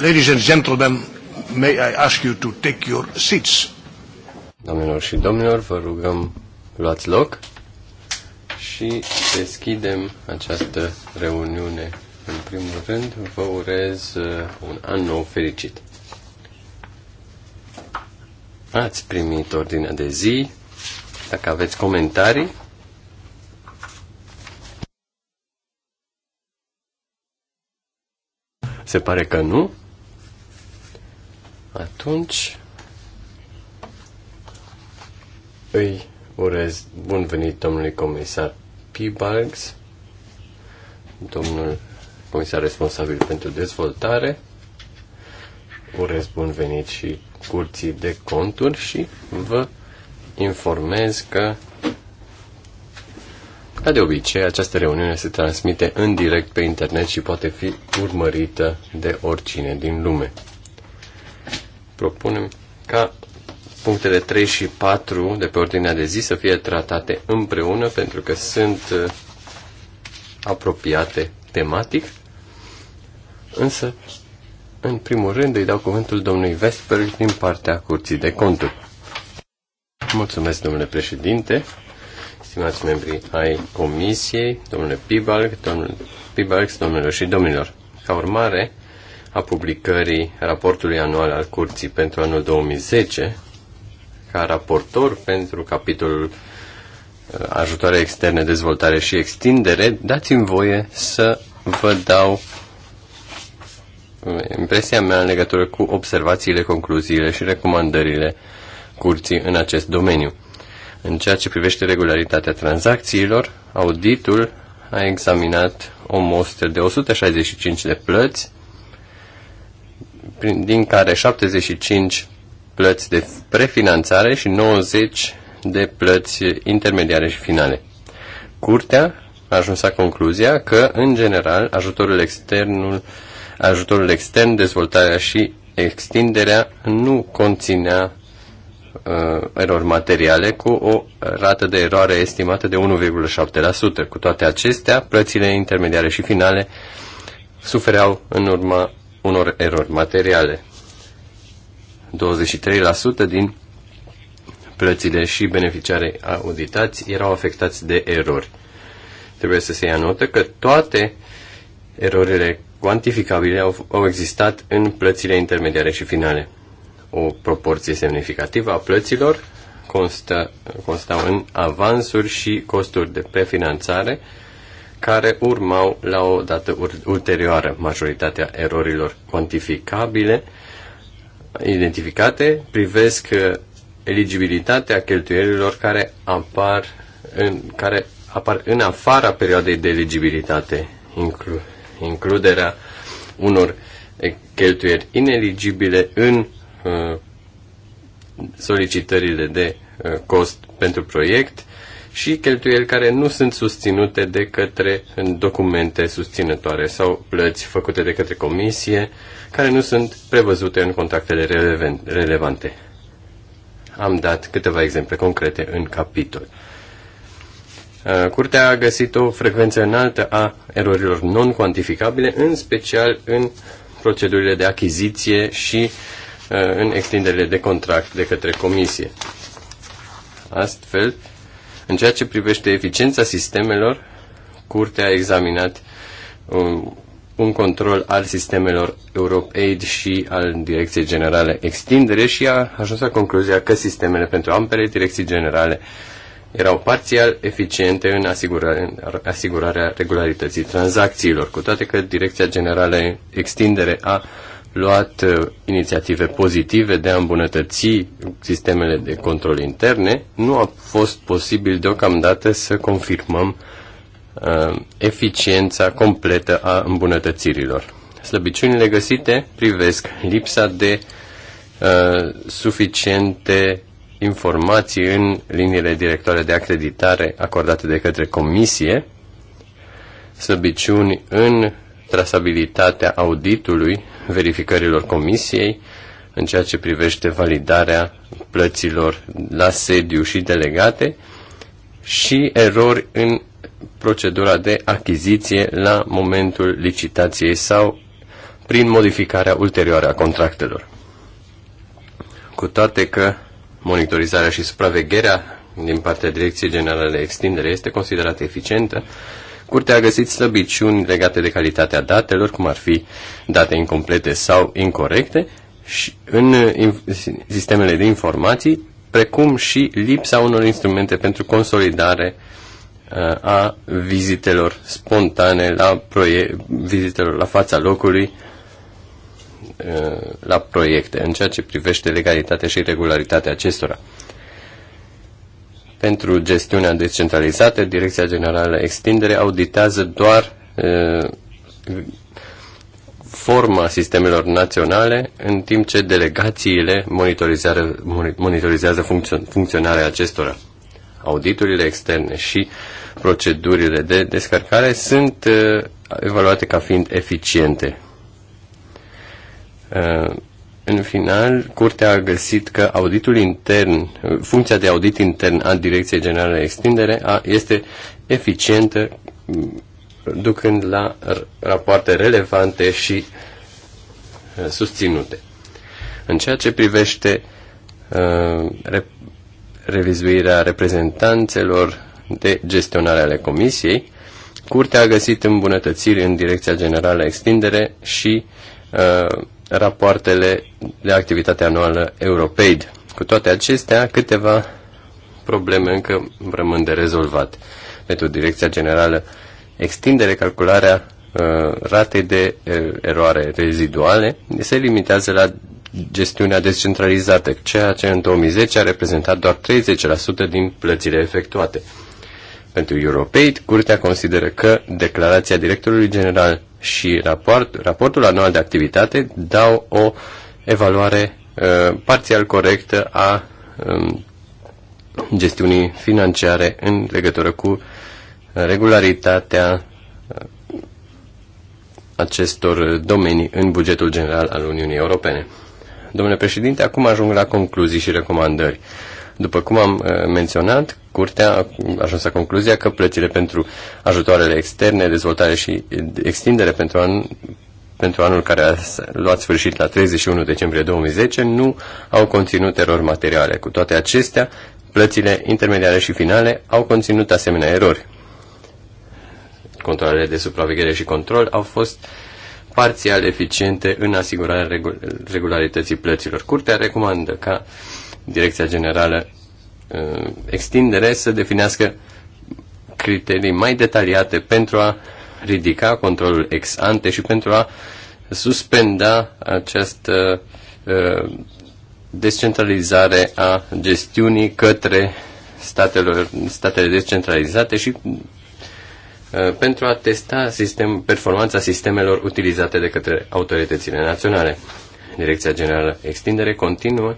Ladies and gentlemen, may I ask you to take your seats? Doamnelor și domnilor, vă rugăm luați loc și deschidem această reuniune. În primul rând, vă urez uh, un an nou fericit. Ați primit ordinea de zi. Dacă aveți comentarii, Se pare că nu. Atunci îi urez bun venit domnului comisar Pibalgs, domnul comisar responsabil pentru dezvoltare. Urez bun venit și curții de conturi și vă informez că ca de obicei, această reuniune se transmite în direct pe internet și poate fi urmărită de oricine din lume propunem ca punctele 3 și 4 de pe ordinea de zi să fie tratate împreună pentru că sunt uh, apropiate tematic. Însă, în primul rând, îi dau cuvântul domnului Vesper din partea Curții de Conturi. Mulțumesc, domnule președinte, stimați membri ai Comisiei, domnule Pibalc, domnul Pibalc, domnilor și domnilor. Ca urmare a publicării raportului anual al Curții pentru anul 2010, ca raportor pentru capitolul uh, ajutoare externe, dezvoltare și extindere, dați-mi voie să vă dau uh, impresia mea în legătură cu observațiile, concluziile și recomandările curții în acest domeniu. În ceea ce privește regularitatea tranzacțiilor, auditul a examinat o mostră de 165 de plăți prin, din care 75 plăți de prefinanțare și 90 de plăți intermediare și finale. Curtea a ajuns la concluzia că, în general, ajutorul, externul, ajutorul extern, dezvoltarea și extinderea nu conținea uh, erori materiale cu o rată de eroare estimată de 1,7%. Cu toate acestea, plățile intermediare și finale sufereau în urma unor erori materiale. 23% din plățile și beneficiare auditați erau afectați de erori. Trebuie să se ia notă că toate erorile cuantificabile au, au existat în plățile intermediare și finale. O proporție semnificativă a plăților constă, constau în avansuri și costuri de prefinanțare, care urmau la o dată ulterioară. Majoritatea erorilor cuantificabile identificate privesc uh, eligibilitatea cheltuielilor care apar în, care apar în afara perioadei de eligibilitate, inclu, includerea unor cheltuieli ineligibile în uh, solicitările de uh, cost pentru proiect, și cheltuieli care nu sunt susținute de către documente susținătoare sau plăți făcute de către comisie care nu sunt prevăzute în contractele relevante. Am dat câteva exemple concrete în capitol. Uh, curtea a găsit o frecvență înaltă a erorilor non-cuantificabile, în special în procedurile de achiziție și uh, în extinderile de contract de către comisie. Astfel, în ceea ce privește eficiența sistemelor, Curtea a examinat um, un control al sistemelor EuropeAid și al Direcției Generale Extindere și a ajuns la concluzia că sistemele pentru ambele direcții generale erau parțial eficiente în asigurare, asigurarea regularității tranzacțiilor, cu toate că Direcția Generală Extindere a luat uh, inițiative pozitive de a îmbunătăți sistemele de control interne, nu a fost posibil deocamdată să confirmăm uh, eficiența completă a îmbunătățirilor. Slăbiciunile găsite privesc lipsa de uh, suficiente informații în liniile directoare de acreditare acordate de către comisie, slăbiciuni în trasabilitatea auditului, verificărilor comisiei, în ceea ce privește validarea plăților la sediu și delegate și erori în procedura de achiziție la momentul licitației sau prin modificarea ulterioară a contractelor. Cu toate că monitorizarea și supravegherea din partea Direcției Generale de Extindere este considerată eficientă, Curtea a găsit slăbiciuni legate de calitatea datelor, cum ar fi date incomplete sau incorrecte, și în sistemele de informații, precum și lipsa unor instrumente pentru consolidare uh, a vizitelor spontane la proie- vizitelor la fața locului uh, la proiecte, în ceea ce privește legalitatea și regularitatea acestora. Pentru gestiunea descentralizată, Direcția Generală Extindere auditează doar forma sistemelor naționale, în timp ce delegațiile monitorizează, monitorizează funcționarea acestora. Auditurile externe și procedurile de descărcare sunt evaluate ca fiind eficiente. În final, Curtea a găsit că auditul intern, funcția de audit intern a Direcției Generale Extindere a, este eficientă, mm, ducând la rapoarte relevante și uh, susținute. În ceea ce privește a, uh, re, revizuirea reprezentanțelor de gestionare ale comisiei, Curtea a găsit îmbunătățiri în Direcția Generală Extindere și uh, rapoartele de activitate anuală Europaid. Cu toate acestea, câteva probleme încă rămân de rezolvat. Pentru Direcția Generală Extindere, calcularea uh, ratei de uh, eroare reziduale se limitează la gestiunea descentralizată, ceea ce în 2010 a reprezentat doar 30% din plățile efectuate. Pentru Europeit, Curtea consideră că declarația directorului general și raport, raportul anual de activitate dau o evaluare uh, parțial corectă a um, gestiunii financiare în legătură cu regularitatea uh, acestor domenii în bugetul general al Uniunii Europene. Domnule președinte, acum ajung la concluzii și recomandări. După cum am eh, menționat, Curtea a ajuns la concluzia că plățile pentru ajutoarele externe, dezvoltare și eh, extindere pentru, an, pentru anul care a luat sfârșit la 31 decembrie 2010 nu au conținut erori materiale. Cu toate acestea, plățile intermediare și finale au conținut asemenea erori. Controlele de supraveghere și control au fost parțial eficiente în asigurarea regularității plăților. Curtea recomandă ca Direcția Generală uh, Extindere să definească criterii mai detaliate pentru a ridica controlul ex ante și pentru a suspenda această uh, descentralizare a gestiunii către statelor, statele descentralizate și uh, pentru a testa sistem, performanța sistemelor utilizate de către autoritățile naționale. Direcția Generală Extindere continuă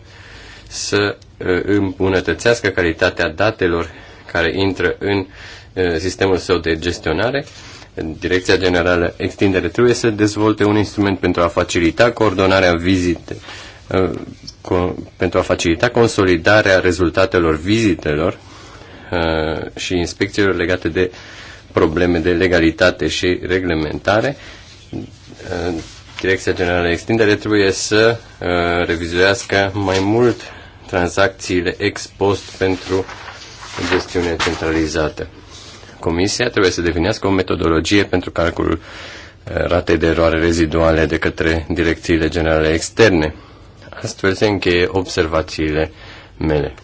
să uh, îmbunătățească calitatea datelor care intră în uh, sistemul său de gestionare. Direcția Generală Extindere trebuie să dezvolte un instrument pentru a facilita coordonarea vizite, uh, pentru a facilita consolidarea rezultatelor vizitelor și inspecțiilor legate de probleme de legalitate și reglementare. Direcția Generală Extindere trebuie să revizuiască mai mult tranzacțiile ex post pentru gestiune centralizată. Comisia trebuie să definească o metodologie pentru calculul eh, ratei de eroare reziduale de către direcțiile generale externe. Astfel se încheie observațiile mele.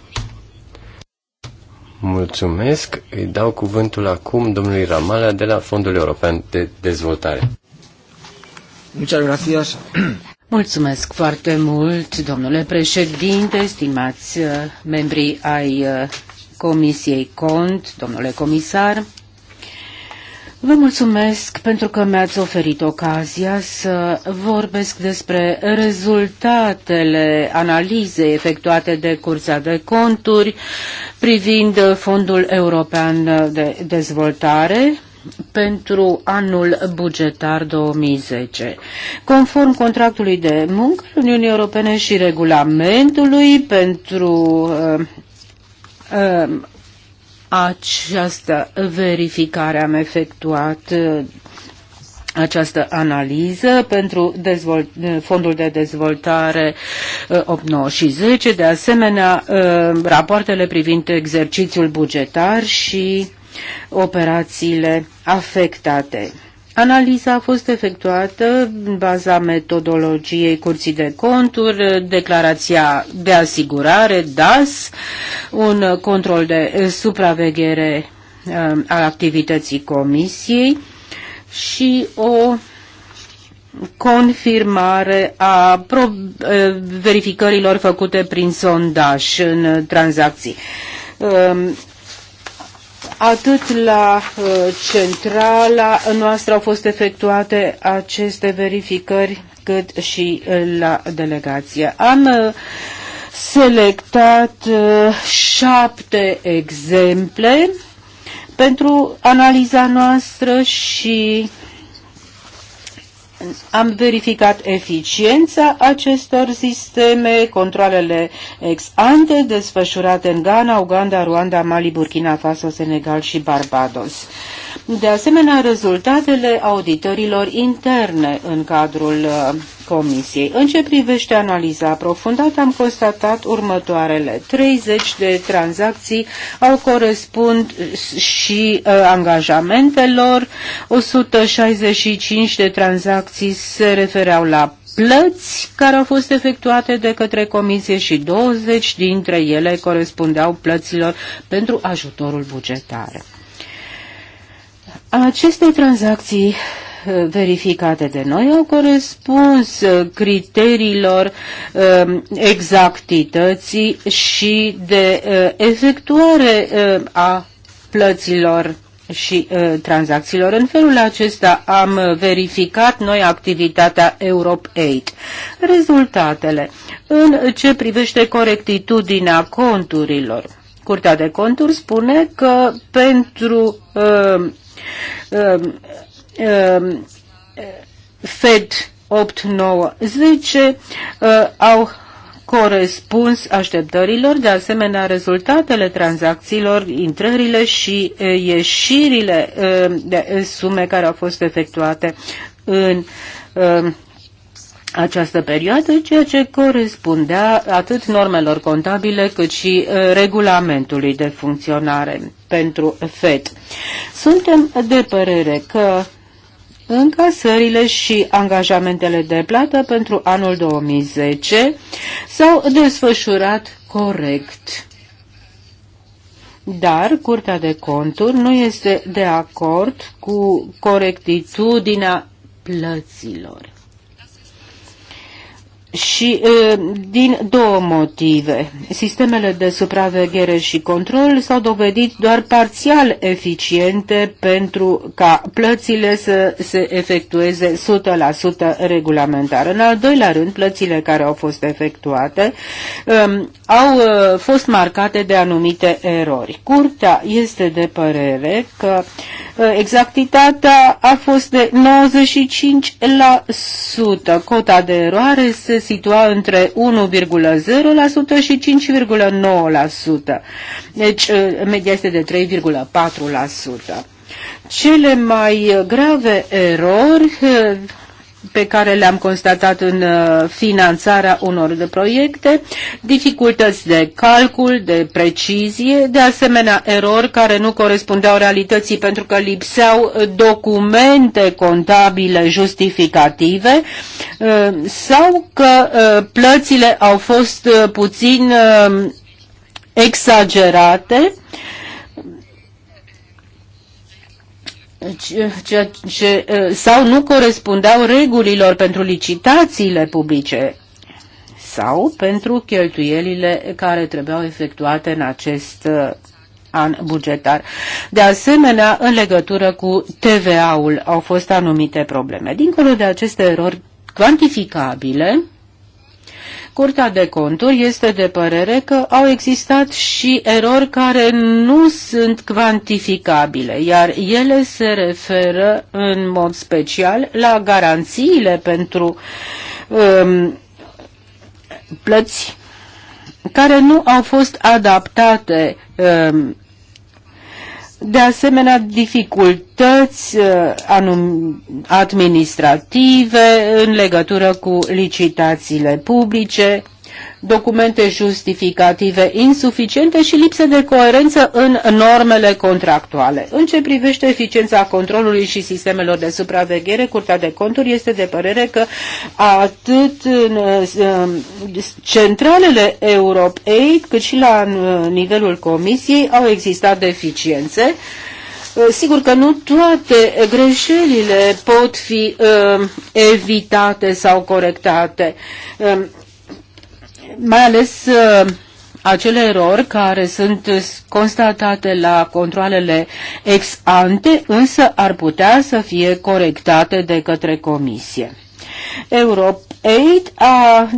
Mulțumesc. Îi dau cuvântul acum domnului Ramala de la Fondul European de Dezvoltare. Muchas gracias. Mulțumesc foarte mult, domnule președinte, stimați uh, membrii ai uh, Comisiei Cont, domnule comisar. Vă mulțumesc pentru că mi-ați oferit ocazia să vorbesc despre rezultatele analizei efectuate de cursa de Conturi privind Fondul European de Dezvoltare pentru anul bugetar 2010. Conform contractului de muncă Uniunii Europene și regulamentului pentru uh, uh, această verificare am efectuat uh, această analiză pentru dezvolt, uh, fondul de dezvoltare 8, uh, 9 și 10, de asemenea uh, rapoartele privind exercițiul bugetar și operațiile afectate. Analiza a fost efectuată în baza metodologiei Curții de Conturi, declarația de asigurare, DAS, un control de supraveghere um, al activității Comisiei și o confirmare a uh, verificărilor făcute prin sondaj în tranzacții. Um, Atât la uh, centrala noastră au fost efectuate aceste verificări, cât și uh, la delegație. Am uh, selectat șapte exemple pentru analiza noastră și am verificat eficiența acestor sisteme, controlele ex ante desfășurate în Ghana, Uganda, Ruanda, Mali, Burkina Faso, Senegal și Barbados. De asemenea, rezultatele auditorilor interne în cadrul uh, Comisiei. În ce privește analiza aprofundată, am constatat următoarele. 30 de tranzacții au corespund și uh, angajamentelor, 165 de tranzacții se refereau la plăți care au fost efectuate de către comisie și 20 dintre ele corespundeau plăților pentru ajutorul bugetar. Aceste tranzacții verificate de noi au corespuns uh, criteriilor um, exactității și de uh, efectuare uh, a plăților și uh, tranzacțiilor. În felul acesta am verificat noi activitatea Europe Aid. Rezultatele. În ce privește corectitudinea conturilor. Curtea de conturi spune că pentru uh, uh, Um, Fed 8, 9, 10 au corespuns așteptărilor, de asemenea rezultatele tranzacțiilor, intrările și uh, ieșirile um, de uh, sume care au fost efectuate în um, această perioadă, ceea ce corespundea atât normelor contabile cât și uh, regulamentului de funcționare pentru FED. Suntem de părere că încasările și angajamentele de plată pentru anul 2010 s-au desfășurat corect. Dar Curtea de Conturi nu este de acord cu corectitudinea plăților și din două motive. Sistemele de supraveghere și control s-au dovedit doar parțial eficiente pentru ca plățile să se efectueze 100% regulamentar. În al doilea rând, plățile care au fost efectuate um, au uh, fost marcate de anumite erori. Curtea este de părere că uh, exactitatea a fost de 95%. Cota de eroare se situa între 1,0% și 5,9%. Deci uh, media este de 3,4%. Cele mai grave erori uh, pe care le-am constatat în uh, finanțarea unor de proiecte, dificultăți de calcul, de precizie, de asemenea erori care nu corespundeau realității pentru că lipseau documente contabile justificative uh, sau că uh, plățile au fost puțin exagerate ce, ce, sau nu corespundeau regulilor pentru licitațiile publice sau pentru cheltuielile care trebuiau efectuate în acest an bugetar. De asemenea, în legătură cu TVA-ul au fost anumite probleme. Dincolo de aceste erori cuantificabile, Curtea de conturi este de părere că au existat și erori care nu sunt cuantificabile, iar ele se referă în mod special la garanțiile pentru um, plăți care nu au fost adaptate um, de asemenea dificultăți uh, administrative în legătură cu licitațiile publice documente justificative insuficiente și lipsă de coerență în normele contractuale. În ce privește eficiența controlului și sistemelor de supraveghere, Curtea de Conturi este de părere că atât în centralele Europei, cât și la nivelul Comisiei au existat deficiențe. Sigur că nu toate greșelile pot fi uh, evitate sau corectate. Uh, mai ales uh, acele erori care sunt constatate la controlele ex ante, însă ar putea să fie corectate de către comisie. Europe 8 a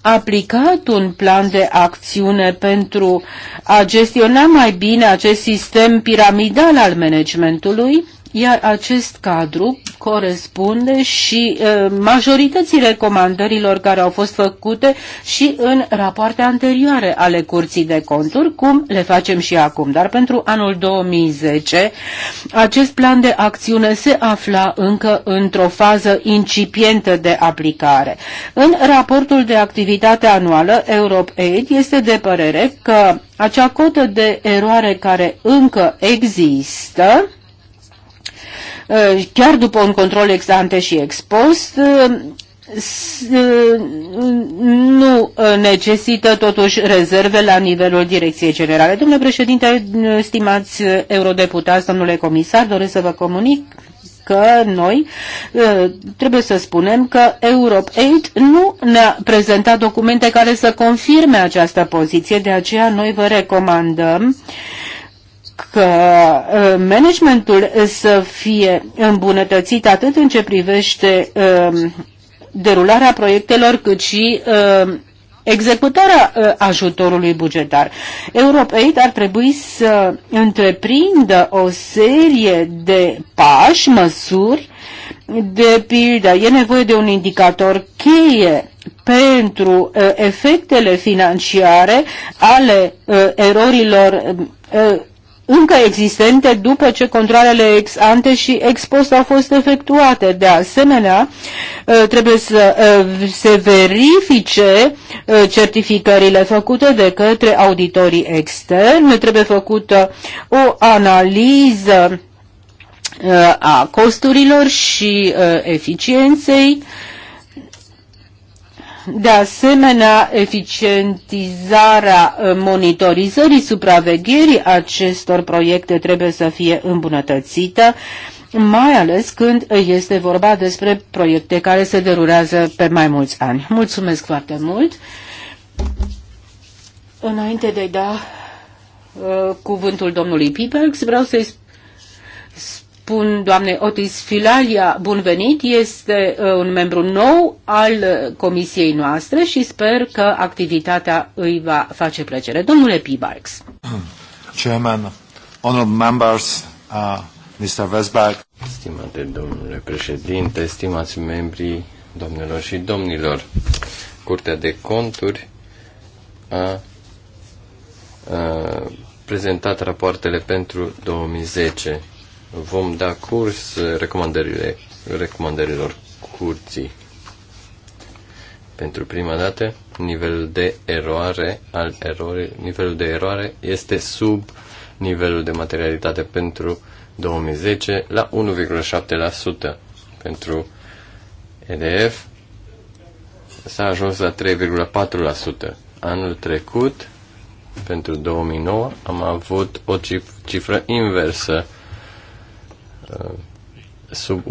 aplicat un plan de acțiune pentru a gestiona mai bine acest sistem piramidal al managementului iar acest cadru corespunde și majorității recomandărilor care au fost făcute și în rapoarte anterioare ale Curții de Conturi, cum le facem și acum. Dar pentru anul 2010, acest plan de acțiune se afla încă într-o fază incipientă de aplicare. În raportul de activitate anuală, Europe Aid este de părere că acea cotă de eroare care încă există, Uh, chiar după un control ex ante și ex post, uh, uh, nu necesită totuși rezerve la nivelul Direcției Generale. Domnule președinte, stimați eurodeputați, domnule comisar, doresc să vă comunic că noi trebuie să spunem că Europe Aid nu ne-a prezentat documente care să confirme această poziție, de aceea noi vă recomandăm uh, că uh, managementul să fie îmbunătățit atât în ce privește um, derularea proiectelor, cât și um, executarea uh, ajutorului bugetar. EuropeAid ar trebui să întreprindă o serie de pași, măsuri, de pildă, e nevoie de un indicator cheie pentru uh, efectele financiare ale erorilor încă existente după ce controlele ex ante și ex post au fost efectuate. De asemenea, uh, trebuie să uh, se verifice uh, certificările făcute de către auditorii externi, trebuie făcută o analiză a costurilor și eficienței de asemenea, eficientizarea ă, monitorizării, supravegherii acestor proiecte trebuie să fie îmbunătățită, mai ales când este vorba despre proiecte care se derulează pe mai mulți ani. Mulțumesc foarte mult! Înainte de a da uh, cuvântul domnului Pipex, vreau să-i spun doamnei Otis Filalia, bun venit, este uh, un membru nou al uh, comisiei noastre și sper că activitatea îi va face plăcere. Domnule Pibarks. Chairman, honorable members, uh, Mr. Westberg. Stimate domnule președinte, stimați membrii, domnilor și domnilor, Curtea de Conturi a, a prezentat rapoartele pentru 2010 vom da curs recomandările, recomandărilor curții. Pentru prima dată, nivelul de eroare al erorii, nivelul de eroare este sub nivelul de materialitate pentru 2010 la 1,7%. Pentru EDF s-a ajuns la 3,4%. Anul trecut, pentru 2009, am avut o cifră inversă Uh, sub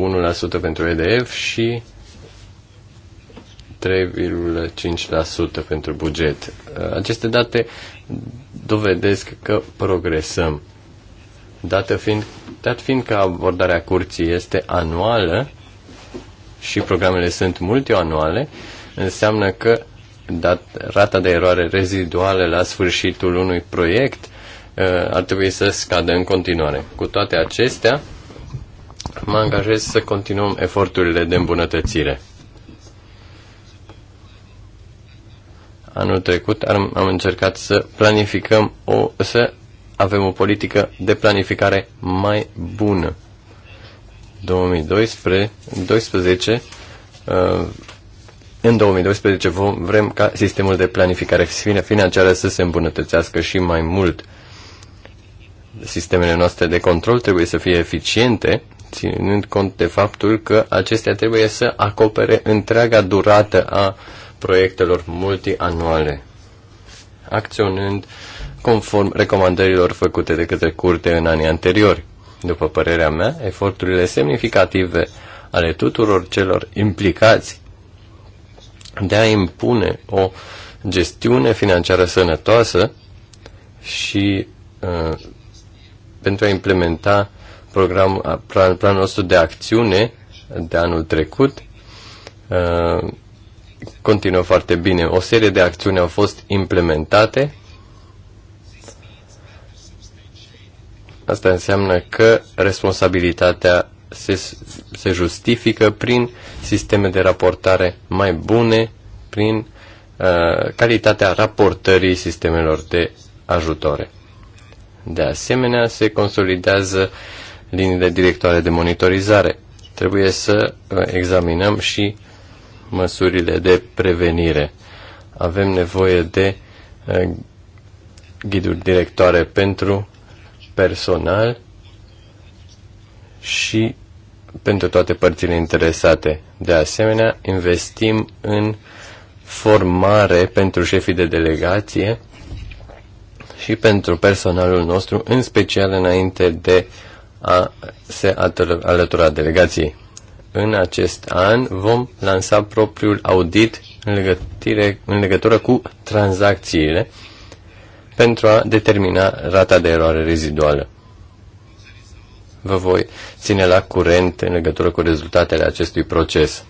1% pentru EDF și 3,5% pentru buget. Uh, aceste date dovedesc că progresăm. Dată fiind, dat fiind că abordarea curții este anuală și programele sunt multianuale, înseamnă că dat, rata de eroare reziduală la sfârșitul unui proiect uh, ar trebui să scadă în continuare. Cu toate acestea, mă angajez să continuăm eforturile de îmbunătățire. Anul trecut am, am încercat să planificăm o, să avem o politică de planificare mai bună. 2012, 2012 uh, în 2012 vom, vrem ca sistemul de planificare financiară să se îmbunătățească și mai mult. Sistemele noastre de control trebuie să fie eficiente ținând cont de faptul că acestea trebuie să acopere întreaga durată a proiectelor multianuale, acționând conform recomandărilor făcute de către curte în anii anteriori. După părerea mea, eforturile semnificative ale tuturor celor implicați de a impune o gestiune financiară sănătoasă și uh, pentru a implementa uh, program, plan, planul nostru de acțiune de anul trecut uh, continuă foarte bine. O serie de acțiuni au fost implementate. Asta înseamnă că responsabilitatea se, se justifică prin sisteme de raportare mai bune, prin uh, calitatea raportării sistemelor de ajutoare. De asemenea, se consolidează uh, liniile directoare de monitorizare. Trebuie să uh, examinăm și măsurile de prevenire. Avem nevoie de uh, ghiduri directoare pentru personal și pentru toate părțile interesate. De asemenea, investim în formare pentru șefii de delegație și pentru personalul nostru, în special înainte de uh, a se alătura delegației. În acest an vom lansa propriul audit în, legătire, în legătură cu tranzacțiile pentru a determina rata de eroare reziduală. Vă voi ține la curent în legătură cu rezultatele acestui proces.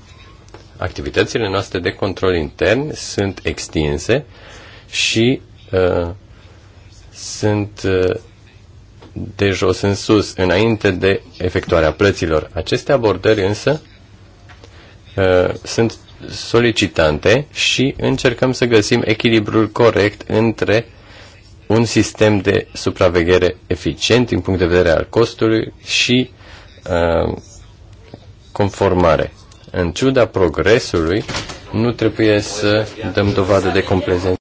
Activitățile noastre de control intern sunt extinse și uh, sunt uh, de jos în sus, înainte de efectuarea plăților. Aceste abordări însă uh, sunt solicitante și încercăm să găsim echilibrul corect între un sistem de supraveghere eficient din punct de vedere al costului și uh, conformare. În ciuda progresului, nu trebuie să dăm dovadă de complezență.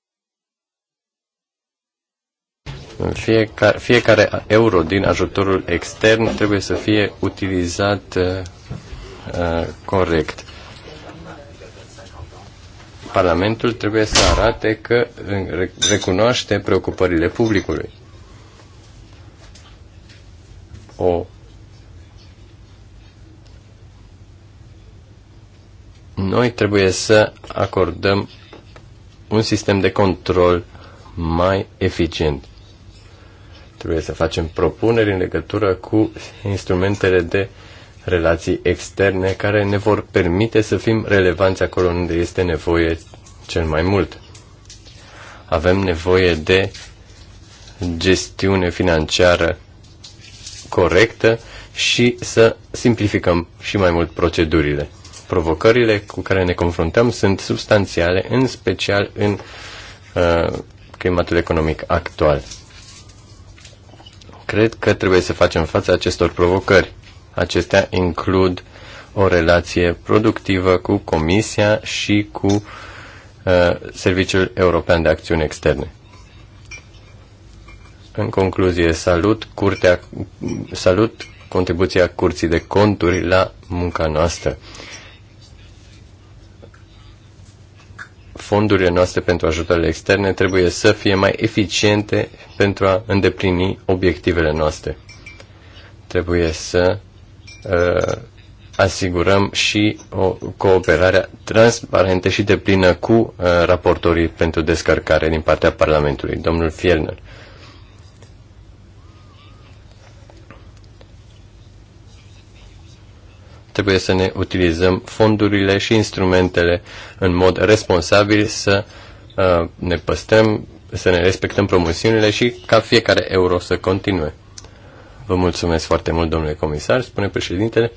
Fiecare, fiecare euro din ajutorul extern trebuie să fie utilizat uh, uh corect. Parlamentul trebuie să arate că uh, recunoaște preocupările publicului. O Noi trebuie să acordăm un sistem de control mai eficient. Trebuie să facem propuneri în legătură cu instrumentele de relații externe care ne vor permite să fim relevanți acolo unde este nevoie cel mai mult. Avem nevoie de gestiune financiară corectă și să simplificăm și mai mult procedurile. Provocările cu care ne confruntăm sunt substanțiale, în special în uh, climatul economic actual cred că trebuie să facem față acestor provocări. Acestea includ o relație productivă cu Comisia și cu uh, Serviciul European de Acțiuni Externe. În concluzie, salut, curtea, salut contribuția Curții de Conturi la munca noastră. fondurile noastre pentru ajutoarele externe trebuie să fie mai eficiente pentru a îndeplini obiectivele noastre. Trebuie să uh, asigurăm și o cooperare transparentă și deplină cu uh, raportorii pentru descărcare din partea Parlamentului, domnul Fielner. Uh, Trebuie să ne utilizăm fondurile și instrumentele în mod responsabil, să uh, ne păstrăm, să ne respectăm promisiunile și ca fiecare euro să continue. Vă mulțumesc foarte mult, domnule comisar, spune președintele.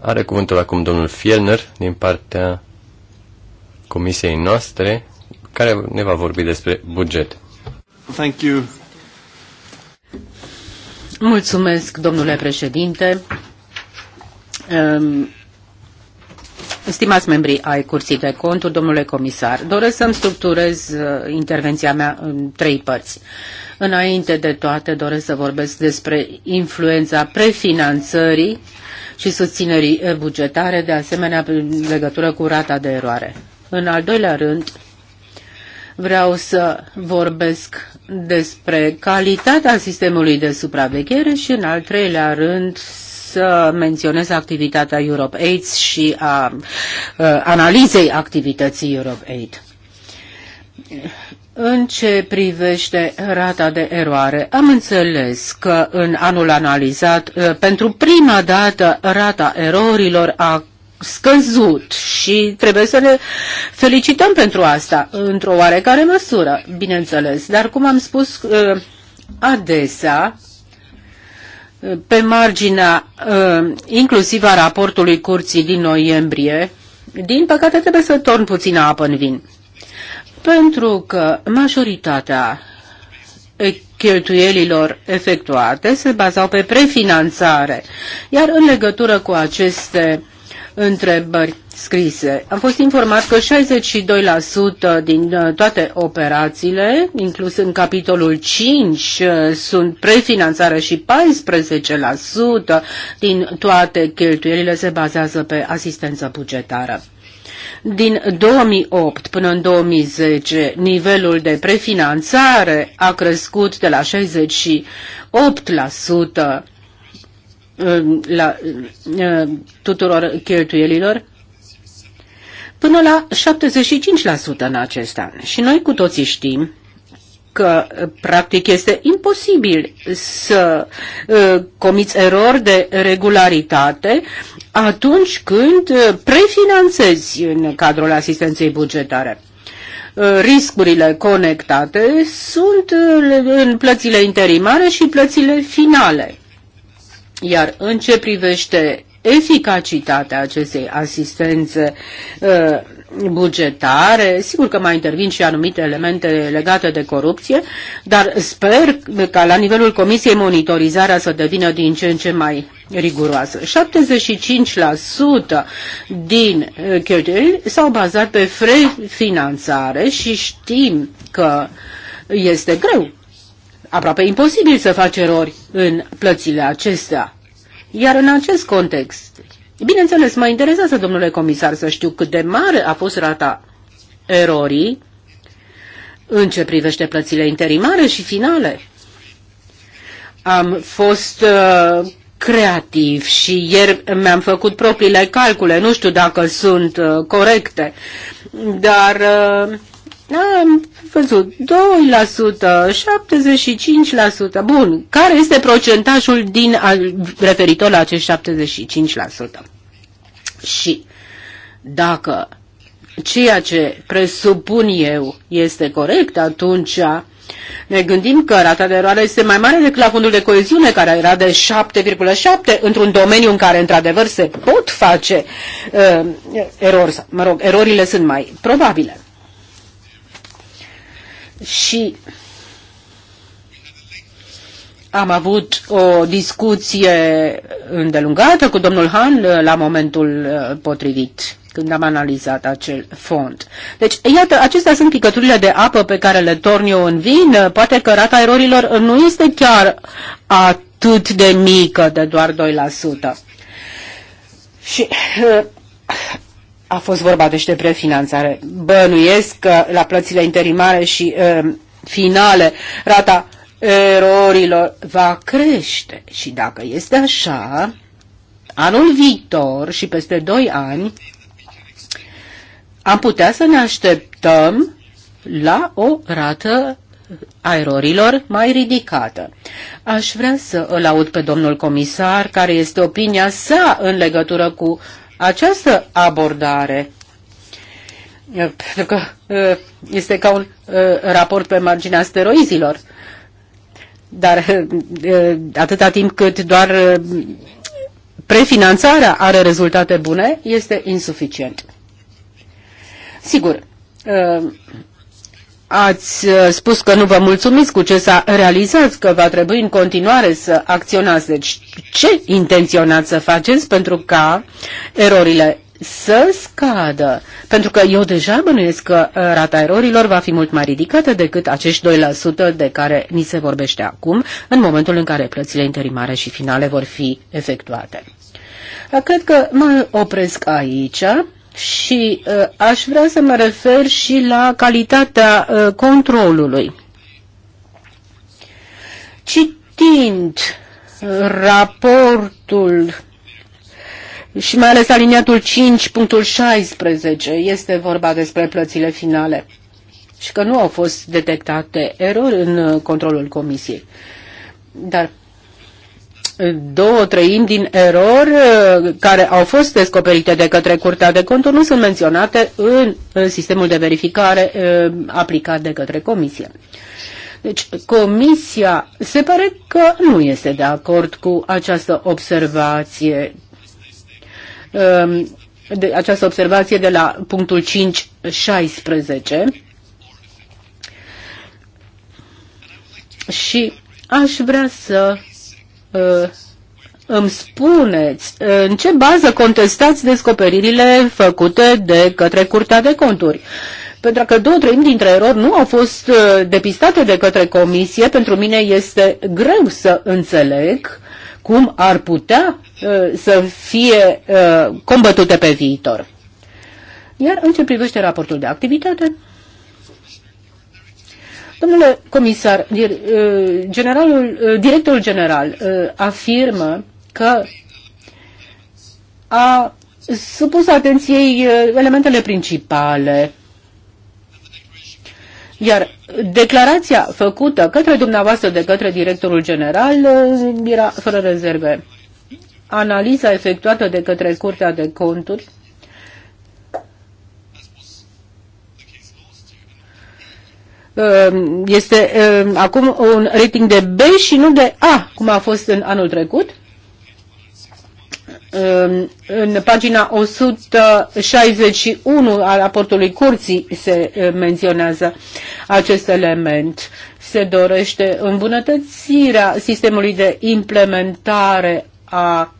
Are cuvântul acum domnul Fielner din partea comisiei noastre, care ne va vorbi despre buget. Thank you. Mulțumesc, domnule președinte. Um, Stimați membri ai Curții de Conturi, domnule comisar, doresc să-mi structurez uh, intervenția mea în trei părți. Înainte de toate, doresc să vorbesc despre influența prefinanțării și susținerii uh, bugetare, de asemenea în legătură cu rata de eroare. În al doilea rând, vreau să vorbesc despre calitatea sistemului de supraveghere și, în al treilea rând, să menționez activitatea Europe AIDS și a, a analizei activității Europe Aid. În ce privește rata de eroare, am înțeles că în anul analizat, pentru prima dată, rata erorilor a scăzut și trebuie să ne felicităm pentru asta, într-o oarecare măsură, bineînțeles. Dar, cum am spus, adesea pe marginea uh, inclusiv a raportului curții din noiembrie, din păcate trebuie să torn puțină apă în vin. Pentru că majoritatea cheltuielilor efectuate se bazau pe prefinanțare, iar în legătură cu aceste întrebări scrise. Am fost informat că 62% din uh, toate operațiile, inclus în capitolul 5, uh, sunt prefinanțare și 14% din toate cheltuielile se bazează pe asistență bugetară. Din 2008 până în 2010, nivelul de prefinanțare a crescut de la 68% la eh, tuturor cheltuielilor până la 75% în acest an. Și noi cu toții știm că practic este imposibil să uh, comiți erori de regularitate atunci când eh, prefinanțezi în cadrul asistenței bugetare. riscurile conectate sunt în plățile interimare și plățile finale. Iar în ce privește eficacitatea acestei asistențe uh, bugetare, sigur că mai intervin și anumite elemente legate de corupție, dar sper ca la nivelul Comisiei monitorizarea să devină din ce în ce mai riguroasă. 75% din uh, cheltuieli s-au bazat pe finanțare și știm că este greu aproape imposibil să faci erori în plățile acestea. Iar în acest context, bineînțeles, mă interesează, domnule comisar, să știu cât de mare a fost rata erorii în ce privește plățile interimare și finale. Am fost uh, creativ și ieri mi-am făcut propriile calcule, nu știu dacă sunt uh, corecte, dar uh, am văzut 2%, 75%. Bun, care este procentajul din referitor la acești 75%? Și dacă ceea ce presupun eu este corect, atunci ne gândim că rata de eroare este mai mare decât la fondul de coeziune, care era de 7,7, într-un domeniu în care, într-adevăr, se pot face uh, erori. Mă rog, erorile sunt mai probabile și am avut o discuție îndelungată cu domnul Han la momentul uh, potrivit când am analizat acel fond. Deci, iată, acestea sunt picăturile de apă pe care le torn eu în vin. Poate că rata erorilor nu este chiar atât de mică, de doar 2%. Și uh, a fost vorba deci de prefinanțare. Bănuiesc că la plățile interimare și uh, finale rata erorilor va crește și dacă este așa, anul viitor și peste 2 ani am putea să ne așteptăm la o rată a erorilor mai ridicată. Aș vrea să îl aud pe domnul comisar care este opinia sa în legătură cu uh, această abordare eh, pentru că eh, este ca un eh, raport pe marginea steroizilor. Dar atâta timp cât doar prefinanțarea are rezultate bune, este insuficient. Sigur, ați uh, spus că nu vă mulțumiți cu ce s-a realizat, că va trebui în continuare să acționați. Deci ce intenționați să faceți pentru ca erorile să scadă? Pentru că eu deja bănuiesc că uh, rata erorilor va fi mult mai ridicată decât acești 2% de care ni se vorbește acum, în momentul în care plățile interimare și finale vor fi efectuate. Cred că mă opresc aici și uh, aș vrea să mă refer și la calitatea uh, controlului. Citind uh, raportul și mai ales aliniatul 5.16, este vorba despre plățile finale și că nu au fost detectate erori în uh, controlul comisiei. Dar două treimi din erori uh, care au fost descoperite de către Curtea de Conturi nu sunt menționate în sistemul de verificare uh, aplicat de către Comisie. Deci, Comisia se pare că nu este de acord cu această observație, um, de această observație de la punctul 5.16 și aș vrea să Uh, îmi spuneți uh, în ce bază contestați descoperirile făcute de către Curtea de Conturi. Pentru că două treimi dintre erori nu au fost uh, depistate de către Comisie, pentru mine este greu să înțeleg cum ar putea să fie combătute pe viitor. Iar în ce privește raportul de activitate, Domnule comisar, uh, generalul, uh, directorul general uh, afirmă că a supus atenției elementele principale iar declarația făcută către dumneavoastră de către directorul general era fără rezerve. Analiza efectuată de către Curtea de Conturi Ehm, este ehm, acum un rating de B și nu de A, cum a fost în anul trecut. Ehm, în pagina 161 al raportului curții se eh, menționează acest element. Se dorește îmbunătățirea sistemului de implementare a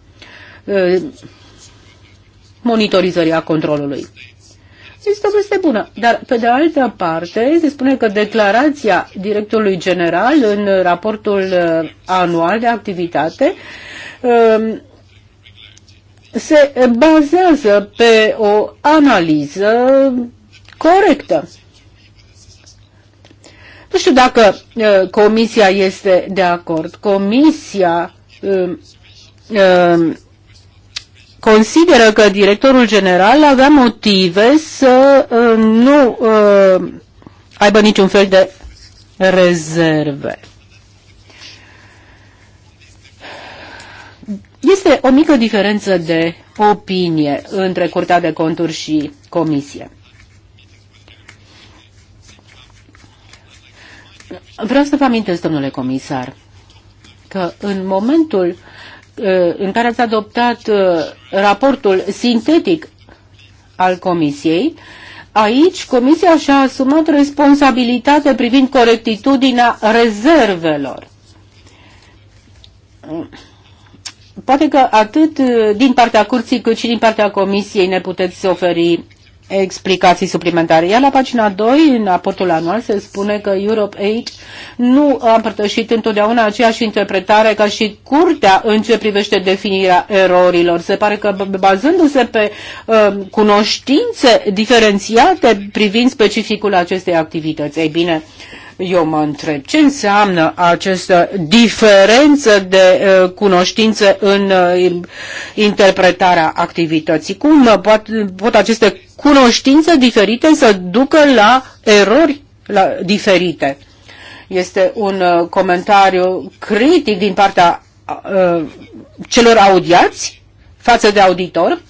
eh, monitorizării a controlului este o veste bună. Dar, pe de altă parte, se spune că declarația directorului general în raportul uh, anual de activitate um, se bazează pe o analiză corectă. Nu știu dacă uh, comisia este de acord. Comisia um, um, consideră că directorul general avea motive să uh, nu uh, aibă niciun fel de rezerve. Este o mică diferență de opinie între Curtea de Conturi și Comisie. Vreau să vă amintesc, domnule comisar, că în momentul Uh, în care ați adoptat uh, raportul sintetic al Comisiei, aici Comisia și-a asumat responsabilitate privind corectitudinea rezervelor. Poate că atât uh, din partea curții cât și din partea Comisiei ne puteți oferi explicații suplimentare. Iar la pagina 2, în raportul anual, se spune că Europe 8 nu a împărtășit întotdeauna aceeași interpretare ca și curtea în ce privește definirea erorilor. Se pare că bazându-se pe uh, cunoștințe diferențiate privind specificul acestei activități. Ei bine, eu mă întreb ce înseamnă această diferență de uh, cunoștințe în uh, interpretarea activității. Cum uh, pot, pot aceste cunoștințe diferite să ducă la erori la, diferite. Este un uh, comentariu critic din partea uh, celor audiați față de auditor.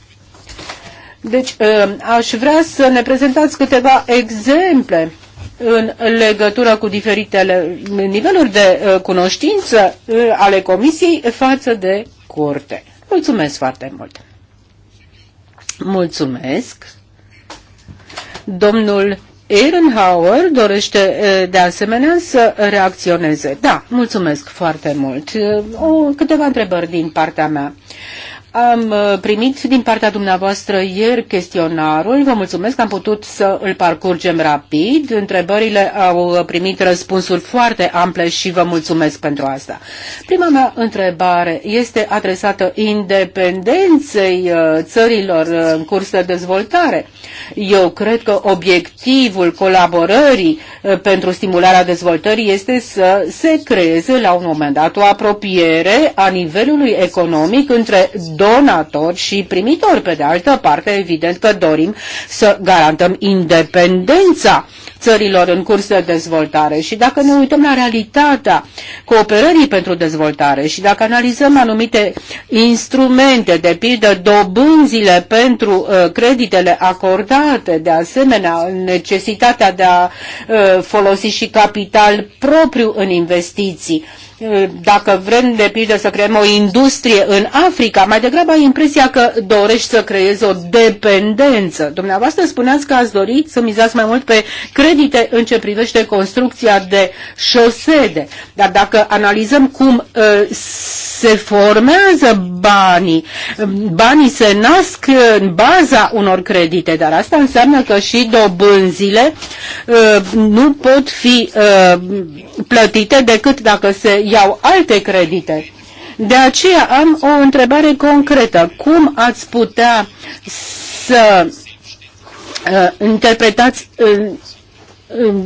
Deci uh, aș vrea să ne prezentați câteva exemple în legătură cu diferitele niveluri de uh, cunoștință uh, ale Comisiei față de curte. Mulțumesc foarte mult! Mulțumesc! Domnul Ehrenhauer dorește de asemenea să reacționeze. Da, mulțumesc foarte mult. O, câteva întrebări din partea mea. Am uh, primit din partea dumneavoastră ieri chestionarul. Vă mulțumesc că am putut să îl parcurgem rapid. Întrebările au uh, primit răspunsuri foarte ample și vă mulțumesc pentru asta. Prima mea întrebare este adresată independenței uh, țărilor în curs de dezvoltare. Eu cred că obiectivul colaborării pentru stimularea dezvoltării este să se creeze la un moment dat o apropiere a nivelului economic între două donatori și primitori. Pe de altă parte, evident că dorim să garantăm independența țărilor în curs de dezvoltare și dacă ne uităm la realitatea cooperării pentru dezvoltare și dacă analizăm anumite instrumente, de pildă dobânzile pentru uh, creditele acordate, de asemenea necesitatea de a uh, folosi și capital propriu în investiții, uh, dacă vrem de pildă să creăm o industrie în Africa, mai degrabă ai impresia că dorești să creezi o dependență. Dumneavoastră spuneați că ați dorit să mizați mai mult pe credite în ce privește construcția de șosede. Dar dacă analizăm cum uh, se formează banii, banii se nasc în baza unor credite, dar asta înseamnă că și dobânzile uh, nu pot fi uh, plătite decât dacă se iau alte credite. De aceea am o întrebare concretă. Cum ați putea să uh, interpretați uh,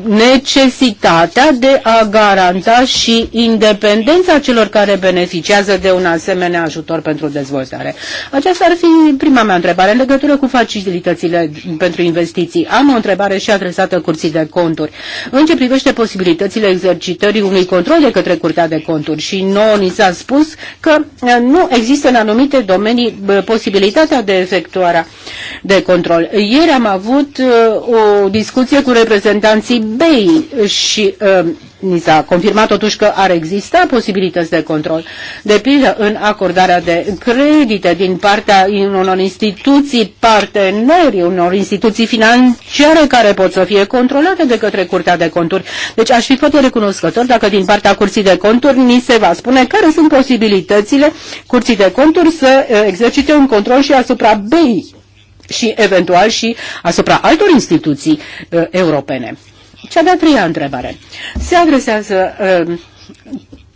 necesitatea de a garanta și independența celor care beneficiază de un asemenea ajutor pentru dezvoltare. Aceasta ar fi prima mea întrebare în legătură cu facilitățile pentru investiții. Am o întrebare și adresată Curții de Conturi. În ce privește posibilitățile exercitării unui control de către Curtea de Conturi și nouă ni s-a spus că eh, nu există în anumite domenii posibilitatea de efectuarea de control. Ieri am avut eh, o discuție cu reprezentanții reprezentanții BEI și uh, ni s-a confirmat totuși că ar exista posibilități de control, de pildă în acordarea de credite din partea unor instituții parteneri, unor instituții financiare care pot să fie controlate de către Curtea de Conturi. Deci aș fi foarte recunoscător dacă din partea Curții de Conturi ni se va spune care sunt posibilitățile Curții de Conturi să uh, exercite un control și asupra BEI și eventual și asupra altor instituții uh, europene. Cea de-a treia întrebare se adresează uh,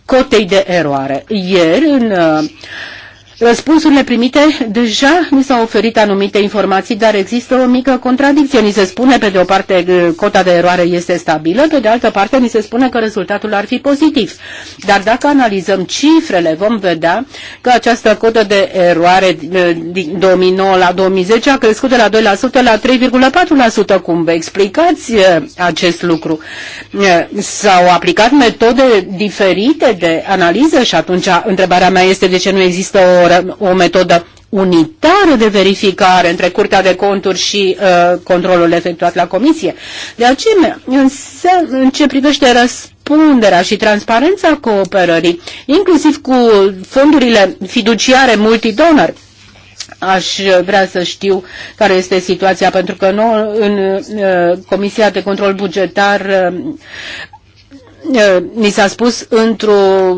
cotei de eroare. Ieri, în uh, răspunsurile primite deja ni s-au oferit anumite informații, dar există o mică contradicție. Ni se spune, pe de o parte, cota de eroare este stabilă, pe de altă parte, ni se spune că rezultatul ar fi pozitiv. Dar dacă analizăm cifrele, vom vedea că această cotă de eroare din 2009 eh, la 2010 a crescut de la 2% la 3,4%. Cum vă explicați eh, acest lucru? Eh, s-au aplicat metode diferite de analiză și atunci întrebarea mea este de ce nu există o o, o metodă unitară de verificare între Curtea de Conturi și uh, controlul efectuat la Comisie. De aceea, în, în ce privește răspunderea și transparența cooperării, inclusiv cu fondurile fiduciare multidonor, Aș vrea să știu care este situația, pentru că noi în uh, Comisia de Control Bugetar uh, Eh, ni s-a spus într-o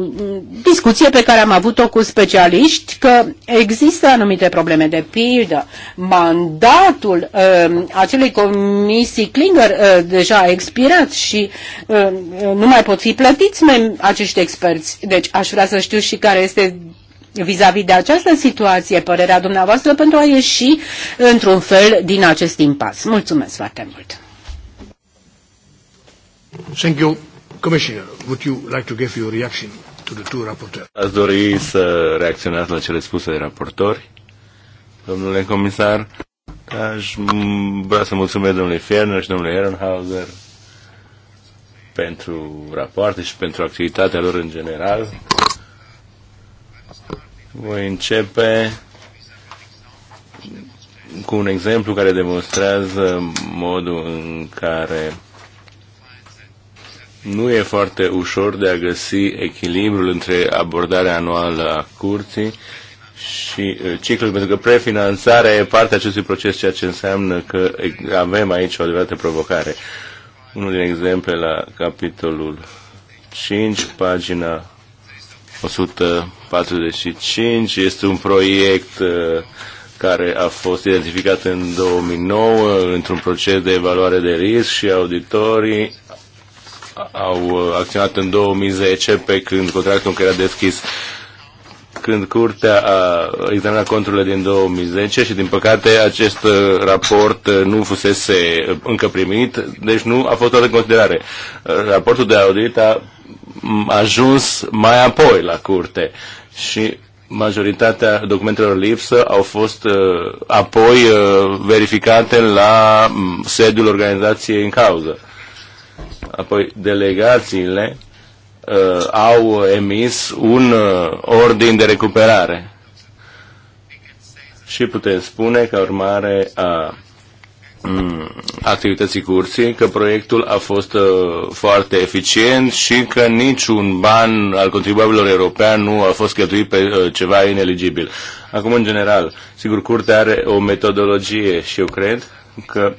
discuție pe care am avut-o cu specialiști că există anumite probleme. De pildă, mandatul uh, acelei comisii Klinger uh, deja a expirat și uh, nu mai pot fi plătiți acești experți. Deci aș vrea să știu și care este vis-a-vis -vis de această situație părerea dumneavoastră pentru a ieși într-un fel din acest impas. Mulțumesc foarte mult! Thank you. Commissioner, would you like to give your reaction to the two rapporteurs? Ați dori să reacționați la cele spuse de raportori, domnule comisar? Aș vrea să mulțumesc domnului Fierner și domnului Ehrenhauser pentru rapoarte și pentru activitatea lor în general. Voi începe cu un exemplu care demonstrează modul în care nu e foarte ușor de a găsi echilibrul între abordarea anuală a curții și uh, ciclul, pentru că prefinanțarea e partea acestui proces, ceea ce înseamnă că avem aici o adevărată provocare. Unul din exemple la capitolul 5, pagina 145, este un proiect uh, care a fost identificat în 2009 într-un proces de evaluare de risc și auditorii au uh, acționat în 2010 pe când contractul încă era deschis când curtea a examinat conturile din 2010 și din păcate acest uh, raport uh, nu fusese încă primit, deci nu a fost luat în considerare. Raportul de audit a ajuns mai apoi la curte și majoritatea documentelor lipsă au fost uh, apoi uh, verificate la sediul organizației în cauză. Uh, Apoi, delegațiile uh, au emis un uh, ordin de recuperare. Și putem spune, ca urmare a mm, activității curții, că proiectul a fost uh, foarte eficient și că niciun ban al contribuabilor european nu a fost cheltuit pe uh, ceva ineligibil. Acum, în general, sigur, curtea are o metodologie și eu cred că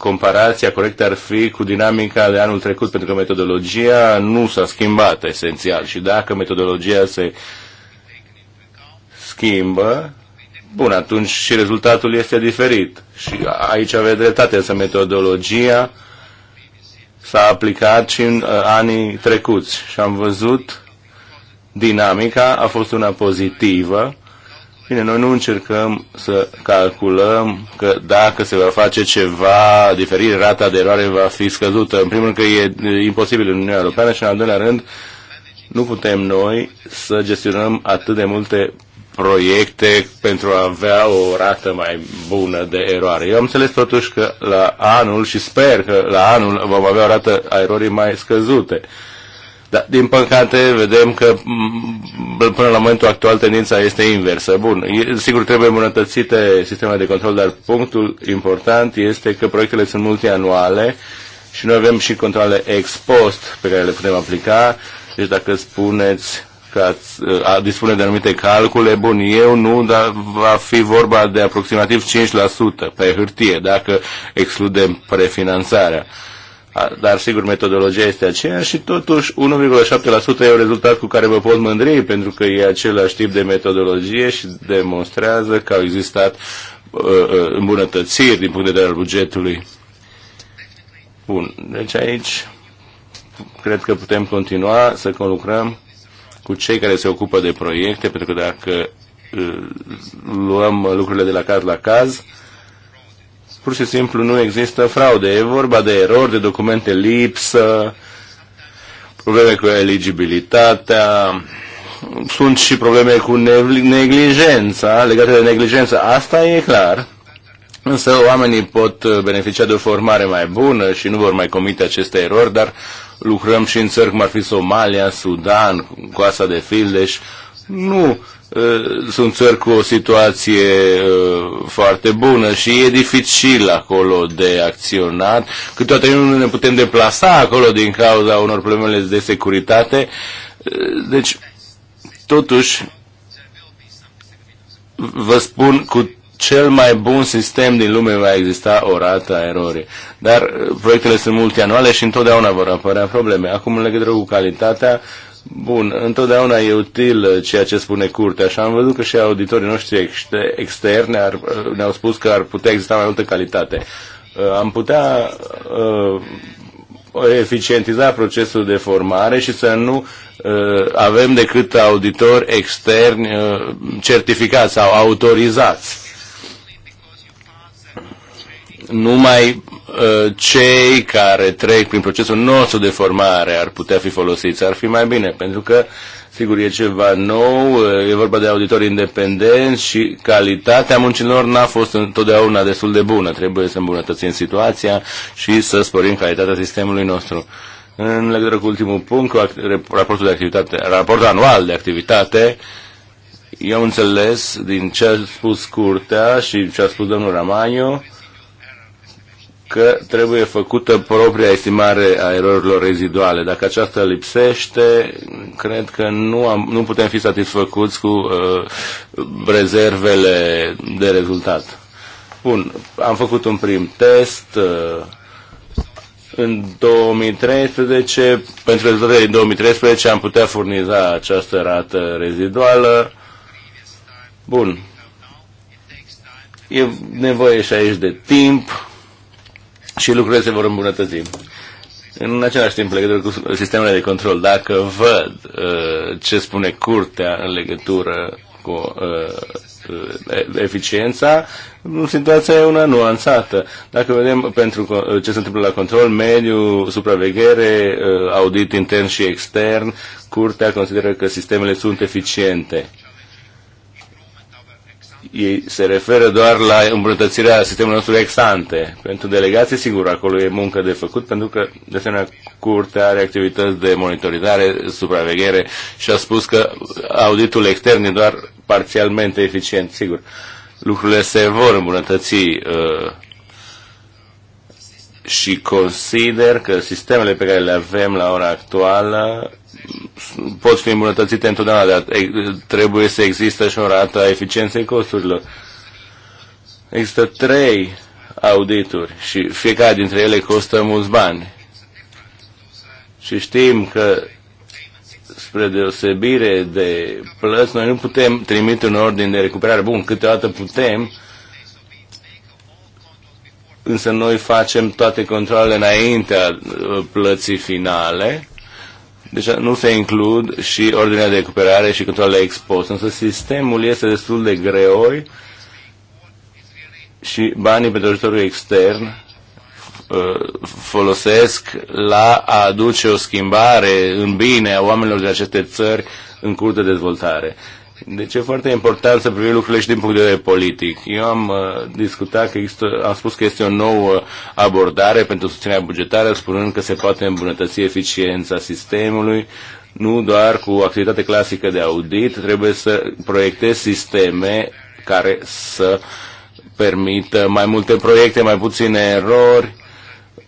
comparația corectă ar fi cu dinamica de anul trecut, pentru că metodologia nu s-a schimbat esențial și dacă metodologia se schimbă, bun, atunci și rezultatul este diferit. Și aici aveți dreptate, însă metodologia s-a aplicat și în uh, anii trecuți și am văzut dinamica a fost una pozitivă Bine, noi nu încercăm să calculăm că dacă se va face ceva diferit, rata de eroare va fi scăzută. În primul rând că e imposibil în Uniunea Europeană și în al doilea rând nu putem noi să gestionăm atât de multe proiecte pentru a avea o rată mai bună de eroare. Eu am înțeles totuși că la anul și sper că la anul vom avea o rată a erorii mai scăzute. Dar, din păcate, vedem că până la momentul actual tendința este inversă. Bun, sigur trebuie îmbunătățite sistemele de control, dar punctul important este că proiectele sunt multianuale și noi avem și controle ex post pe care le putem aplica. Deci dacă spuneți că ați, a, dispune de anumite calcule, bun, eu nu, dar va fi vorba de aproximativ 5% pe hârtie, dacă excludem prefinanțarea. Uh, dar sigur metodologia este aceeași și totuși 1,7% e un rezultat cu care vă pot mândri pentru că e același tip de metodologie și demonstrează că au existat uh, uh, îmbunătățiri din punct de vedere al bugetului. Bun, deci aici cred că putem continua să conlucrăm cu cei care se ocupă de proiecte, pentru că dacă uh, luăm lucrurile de la caz la caz, uh, pur și simplu nu există fraude. E vorba de erori, de documente lipsă, probleme cu eligibilitatea, sunt și probleme cu neglijența, legate de neglijență. Asta e clar. Însă oamenii pot beneficia de o formare mai bună și nu vor mai comite aceste erori, dar lucrăm și în țări cum ar fi Somalia, Sudan, Coasa de Fildeș. Nu Eh, sunt țări cu o situație eh, foarte bună și e dificil acolo de acționat. Câteodată nu ne putem deplasa acolo din cauza unor probleme de securitate. Eh, deci, totuși, vă spun cu cel mai bun sistem din lume va exista o rată a erorii. Dar proiectele sunt multianuale și întotdeauna vor apărea probleme. Acum, în legătură cu calitatea, uh, Bun, întotdeauna e util uh, ceea ce spune curtea și am văzut că și auditorii noștri externe ar, uh, ne-au spus că ar putea exista mai multă calitate. Uh, am putea uh, eficientiza procesul de formare și să nu uh, avem decât auditori externi uh, certificați sau autorizați numai Uh, cei care trec prin procesul nostru de formare ar putea fi folosiți, ar fi mai bine, pentru că, sigur, e ceva nou, uh, e vorba de auditori independenți și calitatea muncilor n-a fost întotdeauna destul de bună. Trebuie să îmbunătățim situația și să sporim calitatea sistemului nostru. În legătură cu ultimul punct, cu raportul, de activitate, raportul anual de activitate, eu am înțeles din ce a spus Curtea și ce a spus domnul Ramaniu, că trebuie făcută propria estimare a erorilor reziduale. Dacă aceasta lipsește, cred că nu, am, nu putem fi satisfăcuți cu uh, rezervele de rezultat. Bun, am făcut un prim test. Uh, în 2013, pentru rezultatele din 2013 am putea furniza această rată reziduală. Bun. E nevoie și aici de timp și lucrurile se vor îmbunătăți. În același timp, legătură cu sistemele de control, dacă văd uh, ce spune curtea în legătură cu uh, uh eficiența, situația e una nuanțată. Dacă vedem pentru uh, ce se întâmplă la control, mediu, supraveghere, uh, audit intern și extern, curtea consideră că sistemele sunt eficiente ei se referă doar la îmbunătățirea sistemului nostru ex ante. Pentru delegații, sigur, acolo e muncă de făcut, pentru că, de asemenea, curtea are activități de monitorizare, supraveghere și a spus că auditul extern e doar parțialmente eficient, sigur. Lucrurile se vor îmbunătăți uh, și consider că sistemele pe care le avem la ora actuală pot fi îmbunătățite întotdeauna, dar trebuie să există și o rată a eficienței costurilor. Există trei audituri și fiecare dintre ele costă mulți bani. Și știm că spre deosebire de plăți, noi nu putem trimite un ordin de recuperare. Bun, câteodată putem, însă noi facem toate controlele înaintea uh, plății finale deci nu se includ și ordinea de recuperare și controlele ex post. Însă sistemul este destul de greoi și banii pentru ajutorul extern uh, folosesc la a aduce o schimbare în bine a oamenilor din aceste țări în curs de dezvoltare. Deci e foarte important să privim lucrurile și din punct de vedere politic. Eu am uh, discutat că există, am spus că este o nouă abordare pentru susținerea bugetară, spunând că se poate îmbunătăți eficiența sistemului, nu doar cu activitate clasică de audit, trebuie să proiectezi sisteme care să permită mai multe proiecte, mai puține erori,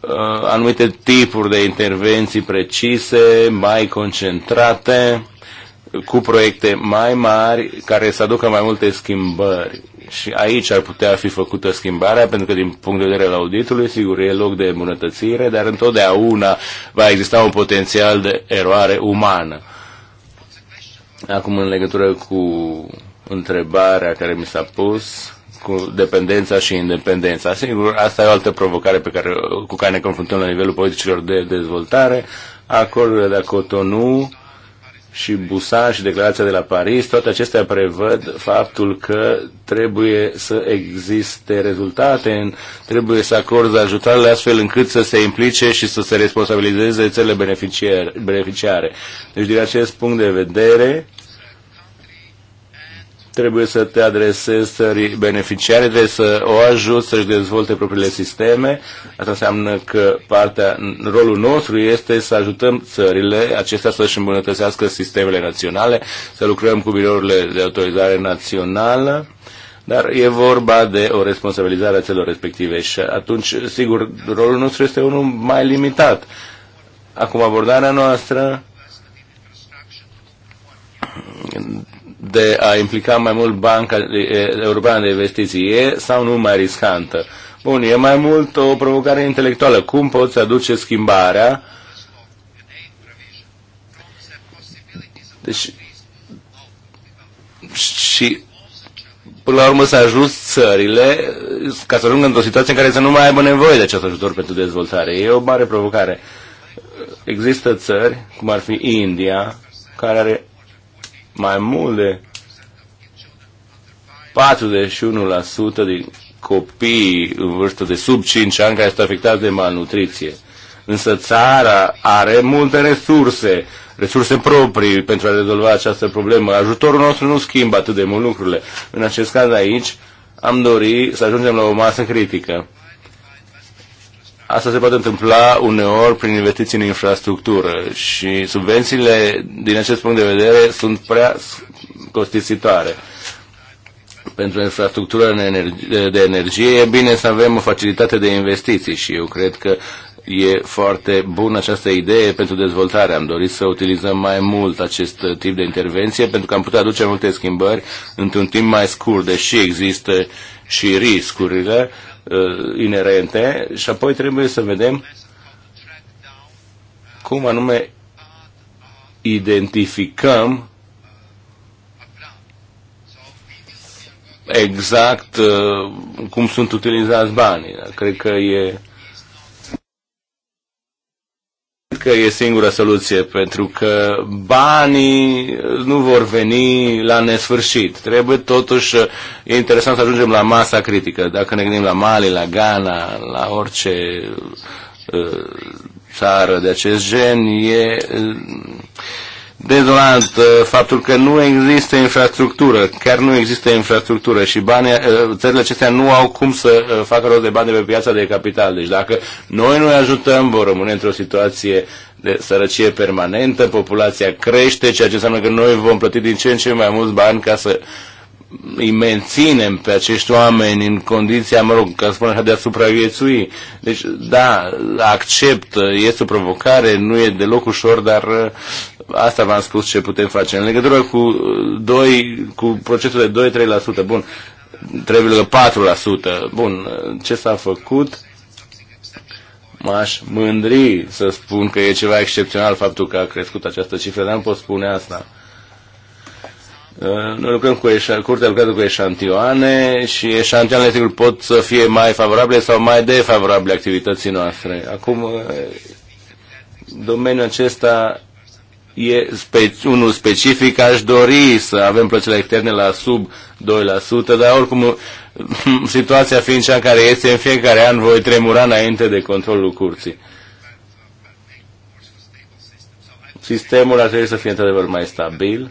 uh, anumite tipuri de intervenții precise, mai concentrate cu proiecte mai mari care să aducă mai multe schimbări. Și aici ar putea fi făcută schimbarea, pentru că din punct de vedere al auditului, sigur, e loc de îmbunătățire, dar întotdeauna va exista un potențial de eroare umană. Acum, în legătură cu întrebarea care mi s-a pus, cu dependența și independența. Sigur, asta e o altă provocare pe care, cu care ne confruntăm la nivelul politicilor de dezvoltare. Acordurile de Cotonou și Busan și declarația de la Paris, toate acestea prevăd faptul că trebuie să existe rezultate, trebuie să acordă ajutoarele astfel încât să se implice și să se responsabilizeze țările beneficiare. Deci, din acest punct de vedere, trebuie să te adresezi țării beneficiare, trebuie să o ajut să-și dezvolte propriile sisteme. Asta înseamnă că partea, rolul nostru este să ajutăm țările acestea să-și îmbunătățească sistemele naționale, să lucrăm cu birourile de autorizare națională, dar e vorba de o responsabilizare a celor respective și atunci, sigur, rolul nostru este unul mai limitat. Acum abordarea noastră de a implica mai mult Banca Europeană de Investiții? E sau nu mai riscantă? Bun, e mai mult o provocare intelectuală. Cum poți aduce schimbarea? Deci, și până la urmă să ajut țările ca să ajungă într-o situație în care să nu mai aibă nevoie de acest ajutor pentru dezvoltare. E o mare provocare. Există țări, cum ar fi India, care are mai mult de 41% din copii în vârstă de sub 5 ani care sunt afectați de malnutriție. Însă țara are multe resurse, resurse proprii pentru a rezolva această problemă. Ajutorul nostru nu schimbă atât de mult lucrurile. În acest caz aici am dori să ajungem la o masă critică. Asta se poate întâmpla uneori prin investiții în infrastructură și subvențiile, din acest punct de vedere, sunt prea costisitoare. Pentru infrastructură de energie e bine să avem o facilitate de investiții și eu cred că e foarte bună această idee pentru dezvoltare. Am dorit să utilizăm mai mult acest tip de intervenție pentru că am putea aduce multe schimbări într-un timp mai scurt, deși există și riscurile. Uh, uh, inerente și apoi trebuie să vedem cum anume identificăm exact uh, cum sunt utilizați banii. Cred că e că e singura soluție, pentru că banii nu vor veni la nesfârșit. Trebuie totuși, e interesant să ajungem la masa critică. Dacă ne gândim la Mali, la Ghana, la orice uh, țară de acest gen, e dezolant ă, faptul că nu există infrastructură, chiar nu există infrastructură și banii, ă, țările acestea nu au cum să ă, facă rost de bani de pe piața de capital. Deci dacă noi nu ajutăm, vor rămâne într-o situație de sărăcie permanentă, populația crește, ceea ce înseamnă că noi vom plăti din ce în ce mai mulți bani ca să îi menținem pe acești oameni în condiția, mă rog, ca spun așa, de a supraviețui. Deci, da, accept, este o provocare, nu e deloc ușor, dar uh, asta v-am spus ce putem face. În legătură cu, 2, uh, cu procesul de 2-3%, bun, 3,4%, bun, uh, ce s-a făcut? M-aș mândri să spun că e ceva excepțional faptul că a crescut această cifră, dar nu pot spune asta Eh, noi lucrăm cu eșa, curtea lucrează cu eșantioane și eșantioanele sigur pot să fie mai favorabile sau mai defavorabile activității noastre. Acum, eh, domeniul acesta e spe- unul specific, aș dori să avem plăcile externe la sub 2%, dar oricum situația fiind cea care este în fiecare an voi tremura înainte de controlul curții. Sistemul ar trebui să fie într-adevăr mai stabil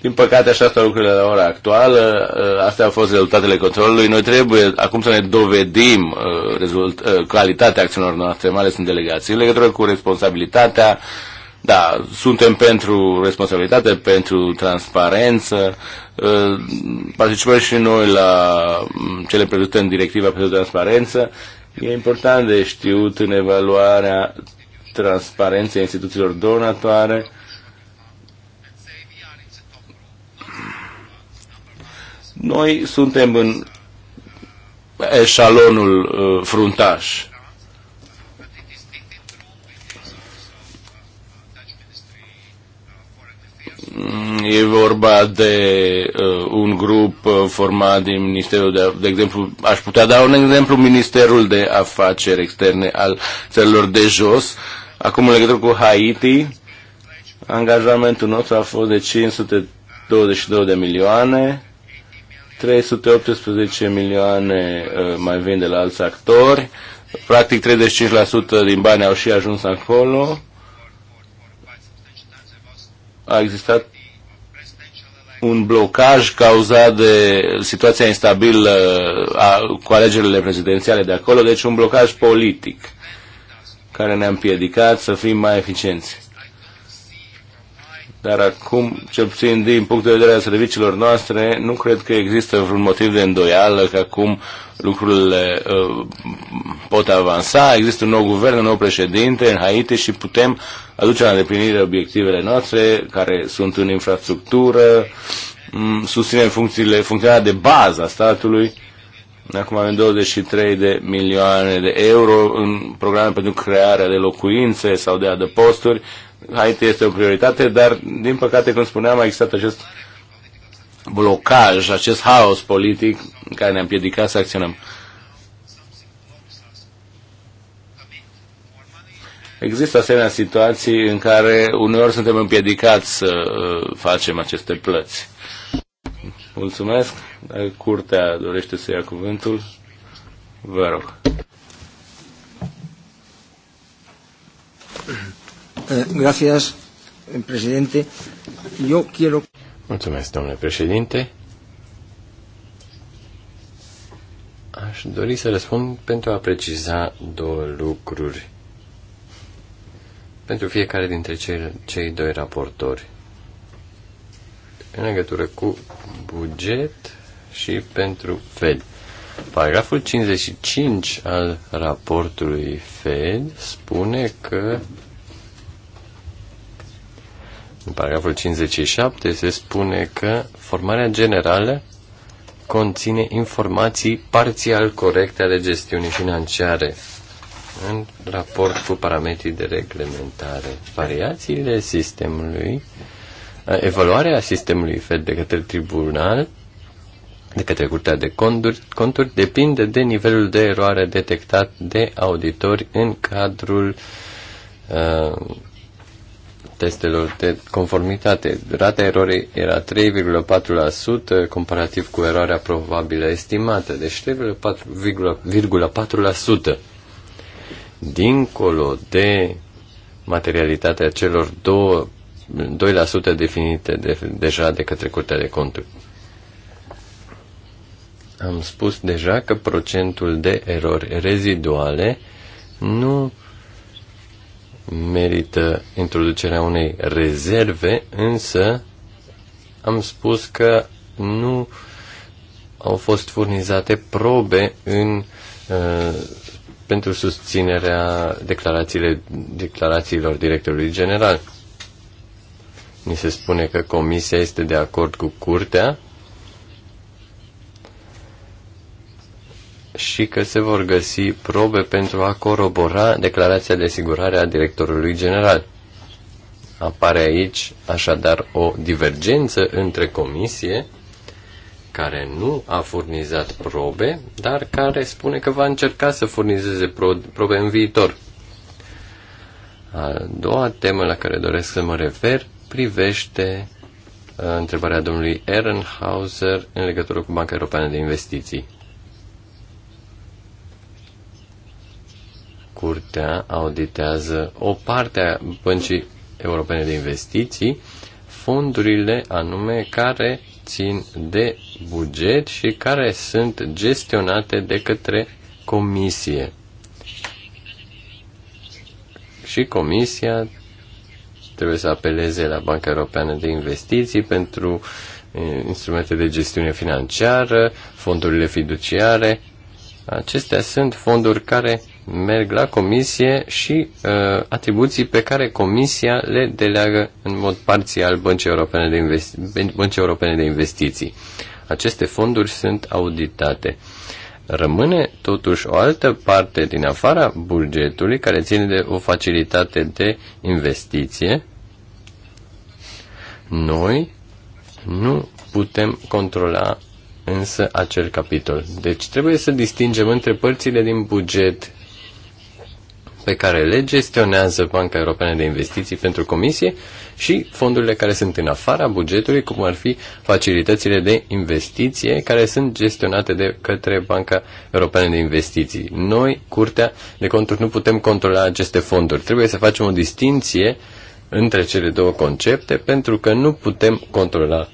Din păcate, așa stau lucrurile la ora actuală. Uh, astea au fost rezultatele controlului. Noi trebuie acum să ne dovedim uh, rezult, uh, calitatea acțiunilor noastre, mai ales în delegații, în legătură cu responsabilitatea. Da, suntem pentru responsabilitate, pentru transparență. Participăm și noi la mm, cele prevăzute în directiva pentru transparență. E important de știut în evaluarea transparenței instituțiilor donatoare Noi suntem în eșalonul uh, fruntaș. Mm, e vorba de uh, un grup uh, format din Ministerul de, de exemplu, aș putea da un exemplu, Ministerul de Afaceri Externe al țărilor de jos. Acum, în legătură cu Haiti, angajamentul nostru a fost de 522 de milioane 318 milioane uh, mai vin de la alți actori, practic 35% din bani au și ajuns acolo. A existat un blocaj cauzat de situația instabilă a, cu alegerile prezidențiale de acolo, deci un blocaj politic care ne-a împiedicat să fim mai eficienți. Dar acum, cel puțin din punct de vedere al serviciilor noastre, nu cred că există vreun motiv de îndoială că acum lucrurile uh, pot avansa, există un nou guvern, un nou președinte în Haiti și putem aduce la îndeplinire obiectivele noastre care sunt în infrastructură, mm, susținem funcțiile, funcționarea de bază a statului. Acum avem 23 de milioane de euro în programe pentru crearea de locuințe sau de adăposturi. Haiti este o prioritate, dar din păcate, cum spuneam, a existat acest blocaj, acest haos politic care ne-a împiedicat să acționăm. Există asemenea situații în care uneori suntem împiedicați să uh, facem aceste plăți. Mulțumesc. Dacă curtea dorește să ia cuvântul, vă rog. Eh, gracias, eh, presidente. quiero... Mulțumesc, domnule președinte. Aș dori să răspund pentru a preciza două lucruri pentru fiecare dintre cei, cei doi raportori în legătură cu buget și pentru FED. Paragraful 55 al raportului FED spune că în paragraful 57 se spune că formarea generală conține informații parțial corecte ale gestiunii financiare în raport cu parametrii de reglementare. Variațiile sistemului, evaluarea sistemului FED de către tribunal, de către Curtea de Conturi, conturi depinde de nivelul de eroare detectat de auditori în cadrul uh, testelor de conformitate. Rata erorii era 3,4% comparativ cu eroarea probabilă estimată, deci 3,4%. Dincolo de materialitatea celor două 2% definite de, deja de către Curtea de Conturi. Am spus deja că procentul de erori reziduale nu merită introducerea unei rezerve, însă am spus că nu au fost furnizate probe în, uh, pentru susținerea declarațiile, declarațiilor directorului general. Ni se spune că comisia este de acord cu curtea și că se vor găsi probe pentru a corobora declarația de asigurare a directorului general. Apare aici așadar o divergență între comisie, care nu a furnizat probe, dar care spune că va încerca să furnizeze probe în viitor. A doua temă la care doresc să mă refer privește uh, întrebarea domnului Ehrenhauser în legătură cu Banca Europeană de Investiții. curtea auditează o parte a băncii europene de investiții, fondurile anume care țin de buget și care sunt gestionate de către comisie. Și comisia trebuie să apeleze la Banca Europeană de Investiții pentru instrumente de gestiune financiară, fondurile fiduciare. Acestea sunt fonduri care merg la comisie și uh, atribuții pe care comisia le deleagă în mod parțial băncii europene de, investi- băncii europene de investiții. Aceste fonduri sunt auditate. Rămâne totuși o altă parte din afara bugetului care ține de o facilitate de investiție. Noi nu putem controla însă acel capitol. Deci trebuie să distingem între părțile din buget pe care le gestionează Banca Europeană de Investiții pentru Comisie și fondurile care sunt în afara bugetului, cum ar fi facilitățile de investiție care sunt gestionate de către Banca Europeană de Investiții. Noi, Curtea de Conturi, nu putem controla aceste fonduri. Trebuie să facem o distinție între cele două concepte pentru că nu putem controla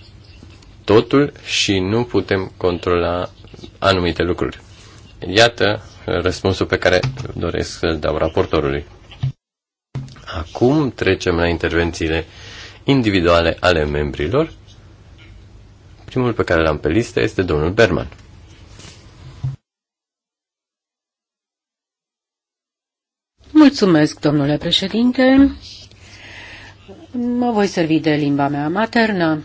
totul și nu putem controla anumite lucruri. Iată răspunsul pe care doresc să-l dau raportorului. Acum trecem la intervențiile individuale ale membrilor. Primul pe care l-am pe listă este domnul Berman. Mulțumesc, domnule președinte. Mă voi servi de limba mea maternă.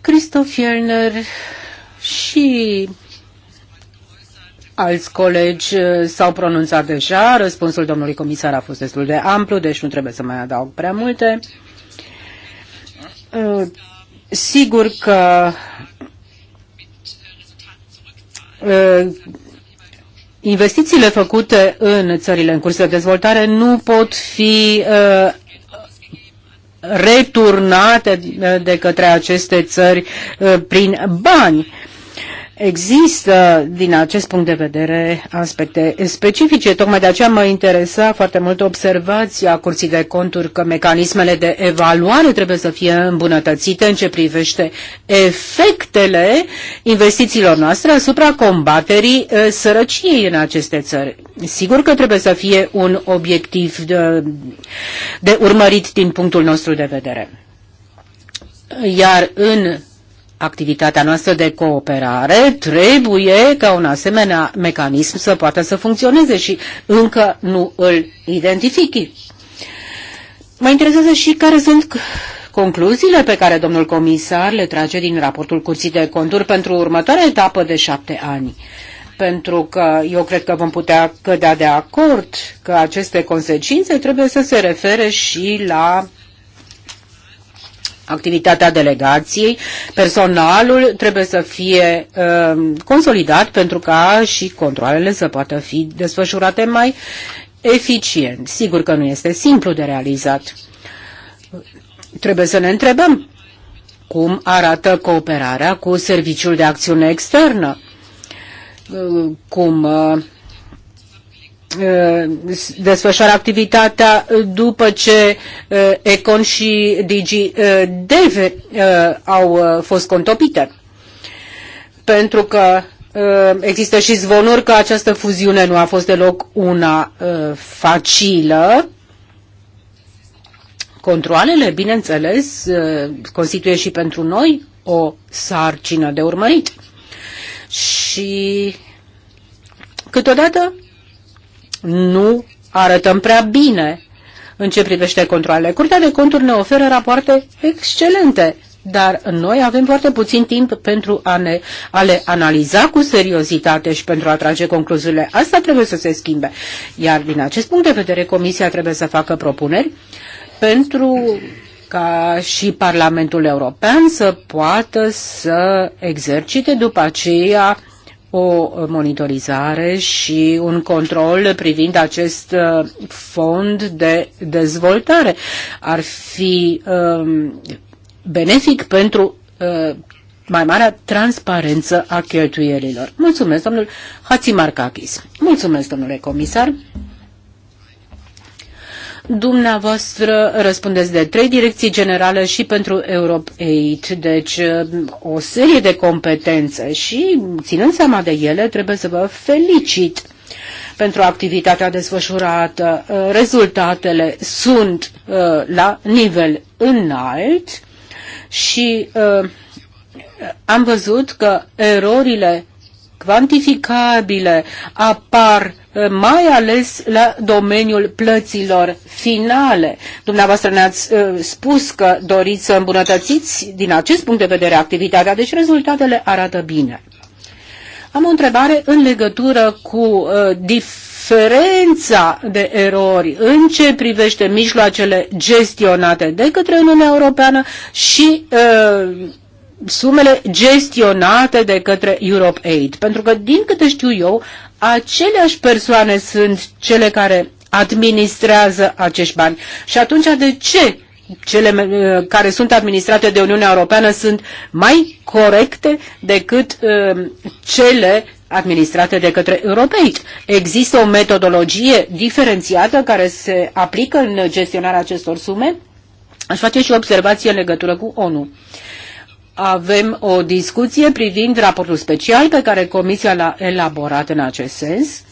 Christoph Fjellner și Alți colegi uh, s-au pronunțat deja, răspunsul domnului comisar a fost destul de amplu, deci nu trebuie să mai adaug prea multe. Uh, sigur că uh, investițiile făcute în țările în curs de dezvoltare nu pot fi returnate de către aceste țări uh, prin bani. Există, din acest punct de vedere, aspecte specifice. Tocmai de aceea mă interesa foarte mult observația Curții de Conturi că mecanismele de evaluare trebuie să fie îmbunătățite în ce privește efectele investițiilor noastre asupra combaterii eh, sărăciei în aceste țări. Sigur că trebuie să fie un obiectiv de, de urmărit din punctul nostru de vedere. Iar în activitatea noastră de cooperare, trebuie ca un asemenea mecanism să poată să funcționeze și încă nu îl identifici. Mă interesează și care sunt concluziile pe care domnul comisar le trage din raportul Curții de Conturi pentru următoarea etapă de șapte ani. Pentru că eu cred că vom putea cădea de acord că aceste consecințe trebuie să se refere și la activitatea delegației, personalul trebuie să fie uh, consolidat pentru ca și controlele să poată fi desfășurate mai eficient. Sigur că nu este simplu de realizat. Trebuie să ne întrebăm cum arată cooperarea cu Serviciul de Acțiune Externă, uh, cum uh, Uh, desfășoară activitatea după ce uh, Econ și Digi uh, Deve au fost contopite. Pentru că există și zvonuri că această fuziune nu a fost deloc una facilă. Controlele, bineînțeles, constituie și pentru noi o sarcină de urmărit. Și câteodată nu arătăm prea bine în ce privește controlele. Curtea de conturi ne oferă rapoarte excelente, dar noi avem foarte puțin timp pentru a, ne, a le analiza cu seriozitate și pentru a trage concluziile. Asta trebuie să se schimbe. Iar din acest punct de vedere, Comisia trebuie să facă propuneri pentru ca și Parlamentul European să poată să exercite după aceea o monitorizare și un control privind acest uh, fond de dezvoltare. Ar fi um, benefic pentru uh, mai marea transparență a cheltuielilor. Mulțumesc, domnul Hatzimarkakis. Mulțumesc, domnule comisar. Dumneavoastră răspundeți de trei direcții generale și pentru Europe 8, deci o serie de competențe și, ținând seama de ele, trebuie să vă felicit pentru activitatea desfășurată. Rezultatele sunt uh, la nivel înalt și uh, am văzut că erorile cuantificabile apar eh, mai ales la domeniul plăților finale. Dumneavoastră ne-ați eh, spus că doriți să îmbunătățiți din acest punct de vedere activitatea, deci rezultatele arată bine. Am o întrebare în legătură cu eh, diferența de erori în ce privește mijloacele gestionate de către Uniunea Europeană și sumele gestionate de către Europe Aid. Pentru că, din câte știu eu, aceleași persoane sunt cele care administrează acești bani. Și atunci de ce cele uh, care sunt administrate de Uniunea Europeană sunt mai corecte decât uh, cele administrate de către europei. Există o metodologie diferențiată care se aplică în gestionarea acestor sume? Aș face și o observație în legătură cu ONU. Uh, avem o discuție privind raportul special pe care Comisia l-a elaborat în acest sens.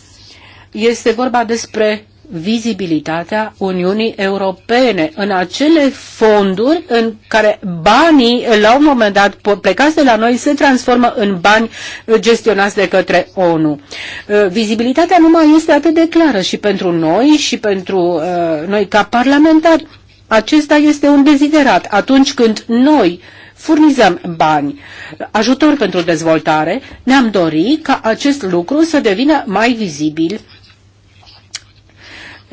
Este vorba despre vizibilitatea Uniunii Europene în acele fonduri în care banii, la un moment dat, plecați de la noi, se transformă în bani gestionați de către ONU. Uh, vizibilitatea nu mai este atât de clară și pentru noi și pentru uh, noi ca parlamentari. Acesta este un deziderat. Atunci când noi uh, furnizăm bani, ajutor pentru dezvoltare, ne-am dorit ca acest lucru să devină mai vizibil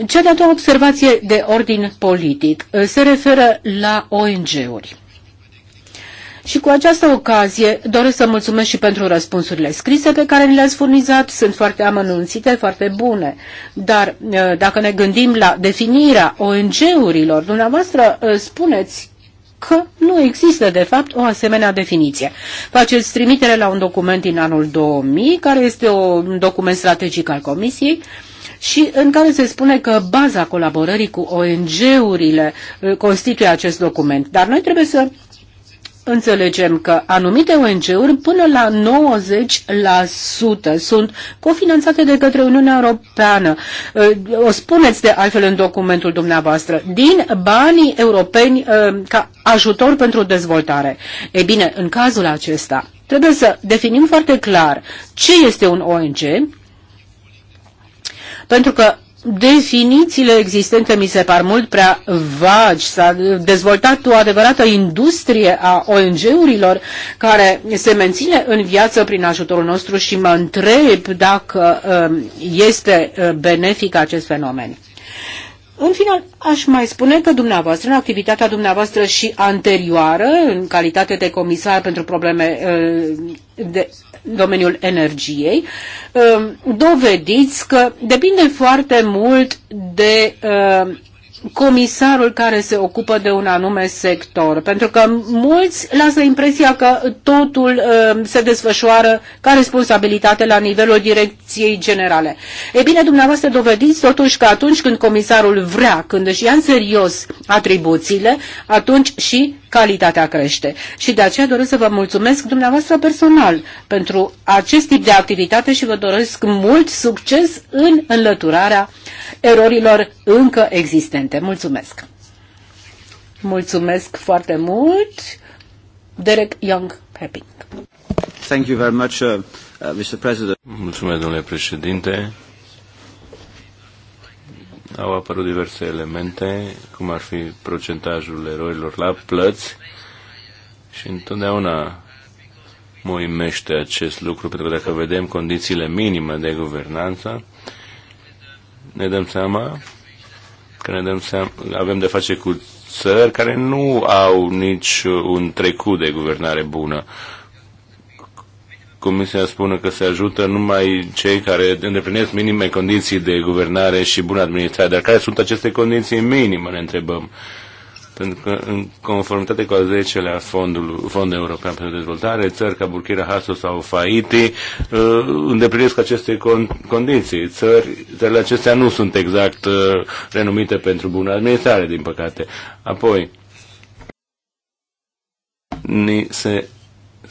cea de-a doua observație de ordin politic uh, se referă la ONG-uri. Și cu această ocazie doresc să mulțumesc și pentru răspunsurile scrise pe care ni le-ați furnizat. Sunt foarte amănunțite, foarte bune. Dar uh, dacă ne gândim la definirea ONG-urilor, dumneavoastră uh, spuneți că nu există, de fapt, o asemenea definiție. Faceți trimitere la un document din anul 2000, care este un document strategic al Comisiei, și în care se spune că baza colaborării cu ONG-urile uh, constituie acest document. Dar noi trebuie să înțelegem că anumite ONG-uri până la 90% sunt cofinanțate de către Uniunea Europeană. Uh, o spuneți de altfel în documentul dumneavoastră, din banii europeni uh, ca ajutor pentru dezvoltare. E bine, în cazul acesta trebuie să definim foarte clar ce este un ONG, pentru că definițiile existente mi se par mult prea vagi. S-a dezvoltat o adevărată industrie a ONG-urilor care se menține în viață prin ajutorul nostru și mă întreb dacă um, este uh, benefic acest fenomen. În final, aș mai spune că dumneavoastră, în activitatea dumneavoastră și anterioară, în calitate de comisar pentru probleme uh, de domeniul energiei, um, dovediți că depinde foarte mult de um, comisarul care se ocupă de un anume sector, pentru că mulți lasă impresia că totul uh, se desfășoară ca responsabilitate la nivelul direcției generale. E bine, dumneavoastră dovediți totuși că atunci când comisarul vrea, când își ia în serios atribuțiile, atunci și calitatea crește. Și de aceea doresc să vă mulțumesc dumneavoastră personal pentru acest tip de activitate și vă doresc mult succes în înlăturarea erorilor încă existente. Mulțumesc! Mulțumesc foarte mult, Derek Young Pepping. Thank you very much, uh, uh, Mr. President. Mulțumesc, domnule președinte au apărut diverse elemente, cum ar fi procentajul eroilor la plăți și întotdeauna moimește acest lucru, pentru că dacă vedem condițiile minime de guvernanță, ne dăm seama că ne dăm seama, avem de face cu țări care nu au nici un trecut de guvernare bună. Comisia spune că se ajută numai cei care îndeplinesc minime condiții de guvernare și bună administrare. Dar care sunt aceste condiții minime, ne întrebăm? Pentru că, în conformitate cu al 10-lea fondul, Fondul European pentru Dezvoltare, țări ca Burkina Faso sau Faiti uh, îndeplinesc aceste con- condiții. Țări, țările acestea nu sunt exact uh, renumite pentru bună administrare, din păcate. Apoi, ni se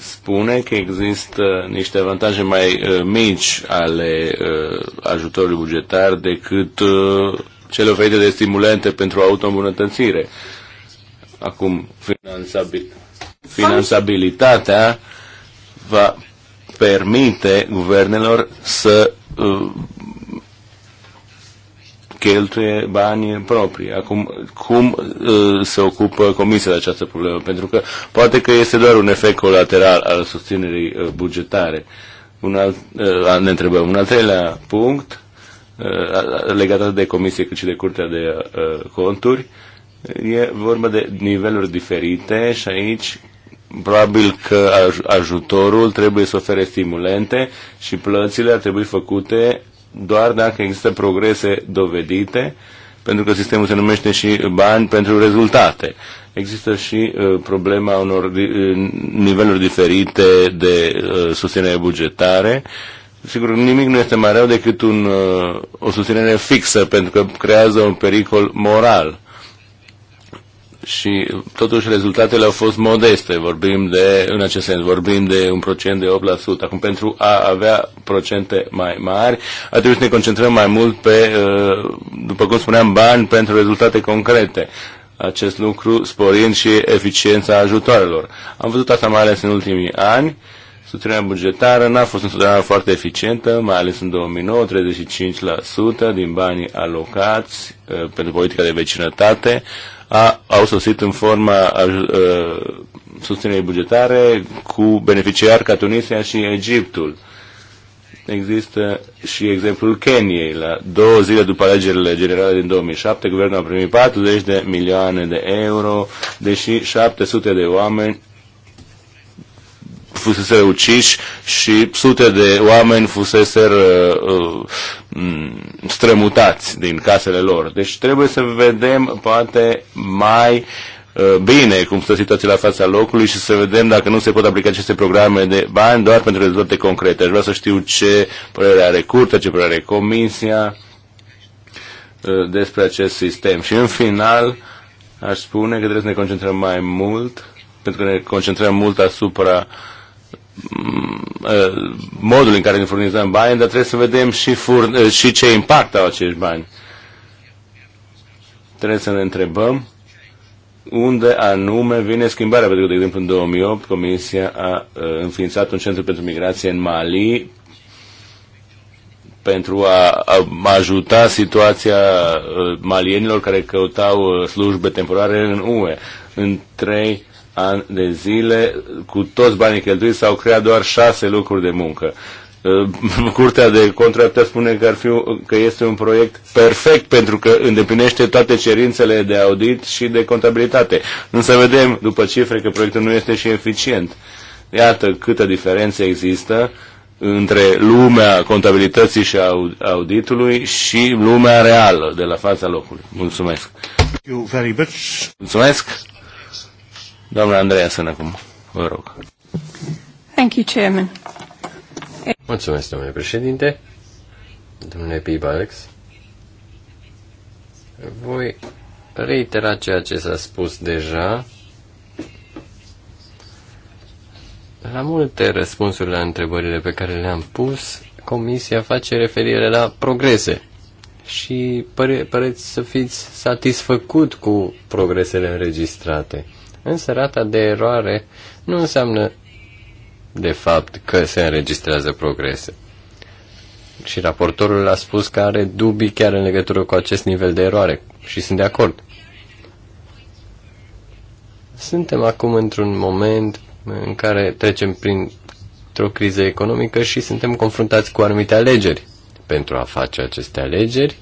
spune că există niște avantaje mai uh, mici ale uh, ajutorului bugetar decât uh, cele oferite de stimulente pentru îmbunătățire. Acum, finanțabil, finanțabilitatea va permite guvernelor să uh, cheltuie bani proprii. Acum, cum uh, se ocupă Comisia de această problemă? Pentru că poate că este doar un efect colateral al susținerii uh, bugetare. Un alt, uh, ne întrebăm. Un al treilea punct, legat de Comisie cât și de Curtea de Conturi, e vorba de niveluri diferite și aici probabil că aj ajutorul trebuie să ofere stimulente și plățile ar trebui făcute doar dacă există progrese dovedite, pentru că sistemul se numește și bani pentru rezultate. Există și uh, problema unor uh, niveluri diferite de uh, susținere bugetare. Sigur, nimic nu este mai rău decât un, uh, o susținere fixă, pentru că creează un pericol moral și totuși rezultatele au fost modeste. Vorbim de, în acest sens, vorbim de un procent de 8%. Acum, pentru a avea procente mai mari, a trebuit să ne concentrăm mai mult pe, uh, după cum spuneam, bani pentru rezultate concrete. Acest lucru sporind și eficiența ajutoarelor. Am văzut asta mai ales în ultimii ani. Susținerea bugetară n-a fost întotdeauna foarte eficientă, mai ales în 2009, 35% din banii alocați uh, pentru politica de vecinătate a, au sosit în forma a, a, susținerii bugetare cu beneficiari ca Tunisia și Egiptul. Există și exemplul Keniei. La două zile după alegerile generale din 2007, guvernul a primit 40 de milioane de euro, deși 700 de oameni fusese uciși și sute de oameni fusese uh, strămutați din casele lor. Deci trebuie să vedem poate mai uh, bine cum stă situația la fața locului și să vedem dacă nu se pot aplica aceste programe de bani doar pentru rezultate concrete. Aș vrea să știu ce părere are curtea, ce părere are comisia uh, despre acest sistem. Și în final aș spune că trebuie să ne concentrăm mai mult pentru că ne concentrăm mult asupra Mm, uh, modul în care ne furnizăm bani, dar trebuie să vedem și, fur, uh, și ce impact au acești bani. Trebuie să ne întrebăm unde anume vine schimbarea, pentru că, de exemplu, în 2008 Comisia a uh, înființat un centru pentru migrație în Mali pentru a, a ajuta situația malienilor care căutau slujbe temporare în UE. În trei ani de zile, cu toți banii cheltuiți, s-au creat doar șase locuri de muncă. Uh, Curtea de contracte spune că, ar fi, că este un proiect perfect pentru că îndeplinește toate cerințele de audit și de contabilitate. Însă vedem după cifre că proiectul nu este și eficient. Iată câtă diferență există între lumea contabilității și auditului și lumea reală de la fața locului. Mulțumesc! Mulțumesc! Doamna Andreea Sân acum, vă rog. Thank you, Chairman. Mulțumesc, domnule președinte. Domnule Pibalex. Voi reitera ceea ce s-a spus deja. La multe răspunsuri la întrebările pe care le-am pus, Comisia face referire la progrese și pare, păreți să fiți satisfăcut cu progresele înregistrate. Însă rata de eroare nu înseamnă de fapt că se înregistrează progrese. Și raportorul a spus că are dubii chiar în legătură cu acest nivel de eroare și sunt de acord. Suntem acum într-un moment în care trecem printr-o criză economică și suntem confruntați cu anumite alegeri. Pentru a face aceste alegeri,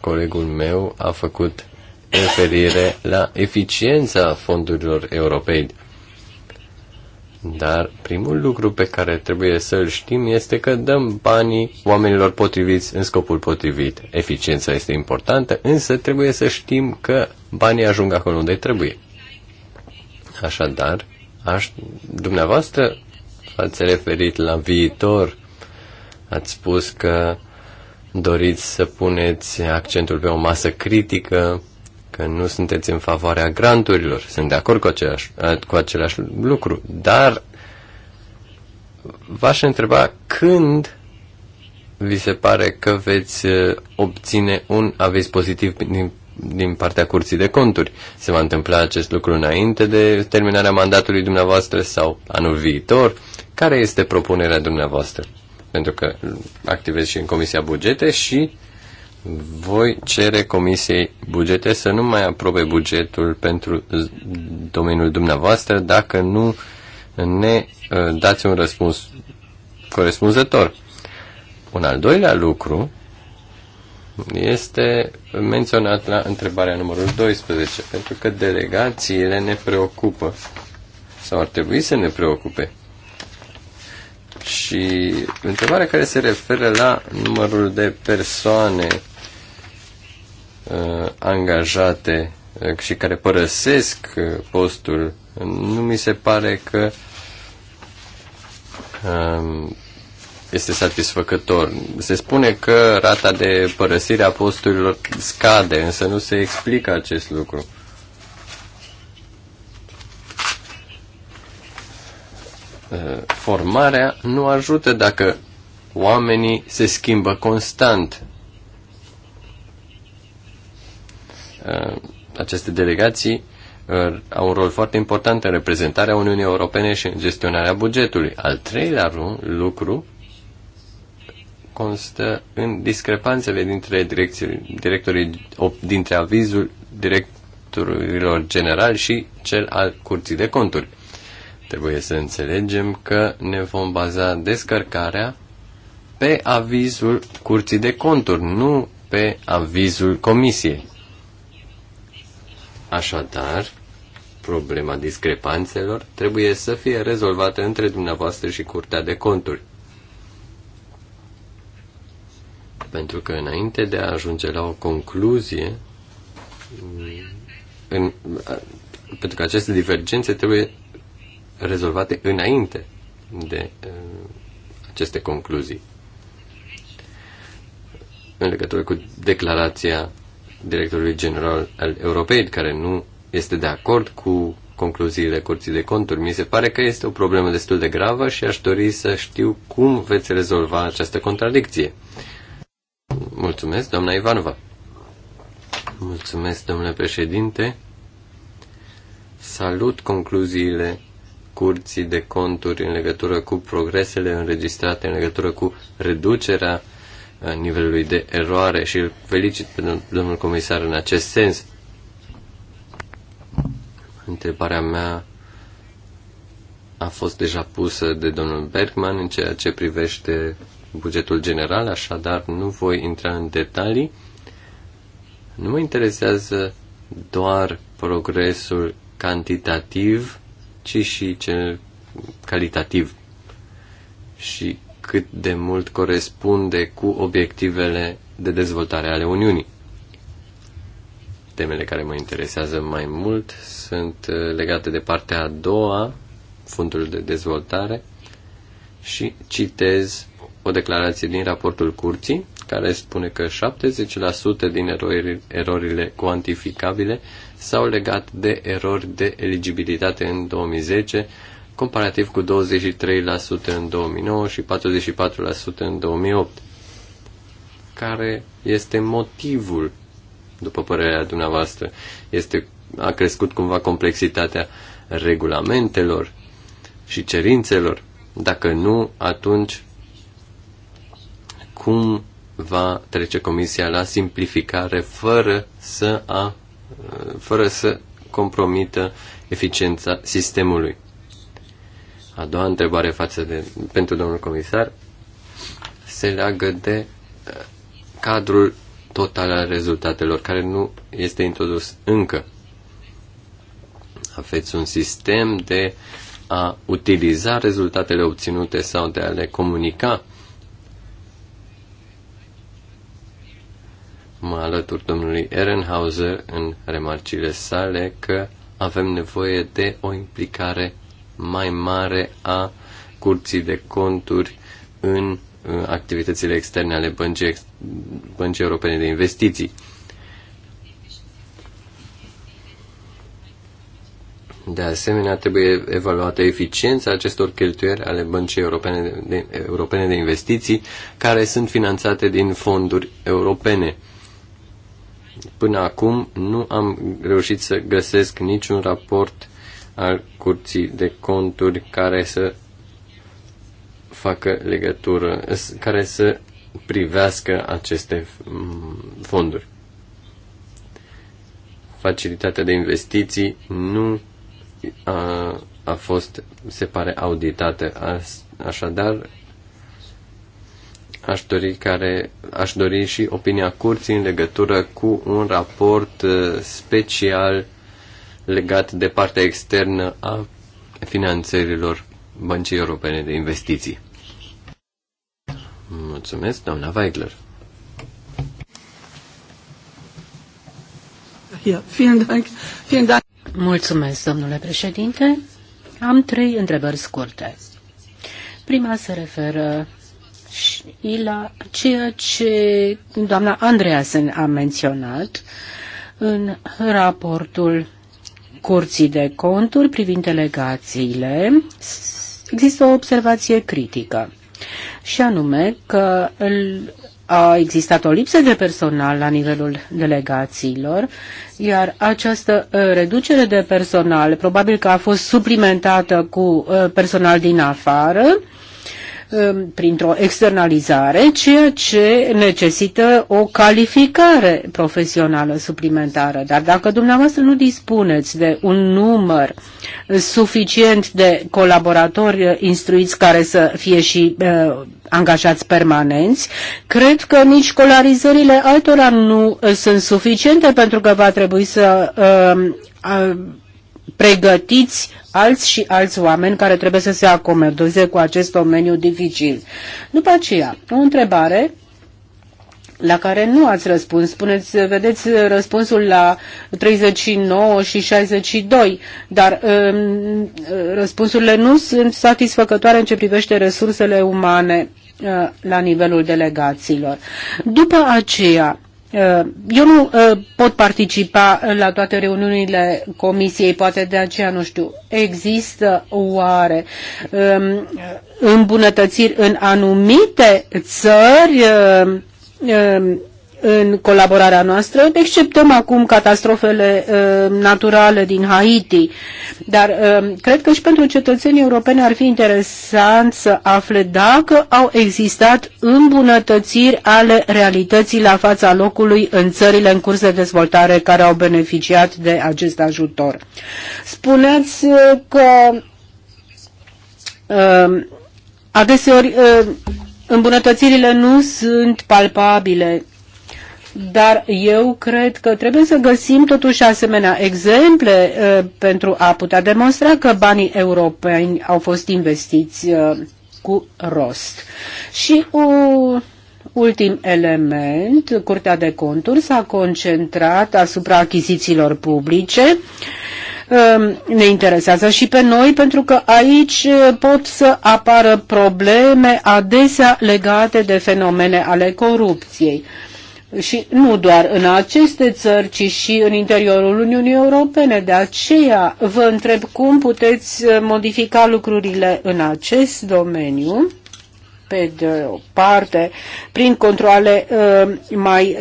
colegul meu a făcut referire la eficiența fondurilor europene. Dar primul lucru pe care trebuie să-l știm este că dăm banii oamenilor potriviți în scopul potrivit. Eficiența este importantă, însă trebuie să știm că banii ajung acolo unde trebuie. Așadar, aș, dumneavoastră ați referit la viitor, ați spus că doriți să puneți accentul pe o masă critică că nu sunteți în favoarea granturilor. Sunt de acord cu același, cu același lucru, dar v-aș întreba când vi se pare că veți uh, obține un aviz pozitiv din, din partea Curții de Conturi. Se va întâmpla acest lucru înainte de terminarea mandatului dumneavoastră sau anul viitor? Care este propunerea dumneavoastră? Pentru că activez și în Comisia Bugete și voi cere Comisiei Bugete să nu mai aprobe bugetul pentru domeniul dumneavoastră dacă nu ne uh, dați un răspuns corespunzător. Un al doilea lucru este menționat la întrebarea numărul 12, pentru că delegațiile ne preocupă sau ar trebui să ne preocupe. Și întrebarea care se referă la numărul de persoane Uh, angajate uh, și care părăsesc uh, postul, nu mi se pare că um, este satisfăcător. Se spune că rata de părăsire a posturilor scade, însă nu se explică acest lucru. Formarea nu ajută dacă oamenii se schimbă constant Uh, aceste delegații uh, au un rol foarte important în reprezentarea Uniunii Europene și în gestionarea bugetului. Al treilea lucru constă în discrepanțele dintre directorii, dintre avizul directorilor general și cel al curții de conturi. Trebuie să înțelegem că ne vom baza descărcarea pe avizul curții de conturi, nu pe avizul comisiei. Așadar, problema discrepanțelor trebuie să fie rezolvată între dumneavoastră și Curtea de Conturi. Pentru că înainte de a ajunge la o concluzie, în, pentru că aceste divergențe trebuie rezolvate înainte de a, uh, aceste concluzii. În legătură cu declarația directorului general al Europei, care nu este de acord cu concluziile Curții de Conturi. Mi se pare că este o problemă destul de gravă și aș dori să știu cum veți rezolva această contradicție. Mulțumesc, doamna Ivanova. Mulțumesc, domnule președinte. Salut concluziile Curții de Conturi în legătură cu progresele înregistrate, în legătură cu reducerea nivelului de eroare și îl felicit pe domnul comisar în acest sens. Întrebarea mea a fost deja pusă de domnul Bergman în ceea ce privește bugetul general, așadar nu voi intra în detalii. Nu mă interesează doar progresul cantitativ, ci și cel calitativ. Și cât de mult corespunde cu obiectivele de dezvoltare ale Uniunii. Temele care mă interesează mai mult sunt uh, legate de partea a doua, fundul de dezvoltare, și citez o declarație din raportul curții care spune că 70% din erori, erorile cuantificabile s-au legat de erori de eligibilitate în 2010 comparativ cu 23% în 2009 și 44% în 2008. Care este motivul, după părerea dumneavoastră? Este, a crescut cumva complexitatea regulamentelor și cerințelor? Dacă nu, atunci cum va trece Comisia la simplificare fără să, a, fără să compromită eficiența sistemului? A doua întrebare față de, pentru domnul comisar se leagă de uh, cadrul total al rezultatelor, care nu este introdus încă. Aveți un sistem de a utiliza rezultatele obținute sau de a le comunica. Mă alătur domnului Ehrenhauser în remarcile sale că avem nevoie de o implicare mai mare a curții de conturi în uh, activitățile externe ale Băncii, Băncii Europene de Investiții. De asemenea, trebuie evaluată eficiența acestor cheltuieli ale Băncii Europene de, Europene de Investiții, care sunt finanțate din fonduri europene. Până acum nu am reușit să găsesc niciun raport al curții de conturi care să facă legătură, care să privească aceste mm, fonduri. Facilitatea de investiții nu a, a fost, se pare, auditată. așadar, aș dori, care, aș dori și opinia curții în legătură cu un raport uh, special legat de partea externă a finanțărilor Băncii Europene de Investiții. Mulțumesc, doamna Weigler. Mulțumesc, domnule președinte. Am trei întrebări scurte. Prima se referă și la ceea ce doamna Andreasen a menționat în raportul Curții de Conturi privind delegațiile, există o observație critică și anume că a existat o lipsă de personal la nivelul delegațiilor, iar această uh, reducere de personal probabil că a fost suplimentată cu uh, personal din afară Um, printr-o externalizare, ceea ce necesită o calificare profesională suplimentară. Dar dacă dumneavoastră nu dispuneți de un număr suficient de colaboratori uh, instruiți care să fie și uh, angajați permanenți, cred că nici școlarizările altora nu uh, sunt suficiente pentru că va trebui să uh, uh, pregătiți alți și alți oameni care trebuie să se acomodeze cu acest domeniu dificil. După aceea, o întrebare la care nu ați răspuns. Spuneți, vedeți răspunsul la 39 și 62, dar um, răspunsurile nu sunt satisfăcătoare în ce privește resursele umane uh, la nivelul delegațiilor. După aceea, Uh, eu nu uh, pot participa la toate reuniunile comisiei, poate de aceea nu știu. Există oare um, îmbunătățiri în anumite țări uh, um, în colaborarea noastră, exceptăm acum catastrofele uh, naturale din Haiti, dar uh, cred că și pentru cetățenii europeni ar fi interesant să afle dacă au existat îmbunătățiri ale realității la fața locului în țările în curs de dezvoltare care au beneficiat de acest ajutor. Spuneți uh, că uh, adeseori uh, îmbunătățirile nu sunt palpabile dar eu cred că trebuie să găsim totuși asemenea exemple uh, pentru a putea demonstra că banii europeni au fost investiți uh, cu rost. Și o ultim element, Curtea de Conturi s-a concentrat asupra achizițiilor publice. Um, ne interesează și pe noi pentru că aici uh, pot să apară probleme adesea legate de fenomene ale corupției și nu doar în aceste țări, ci și în interiorul Uniunii Europene. De aceea vă întreb cum puteți uh, modifica lucrurile în acest domeniu pe de o parte, prin controle uh, mai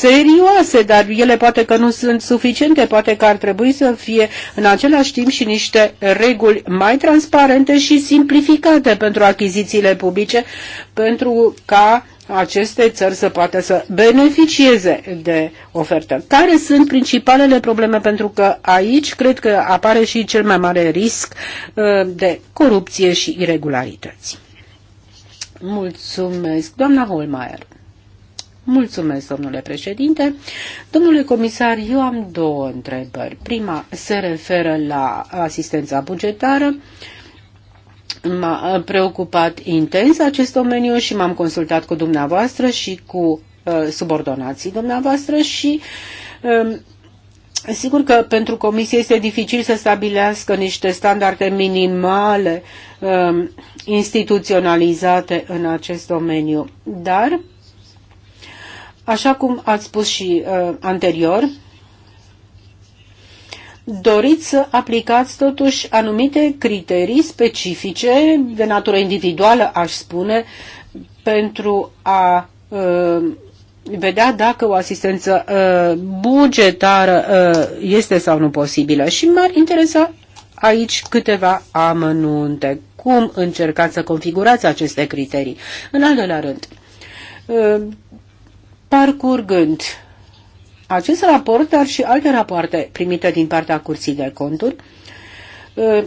serioase, dar ele poate că nu sunt suficiente, poate că ar trebui să fie în același timp și niște reguli mai transparente și simplificate pentru achizițiile publice, pentru ca uh, aceste țări să poată să beneficieze de ofertă. Care sunt principalele probleme? Pentru că aici cred că apare și cel mai mare risc uh, de corupție și irregularități. Mulțumesc, doamna Holmeier. Mulțumesc, domnule președinte. Domnule comisar, eu am două întrebări. Prima se referă la asistența bugetară. Uh, M-a preocupat intens acest domeniu și m-am consultat cu dumneavoastră și cu uh, subordonații dumneavoastră și um, Sigur că pentru comisie este dificil să stabilească niște standarde minimale um, instituționalizate în acest domeniu, dar, așa cum ați spus și uh, anterior, doriți să aplicați totuși anumite criterii specifice, de natură individuală, aș spune, pentru a uh, vedea dacă o asistență uh, bugetară uh, este sau nu posibilă. Și m-ar interesa aici câteva amănunte. Cum încercați să configurați aceste criterii? În al doilea rând, parcurgând acest raport, dar și alte rapoarte primite din partea Curții de Conturi, uh,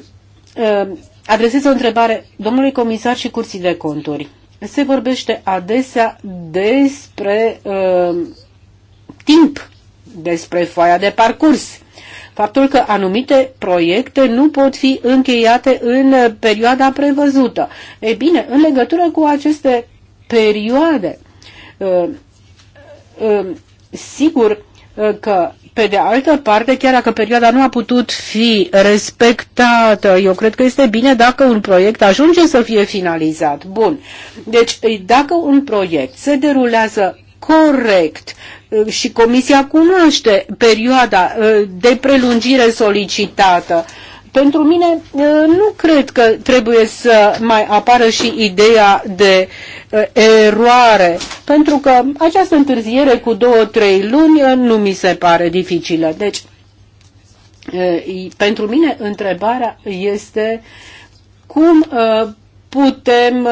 uh, adresez o întrebare domnului comisar și Curții de Conturi. Se vorbește adesea despre uh, timp, despre foaia de parcurs, faptul că anumite proiecte nu pot fi încheiate în perioada prevăzută. Ei bine, în legătură cu aceste perioade, uh, uh, sigur, că pe de altă parte, chiar dacă perioada nu a putut fi respectată, eu cred că este bine dacă un proiect ajunge să fie finalizat. Bun. Deci, dacă un proiect se derulează corect și Comisia cunoaște perioada de prelungire solicitată, pentru mine nu cred că trebuie să mai apară și ideea de eroare, pentru că această întârziere cu două-trei luni nu mi se pare dificilă. Deci, pentru mine întrebarea este cum putem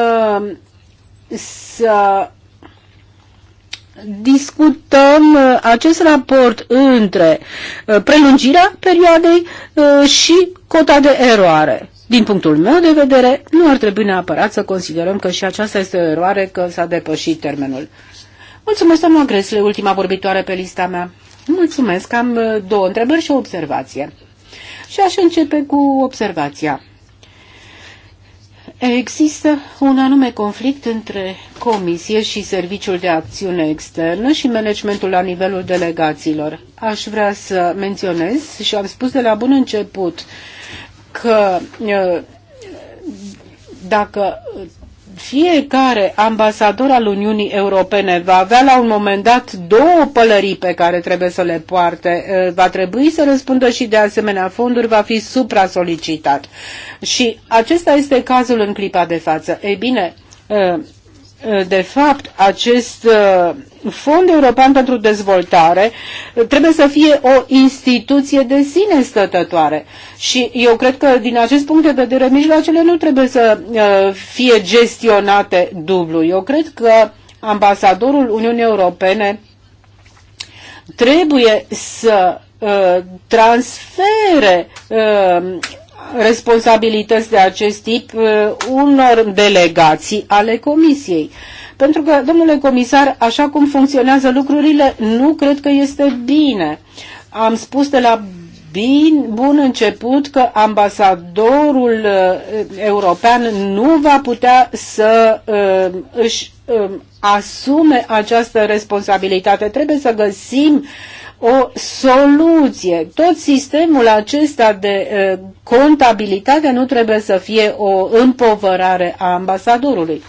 să discutăm uh, acest raport între uh, prelungirea perioadei uh, și cota de eroare. Din punctul meu de vedere, nu ar trebui neapărat să considerăm că și aceasta este o eroare că s-a depășit termenul. Mulțumesc, doamna Gresle, ultima vorbitoare pe lista mea. Mulțumesc, am două întrebări și o observație. Și aș începe cu observația. Există un anume conflict între Comisie și Serviciul de Acțiune Externă și managementul la nivelul delegațiilor. Aș vrea să menționez și am spus de la bun început că uh, dacă fiecare ambasador al Uniunii Europene va avea la un moment dat două pălării pe care trebuie să le poarte, eh, va trebui să răspundă și de asemenea fonduri, va fi supra-solicitat. Și acesta este cazul în clipa de față. Ei bine, eh, Eh, de fapt, acest eh, Fond European pentru Dezvoltare eh, trebuie să fie o instituție de sine stătătoare. Și eu cred că, din acest punct de vedere, mijloacele nu trebuie să fie gestionate dublu. Eu cred că ambasadorul Uniunii Europene trebuie să transfere responsabilități de acest tip uh, unor delegații ale Comisiei. Pentru că, domnule comisar, așa cum funcționează lucrurile, nu cred că este bine. Am spus de la bin, bun început că ambasadorul uh, european nu va putea să uh, își uh, asume această responsabilitate. Trebuie să găsim o soluție. Tot sistemul acesta de contabilitate nu trebuie să fie o împovărare a ambasadorului.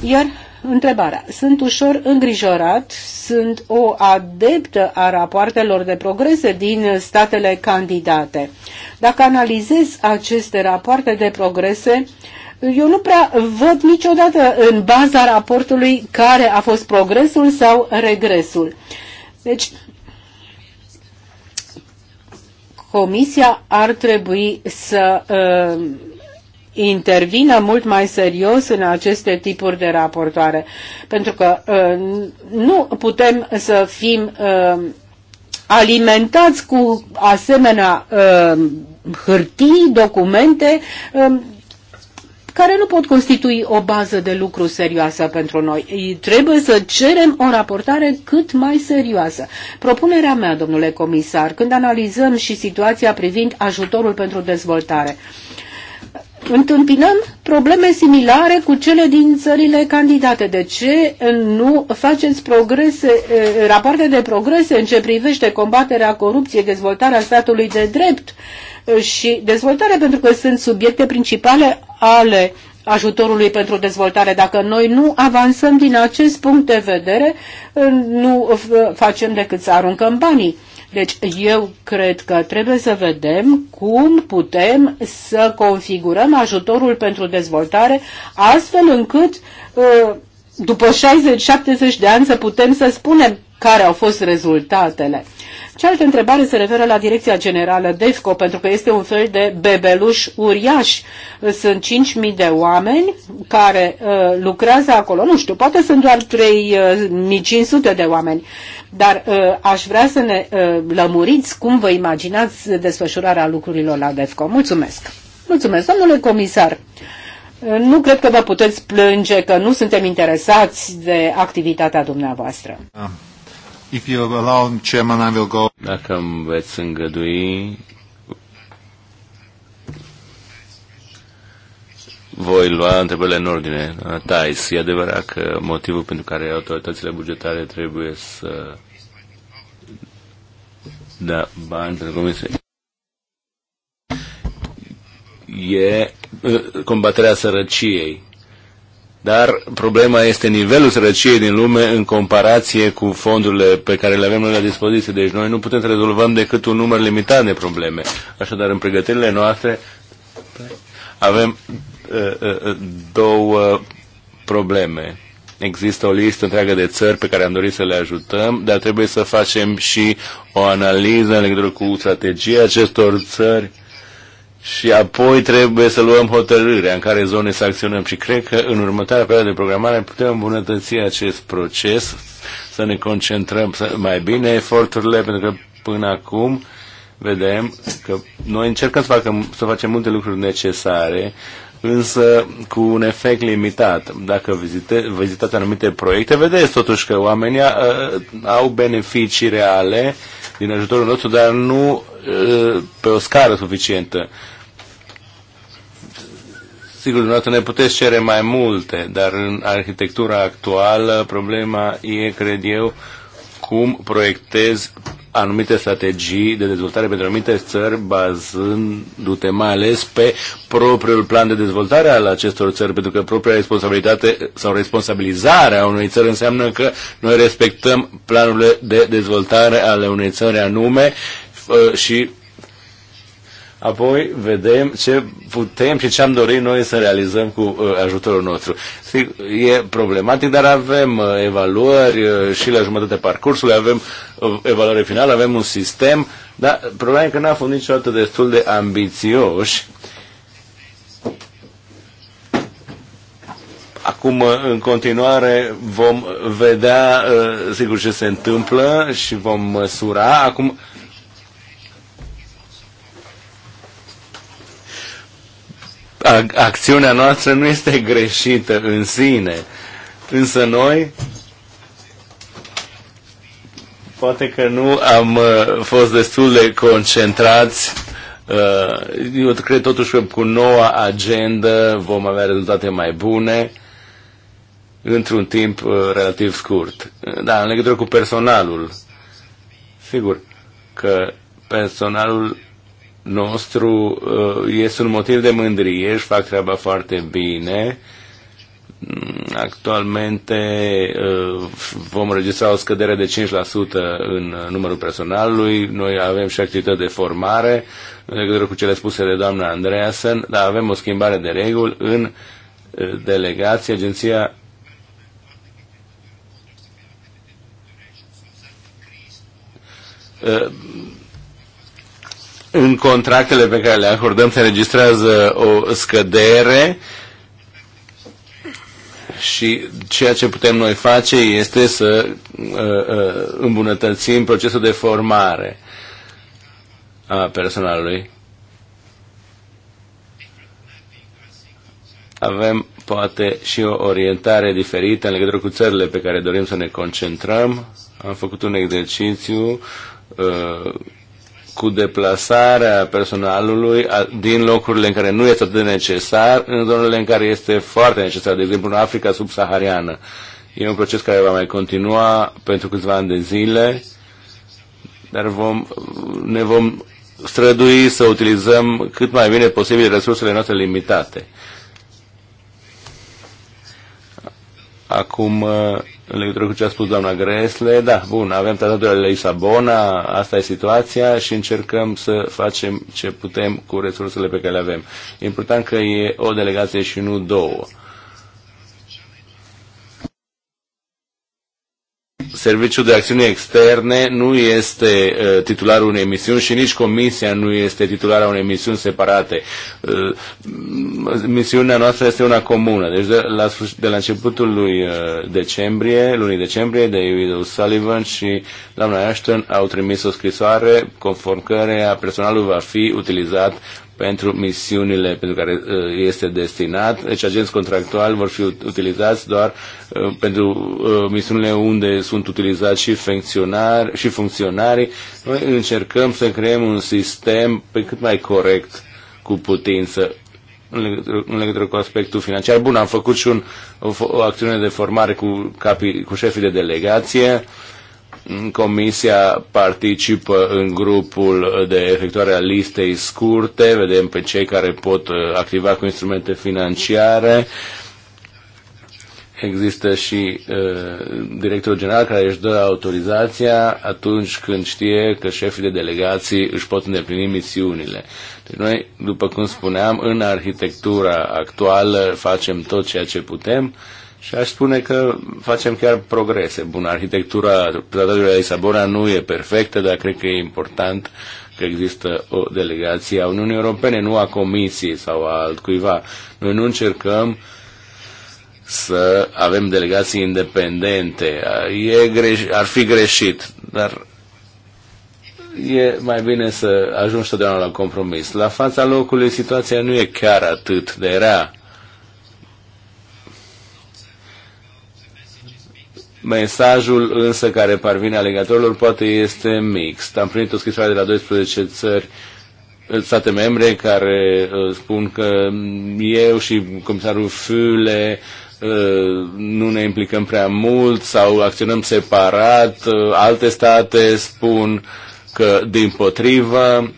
Iar întrebarea. Sunt ușor îngrijorat, sunt o adeptă a rapoartelor de progrese din statele candidate. Dacă analizez aceste rapoarte de progrese, eu nu prea văd niciodată în baza raportului care a fost progresul sau regresul. Deci Comisia ar trebui să uh, intervină mult mai serios în aceste tipuri de raportoare, pentru că uh, nu putem să fim uh, alimentați cu asemenea uh, hârtii, documente, uh, care nu pot constitui o bază de lucru serioasă pentru noi. Trebuie să cerem o raportare cât mai serioasă. Propunerea mea, domnule comisar, când analizăm și situația privind ajutorul pentru dezvoltare, întâmpinăm probleme similare cu cele din țările candidate. De ce nu faceți progrese, eh, rapoarte de progrese în ce privește combaterea corupției, dezvoltarea statului de drept eh, și dezvoltarea, pentru că sunt subiecte principale ale ajutorului pentru dezvoltare. Dacă noi nu avansăm din acest punct de vedere, eh, nu facem decât să aruncăm banii. Deci eu cred că trebuie să vedem cum putem să configurăm ajutorul pentru dezvoltare astfel încât ă, după 60-70 de ani să putem să spunem care au fost rezultatele. Cealaltă întrebare se referă la Direcția Generală DEFCO, pentru că este un fel de bebeluș uriaș. Sunt 5.000 de oameni care uh, lucrează acolo, nu știu, poate sunt doar 3.500 ă, de oameni. Dar uh, aș vrea să ne uh, lămuriți cum vă imaginați desfășurarea lucrurilor la DEFCO. Mulțumesc! Mulțumesc, domnule comisar! Uh, nu cred că vă puteți plânge că nu suntem interesați de activitatea dumneavoastră. If you allow, chairman, I will go. Dacă îmi veți îngădui, voi lua întrebările în ordine. Tais, e adevărat că motivul pentru care autoritățile bugetare trebuie să da bani pentru comisie e uh, combaterea sărăciei. Dar problema este nivelul sărăciei din lume în comparație cu fondurile pe care le avem noi la dispoziție. Deci noi nu putem să rezolvăm decât un număr limitat de probleme. Așadar, în pregătirile noastre avem două probleme. Există o listă întreagă de țări pe care am dorit să le ajutăm, dar trebuie să facem și o analiză în legătură cu strategia acestor țări și apoi trebuie să luăm hotărârea în care zone să acționăm și cred că în următoarea perioadă de programare putem îmbunătăți acest proces, să ne concentrăm mai bine eforturile, pentru că până acum vedem că noi încercăm să, facem, să facem multe lucruri necesare, însă cu un efect limitat. Dacă vizite, vizitați anumite proiecte, vedeți totuși că oamenii uh, au beneficii reale din ajutorul nostru, dar nu uh, pe o scară suficientă. Sigur, dumneavoastră ne puteți cere mai multe, dar în arhitectura actuală problema e, cred eu, cum proiectez anumite strategii de dezvoltare pentru anumite țări, bazându-te mai ales pe propriul plan de dezvoltare al acestor țări, pentru că propria responsabilitate sau responsabilizarea unei țări înseamnă că noi respectăm planurile de dezvoltare ale unei țări anume și apoi vedem ce putem și ce am dorit noi să realizăm cu uh, ajutorul nostru. Sigur, e problematic, dar avem uh, evaluări uh, și la jumătatea parcursului, avem evaluare finală, avem un sistem, dar problema e că n-a fost niciodată destul de ambițioși Acum, în continuare, vom vedea, sigur, ce se întâmplă și vom măsura. Acum, acțiunea noastră nu este greșită în sine, însă noi poate că nu am uh, fost destul de concentrați uh, eu cred totuși că cu noua agendă vom avea rezultate mai bune într-un timp uh, relativ scurt. Da, în legătură cu personalul. Sigur că personalul nostru este uh, un motiv de mândrie, și fac treaba foarte bine. Mm, actualmente uh, vom registra o scădere de 5% în uh, numărul personalului. Noi avem și activități de formare în legătură cu cele spuse de doamna Andreasen, dar avem o schimbare de reguli în delegație, agenția în contractele pe care le acordăm se înregistrează o scădere și ceea ce putem noi face este să uh, uh, îmbunătățim procesul de formare a personalului. Avem poate și o orientare diferită în legătură cu țările pe care dorim să ne concentrăm. Am făcut un exercițiu uh, cu deplasarea personalului din locurile în care nu este atât de necesar, în zonele în care este foarte necesar, de exemplu în Africa subsahariană. E un proces care va mai continua pentru câțiva ani de zile, dar vom, ne vom strădui să utilizăm cât mai bine posibil resursele noastre limitate. Acum, în legătură cu ce a spus doamna Gresle, da, bun, avem tratatul de la Lisabona, asta e situația și încercăm să facem ce putem cu resursele pe care le avem. E important că e o delegație și nu două. Serviciul de Acțiune Externe nu este uh, titularul unei emisiuni și nici Comisia nu este titulara unei emisiuni separate. Uh, misiunea noastră este una comună. Deci de la, de la începutul lui uh, decembrie, lunii decembrie, David O'Sullivan și doamna Ashton au trimis o scrisoare conform căreia personalul va fi utilizat pentru misiunile pentru care uh, este destinat. Deci agenți contractuali vor fi utilizați doar uh, pentru uh, misiunile unde sunt utilizați și funcționari, și funcționari. Noi încercăm să creăm un sistem pe cât mai corect cu putință în legătură, în legătură cu aspectul financiar. Bun, am făcut și un, o, o acțiune de formare cu, capii, cu șefii de delegație. Uh, Comisia participă în grupul de efectuare a listei scurte, vedem pe cei care pot uh, activa cu instrumente financiare. Există și uh, directorul general care își dă autorizația atunci când știe că șefii de delegații își pot îndeplini misiunile. Deci noi, după cum spuneam, în arhitectura actuală facem tot ceea ce putem uh, și aș spune că facem chiar progrese. Bun, arhitectura tratatului de Lisabona nu e perfectă, dar cred că e important că există o delegație a Uniunii Europene, nu a Comisiei sau a altcuiva. Noi nu încercăm să avem delegații independente. E greș, ar fi greșit, dar e mai bine să ajungi totdeauna la compromis. La fața locului situația nu e chiar atât de rea Mesajul însă care parvine alegatorilor poate este mixt. Am primit o scrisoare de la 12 țări state membre care uh, spun că eu și comisarul Füle uh, nu ne implicăm prea mult sau acționăm separat. Uh, alte state spun că din potrivă.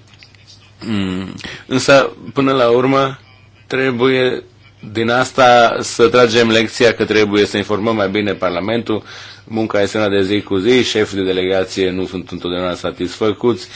Mm. Însă, până la urmă, trebuie din asta să tragem lecția că trebuie să informăm mai bine Parlamentul. Munca este una de zi cu zi, șefii de delegație nu sunt întotdeauna satisfăcuți.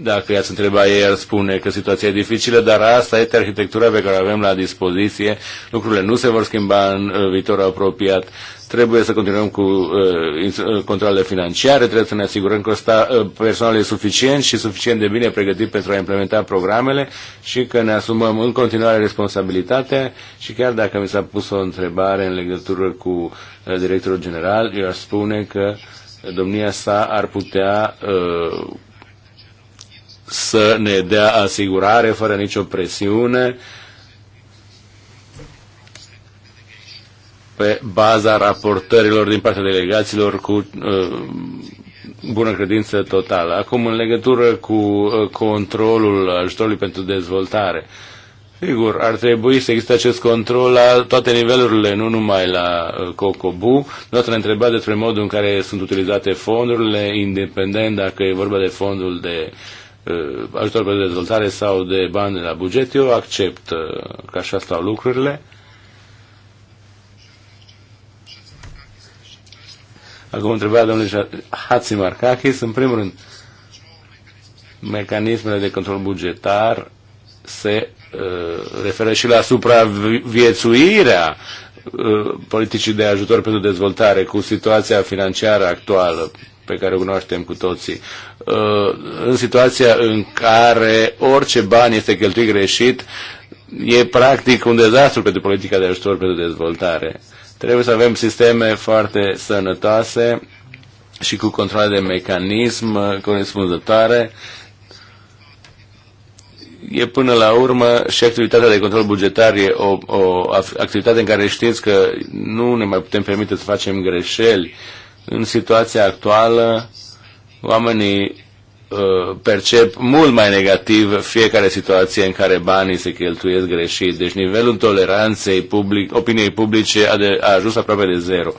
Dacă i-ați întreba ei, ar spune că situația e dificilă, dar asta este arhitectura pe care o avem la dispoziție. Lucrurile nu se vor schimba în viitorul apropiat. Trebuie să continuăm cu uh, uh, controlele financiare, trebuie să ne asigurăm că sta, uh, personalul e suficient și suficient de bine pregătit pentru a implementa programele și că ne asumăm în continuare responsabilitatea și chiar dacă mi s-a pus o întrebare în legătură cu uh, directorul general, eu aș spune că domnia sa ar putea uh, să ne dea asigurare fără nicio presiune uh, pe baza raportărilor din partea delegaților cu uh, bună credință totală. Acum, în legătură cu uh, controlul ajutorului pentru dezvoltare, sigur, ar trebui să existe acest control la toate nivelurile, nu numai la uh, COCOBU. Noastră întrebat despre modul în care sunt utilizate fondurile, independent dacă e vorba de fondul de uh, ajutor pentru dezvoltare sau de bani de la buget. Eu accept că așa stau lucrurile. Acum întrebarea domnului Hatzimarkakis, în primul rând, mecanismele de control bugetar se uh, referă și la supraviețuirea uh, politicii de ajutor pentru dezvoltare cu situația financiară actuală pe care o cunoaștem cu toții. Uh, în situația în care orice bani este cheltuit greșit, e practic un dezastru pentru politica de ajutor pentru dezvoltare. Uh, Trebuie să avem sisteme foarte sănătoase și cu control de mecanism corespunzătoare. E până la urmă și activitatea de control bugetar e o, o activitate în care știți că nu ne mai putem permite să facem greșeli. În situația actuală, oamenii Uh, percep mult mai negativ fiecare situație în care banii se cheltuiesc greșit. Deci nivelul toleranței public, opiniei publice a, de, a ajuns aproape de zero.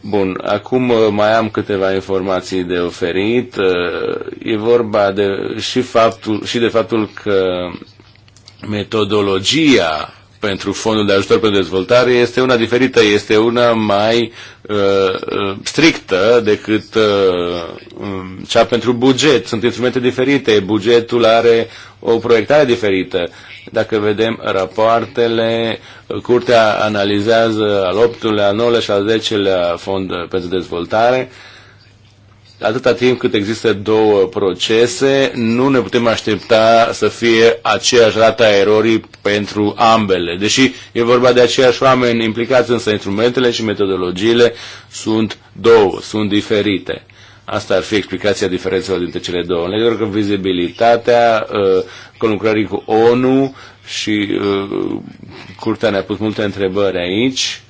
Bun, acum uh, mai am câteva informații de oferit. Uh, e vorba de, și, faptul, și de faptul că metodologia pentru fondul de ajutor pentru dezvoltare este una diferită, este una mai uh, uh strictă decât uh, um, cea pentru buget. Sunt instrumente diferite, bugetul are o proiectare diferită. Dacă vedem rapoartele, curtea analizează al 8-lea, al 9-lea și al 10-lea fond pentru dezvoltare. Uh, atâta timp cât există două procese, nu ne putem aștepta să fie aceeași rata a erorii pentru ambele. Deși e vorba de aceiași oameni implicați, însă instrumentele și metodologiile sunt două, sunt diferite. Asta ar fi explicația diferențelor dintre cele două. În legătură cu vizibilitatea, uh, conlucrării cu ONU și uh, Curtea ne-a pus multe întrebări aici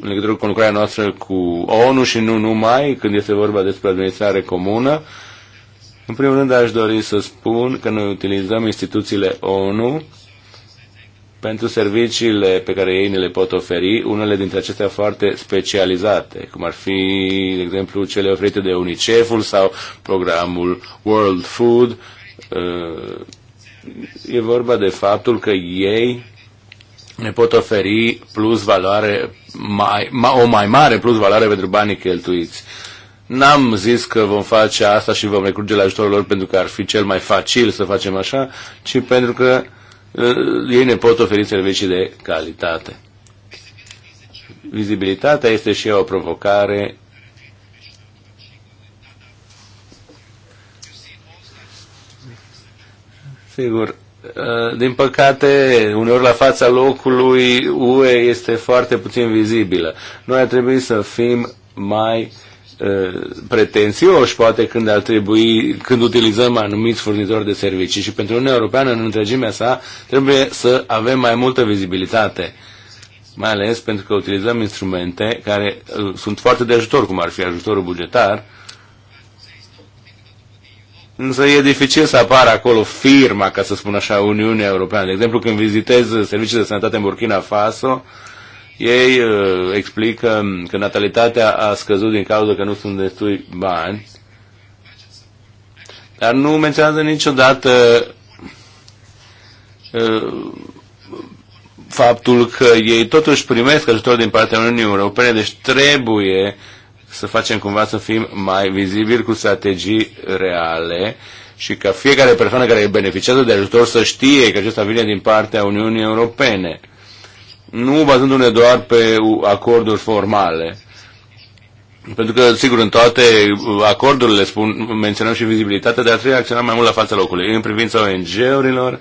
în legătură cu lucrarea noastră cu ONU și nu numai când este vorba despre administrare comună. În primul rând aș dori să spun că noi utilizăm instituțiile ONU pentru serviciile pe care ei ne le pot oferi, unele dintre acestea foarte specializate, cum ar fi, de exemplu, cele oferite de UNICEF-ul sau programul World Food. Uh, e vorba de faptul că ei ne pot oferi plus valoare, mai, o mai mare plus valoare pentru banii cheltuiți. N-am zis că vom face asta și vom recurge la ajutorul lor pentru că ar fi cel mai facil să facem așa, ci pentru că uh, ei ne pot oferi servicii de calitate. Vizibilitatea este și ea o provocare Sigur, Eh, din păcate, uneori la fața locului, UE este foarte puțin vizibilă. Noi ar trebui să fim mai eh, pretențioși, poate când ar trebui, când utilizăm anumiți furnizori de servicii și pentru Uniunea Europeană în întregimea sa trebuie să avem mai multă vizibilitate mai ales pentru că utilizăm instrumente care eh, sunt foarte de ajutor, cum ar fi ajutorul bugetar, Însă e dificil să apară acolo firma, ca să spun așa, Uniunea Europeană. De exemplu, când vizitez serviciile de sănătate în Burkina Faso, ei uh, explică că natalitatea a scăzut din cauza că nu sunt destui bani, dar nu menționează niciodată uh, faptul că ei totuși primesc ajutor din partea Uniunii Europene, deci trebuie să facem cumva să fim mai vizibili cu strategii reale și ca fiecare persoană care beneficiază de ajutor să știe că acesta vine din partea Uniunii Europene. Nu bazându-ne doar pe acorduri formale. Pentru că, sigur, în toate acordurile spun, menționăm și vizibilitatea, dar trebuie acționat mai mult la fața locului. În privința ONG-urilor, uh,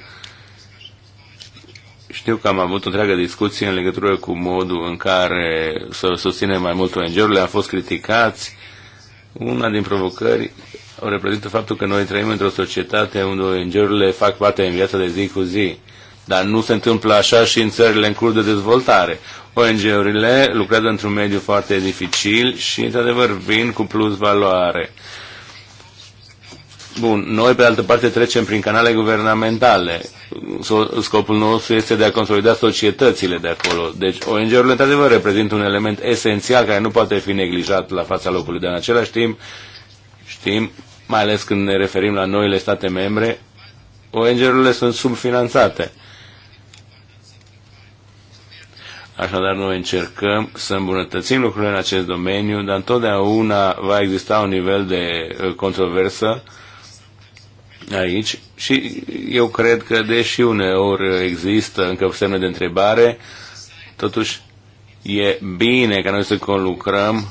știu că am avut o întreagă discuție în legătură cu modul în care să susținem mai mult ONG-urile, am fost criticați. Una din provocări o reprezintă faptul că noi trăim într-o societate unde ONG-urile fac parte în viața de zi cu zi. Dar nu se întâmplă așa și în țările în curs de dezvoltare. ONG-urile lucrează într-un mediu foarte dificil și, într-adevăr, vin cu plus valoare. Bun, noi pe altă parte trecem prin canale guvernamentale. Scopul nostru este de a consolida societățile de acolo. Deci ONG-urile într-adevăr reprezintă un element esențial care nu poate fi neglijat la fața locului, dar în același timp știm, mai ales când ne referim la noile state membre, ONG-urile sunt subfinanțate. Așadar, noi încercăm să îmbunătățim lucrurile în acest domeniu, dar întotdeauna va exista un nivel de uh, controversă aici și eu cred că, deși uneori există încă semne de întrebare, totuși e bine ca noi să conlucrăm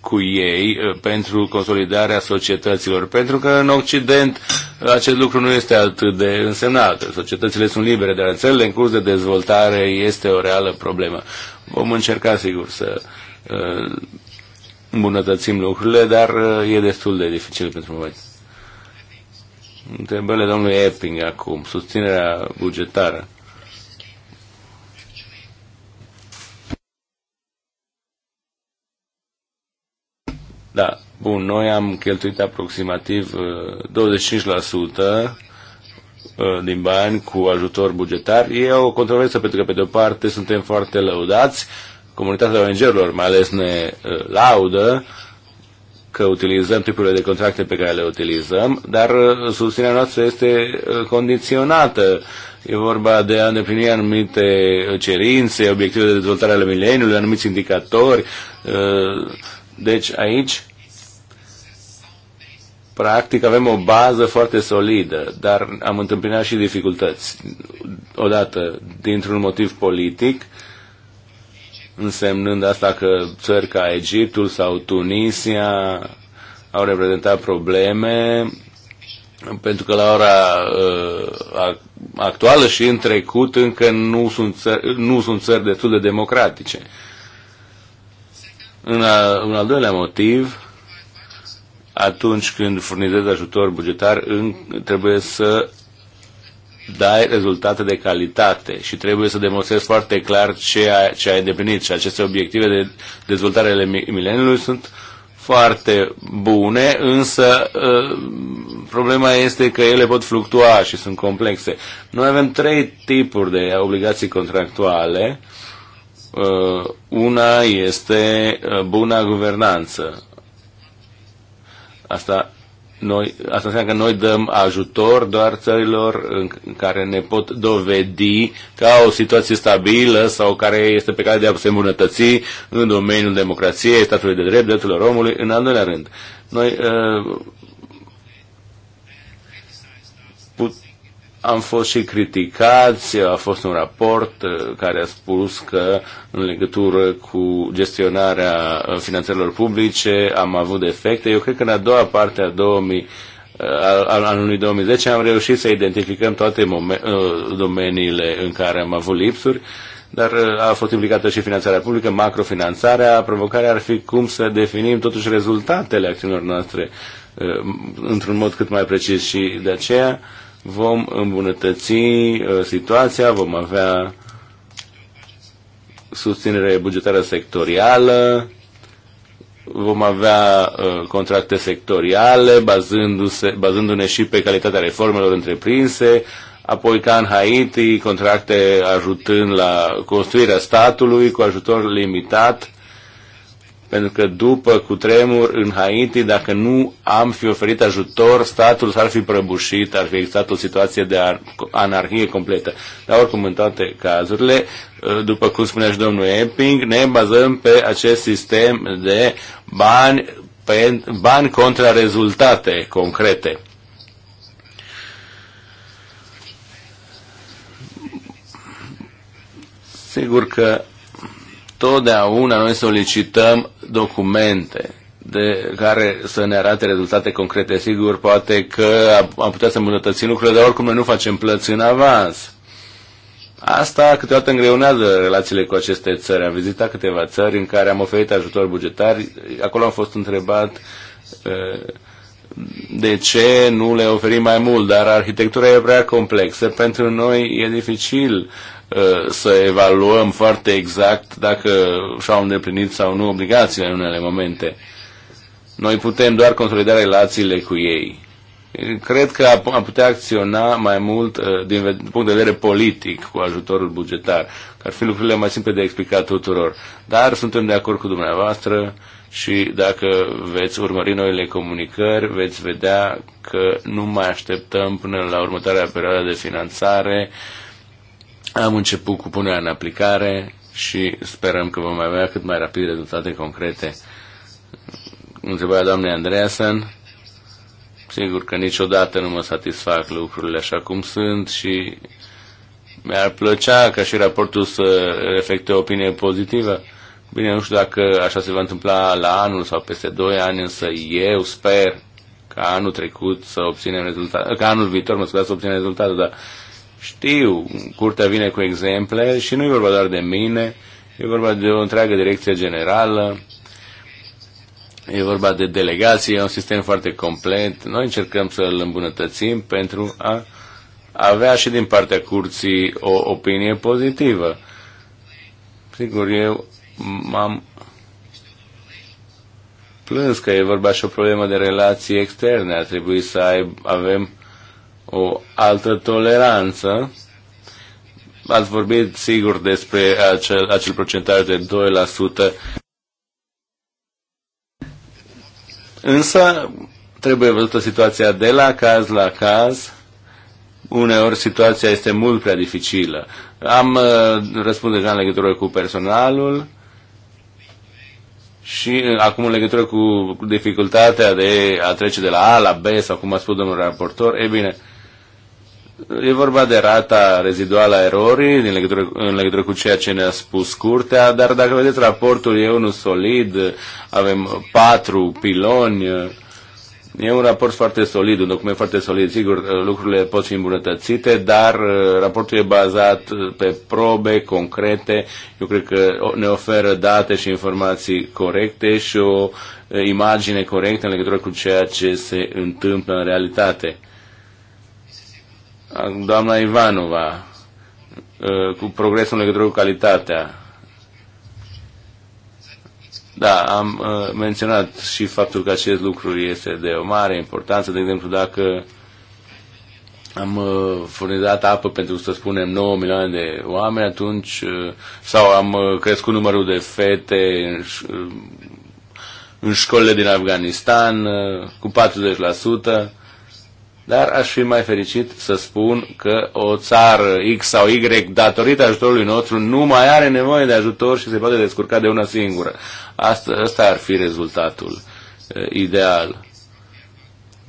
cu ei uh, pentru consolidarea societăților, pentru că în Occident uh, acest lucru nu este atât de însemnat. Societățile sunt libere, dar în țările în curs de dezvoltare este o reală problemă. Vom încerca, sigur, să uh, îmbunătățim lucrurile, dar e destul de dificil pentru voi. Întrebările domnului Epping acum, susținerea bugetară. Da, bun, noi am cheltuit aproximativ 25% uh, uh, din bani cu ajutor bugetar. E o controversă pentru că, pe de-o parte, suntem foarte lăudați, comunitatea ONG-urilor mai ales ne uh, laudă, că utilizăm tipurile de contracte pe care le utilizăm, dar uh, susținerea noastră este uh, condiționată. E vorba de a îndeplini anumite uh, cerințe, obiective de dezvoltare ale mileniului, anumiți indicatori. Deci aici, practic, avem o bază foarte solidă, dar am întâmpinat și dificultăți. Odată, dintr-un motiv politic, însemnând asta că țări ca Egiptul sau Tunisia au reprezentat probleme pentru că la ora uh, actuală și în trecut încă nu sunt țări, nu sunt țări destul de democratice. În, a, un al doilea motiv, atunci când furnizezi ajutor bugetar, în, trebuie să dai rezultate de calitate și trebuie să demonstrezi foarte clar ce ai, ce ai îndeplinit. Și aceste obiective de dezvoltare ale mileniului sunt foarte bune, însă ă, problema este că ele pot fluctua și sunt complexe. Noi avem trei tipuri de obligații contractuale. Ă, una este ă, buna guvernanță. Asta noi, asta înseamnă că noi dăm ajutor doar țărilor în care ne pot dovedi că au o situație stabilă sau care este pe care de a se îmbunătăți în domeniul democrației, statului de drept, drepturilor omului, în al doilea rând. Noi uh, Am fost și criticați, a fost un raport uh, care a spus că în legătură cu gestionarea uh, finanțelor publice am avut defecte. Eu cred că în a doua parte a 2000 uh, al anului 2010 am reușit să identificăm toate domeniile în care am avut lipsuri, dar a fost implicată și finanțarea publică, macrofinanțarea. Provocarea ar fi cum să definim totuși rezultatele acțiunilor noastre într-un mod cât mai precis și de aceea vom îmbunătăți uh, situația, vom avea susținere bugetară sectorială, vom avea uh, contracte sectoriale bazându-se, bazându-ne și pe calitatea reformelor întreprinse, apoi ca în Haiti, contracte ajutând la construirea statului cu ajutor limitat pentru că după cu tremur în Haiti, dacă nu am fi oferit ajutor, statul s-ar fi prăbușit, ar fi existat o situație de anarhie completă. Dar oricum, în toate cazurile, uh, după cum spunea și domnul Epping, ne bazăm pe acest sistem de bani, pe, bani contra rezultate concrete. Sigur că totdeauna noi solicităm documente de care să ne arate rezultate concrete. Sigur, poate că am putea să îmbunătățim lucrurile, dar oricum noi nu facem plăți în avans. Asta câteodată îngreunează relațiile cu aceste țări. Am vizitat câteva țări în care am oferit ajutor bugetar. Acolo am fost întrebat de ce nu le oferim mai mult, dar arhitectura e prea complexă. Pentru noi e dificil Uh, să evaluăm foarte exact dacă și-au îndeplinit sau nu obligațiile în unele momente. Noi putem doar consolida relațiile cu ei. Cred că am putea acționa mai mult uh, din punct de vedere politic cu ajutorul bugetar, că ar fi lucrurile mai simple de explicat tuturor. Dar suntem de acord cu dumneavoastră și dacă veți urmări noile comunicări, veți vedea că nu mai așteptăm până la următoarea perioadă de finanțare uh, am început cu punerea în aplicare și sperăm că vom avea cât mai rapid rezultate concrete. Întrebarea doamnei Andreasen. Sigur că niciodată nu mă satisfac lucrurile așa cum sunt și mi-ar plăcea ca și raportul să reflecte o opinie pozitivă. Bine, nu știu dacă așa se va întâmpla la anul sau peste 2 ani, însă eu sper ca anul trecut să obținem rezultate, ca anul viitor, mă scuzați, să obținem rezultate, dar știu, curtea vine cu exemple și nu e vorba doar de mine, e vorba de o întreagă direcție generală, e vorba de delegații, e un sistem foarte complet. Noi încercăm să îl îmbunătățim pentru a avea și din partea curții o opinie pozitivă. Sigur, eu m-am plâns că e vorba și o problemă de relații externe. Ar trebui să aib, avem o altă toleranță. Ați vorbit, sigur, despre acel, acel procentaj de 2%. Însă trebuie văzută situația de la caz la caz. Uneori situația este mult prea dificilă. Am uh, răspuns deja în legătură cu personalul și uh, acum în legătură cu dificultatea de a trece de la A la B sau cum a spus domnul raportor, e bine, uh, E vorba de rata reziduală a erorii în legătură, în legătură cu ceea ce ne-a spus curtea, dar dacă vedeți raportul, e unul solid, avem patru piloni, e un raport foarte solid, un document foarte solid. Sigur, lucrurile pot fi îmbunătățite, dar uh, raportul e bazat pe probe concrete. Eu cred că ne oferă date și informații corecte și o uh, imagine corectă în legătură cu ceea ce se întâmplă în realitate doamna Ivanova, ă, cu progresul în legătură cu calitatea. Da, am ă, menționat și faptul că acest lucru este de o mare importanță. De exemplu, dacă am ă, furnizat apă pentru, să spunem, 9 milioane de oameni atunci, sau am crescut numărul de fete în școlile din Afganistan cu 40%, dar aș fi mai fericit să spun că o țară X sau Y, datorită ajutorului nostru, nu mai are nevoie de ajutor și se poate descurca de una singură. Asta, asta ar fi rezultatul uh, ideal.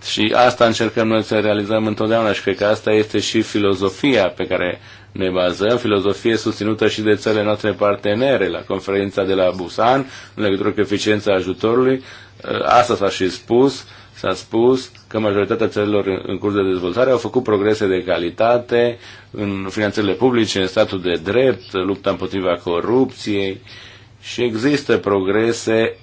Și asta încercăm noi să realizăm întotdeauna și cred că asta este și filozofia pe care ne bazăm, filozofie susținută și de țările noastre partenere la conferința de la Busan în legătură cu eficiența ajutorului. Eh, asta s-a și spus, s-a spus că majoritatea țărilor în curs de dezvoltare au făcut progrese de calitate în finanțele publice, în statul de drept, lupta împotriva corupției și există progrese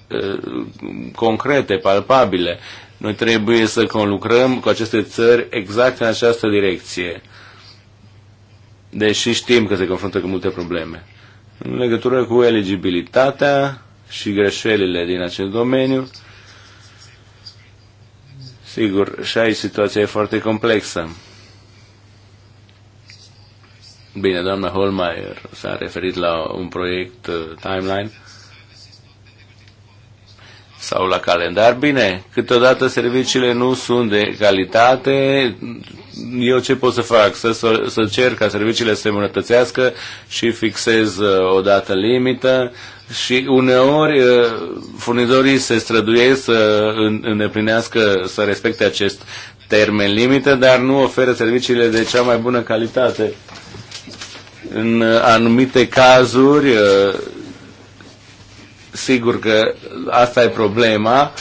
concrete, palpabile. Noi trebuie să conlucrăm cu aceste țări exact în această direcție, deși știm că se confruntă cu multe probleme. În legătură cu eligibilitatea și greșelile din acest domeniu, Sigur, și aici situația e foarte complexă. Bine, doamna Holmeier s-a referit la un proiect uh, timeline sau la calendar. Bine, câteodată serviciile nu sunt de calitate. Eu ce pot să fac? Să, să, să cer ca serviciile să se îmbunătățească și fixez uh, o dată limită și uneori uh, furnizorii se străduiesc să îndeplinească, să respecte acest termen limită, dar nu oferă serviciile de cea mai bună calitate. În uh, anumite cazuri, uh, sigur că asta e problema,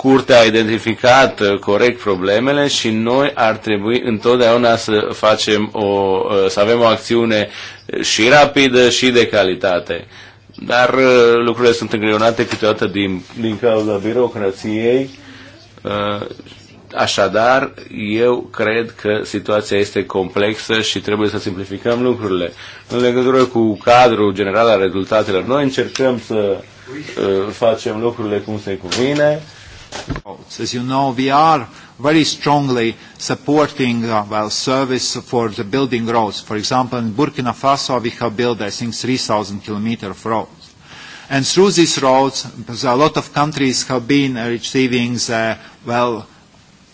Curtea a identificat uh, corect problemele și noi ar trebui întotdeauna să facem o, uh, să avem o acțiune uh, și rapidă și de calitate. Dar lucrurile sunt îngreunate câteodată din, din cauza birocrației. Așadar, eu cred că situația este complexă și trebuie să simplificăm lucrurile. În legătură cu cadrul general al rezultatelor, noi încercăm să facem lucrurile cum se cuvine As you know, we are very strongly supporting uh, well service for the building roads. For example, in Burkina Faso, we have built, I think, 3,000 kilometers of roads. And through these roads, a lot of countries have been uh, receiving the, well,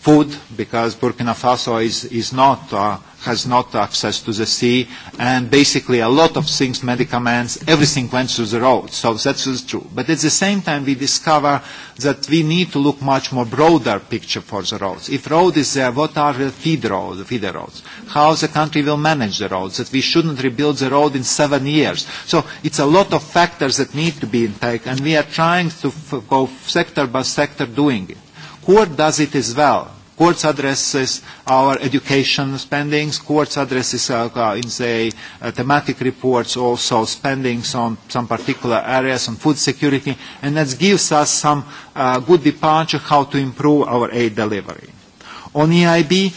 food because Burkina Faso is, is not, uh, has not access to the sea and basically a lot of things, medicaments, everything went through the road. So that is true. But at the same time we discover that we need to look much more broader picture for the roads. If road is there, what are the feed roads, the feeder roads? How the country will manage the roads? That we shouldn't rebuild the road in seven years. So it's a lot of factors that need to be in take and we are trying to f go sector by sector doing it. Who does it as well courts addresses our education spendings, courts addresses uh, uh in the uh, thematic reports also spendings on some particular areas on food security, and that gives us some uh, good departure how to improve our aid delivery. On EIB,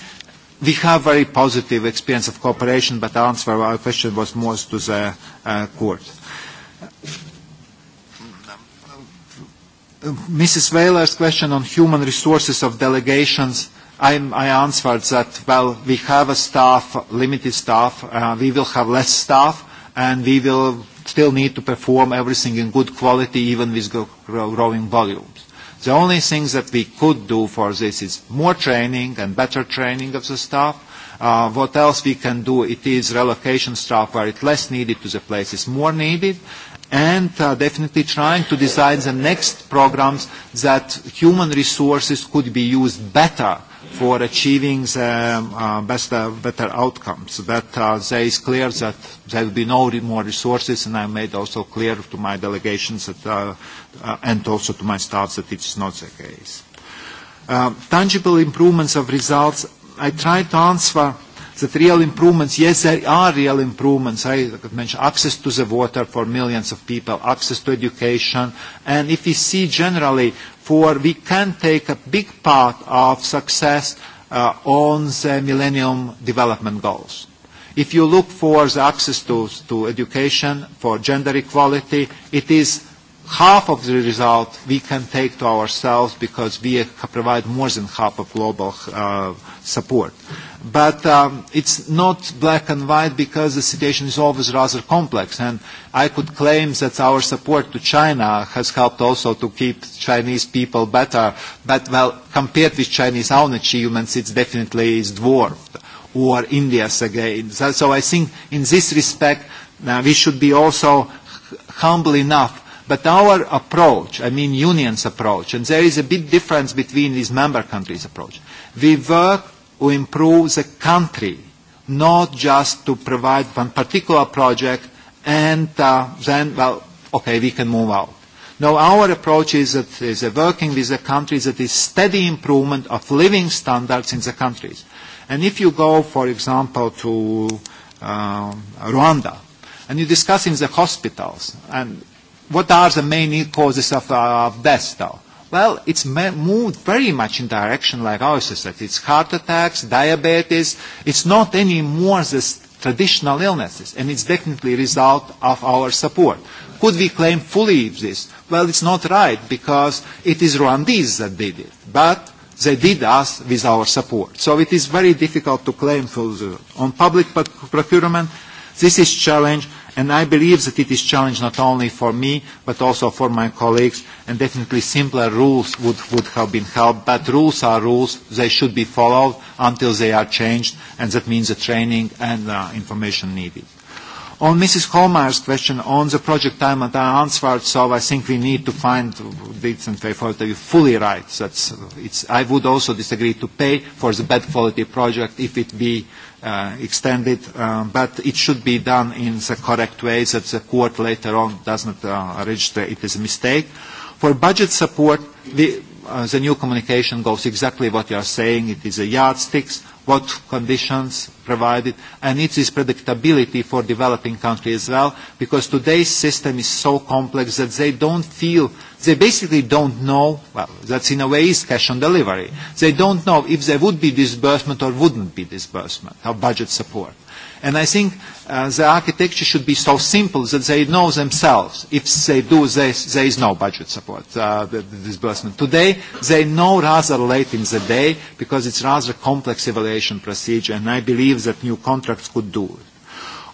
we have very positive experience of cooperation, but the answer to our question was more to the uh, court. Mrs. Weiler's question on human resources of delegations, I, I answered that, well, we have a staff, limited staff, uh, we will have less staff, and we will still need to perform everything in good quality, even with growing volumes. The only thing that we could do for this is more training and better training of the staff. Uh, what else we can do, it is relocation staff where it's less needed to the places more needed and uh, definitely trying to design the next programs that human resources could be used better for achieving the um, uh, best, uh, better outcomes. That uh, there is clear that there will be no more resources, and I made also clear to my delegations that, uh, uh, and also to my staff that it is not the case. Uh, tangible improvements of results, I try to answer that real improvements, yes, there are real improvements. I could mention access to the water for millions of people, access to education. And if we see generally, for we can take a big part of success uh, on the Millennium Development Goals. If you look for the access to, to education, for gender equality, it is half of the result we can take to ourselves because we provide more than half of global uh, support but um, it's not black and white because the situation is always rather complex. And I could claim that our support to China has helped also to keep Chinese people better, but well, compared with Chinese own achievements, it's definitely is dwarfed, or India's again. So, so I think in this respect, uh, we should be also humble enough But our approach, I mean union's approach, and there is a big difference between these member countries' approach. We work who improves a country, not just to provide one particular project and uh, then, well, okay, we can move out. No, our approach is that is working with the countries that is steady improvement of living standards in the countries. And if you go, for example, to uh, Rwanda, and you discuss in the hospitals, and what are the main causes of uh, death, though? well, it's moved very much in direction like our society. It's heart attacks, diabetes. It's not anymore the traditional illnesses, and it's definitely a result of our support. Could we claim fully this? Well, it's not right because it is Rwandese that did it, but they did us with our support. So it is very difficult to claim full On public procurement, this is challenge And I believe that it is a challenge not only for me, but also for my colleagues, and definitely simpler rules would, would have been helped. But rules are rules. They should be followed until they are changed, and that means the training and uh, information needed. On Mrs. Holmeyer's question on the project time and answered, so I think we need to find and pay for it. You're fully right. That's, it's, I would also disagree to pay for the bad quality project if it be uh, extended, um, but it should be done in the correct way that the court later on does not uh, register it is a mistake. For budget support, the, uh, the new communication goes exactly what you are saying. It is a yardsticks what conditions provided, and it is predictability for developing countries as well, because today's system is so complex that they don't feel, they basically don't know, well, that's in a way is cash on delivery. They don't know if there would be disbursement or wouldn't be disbursement, of budget support. And I think uh, the architecture should be so simple that they know themselves. If they do this, there is no budget support, uh, the, the disbursement. Today, they know rather late in the day because it's rather complex evaluation procedure, and I believe that new contracts could do it.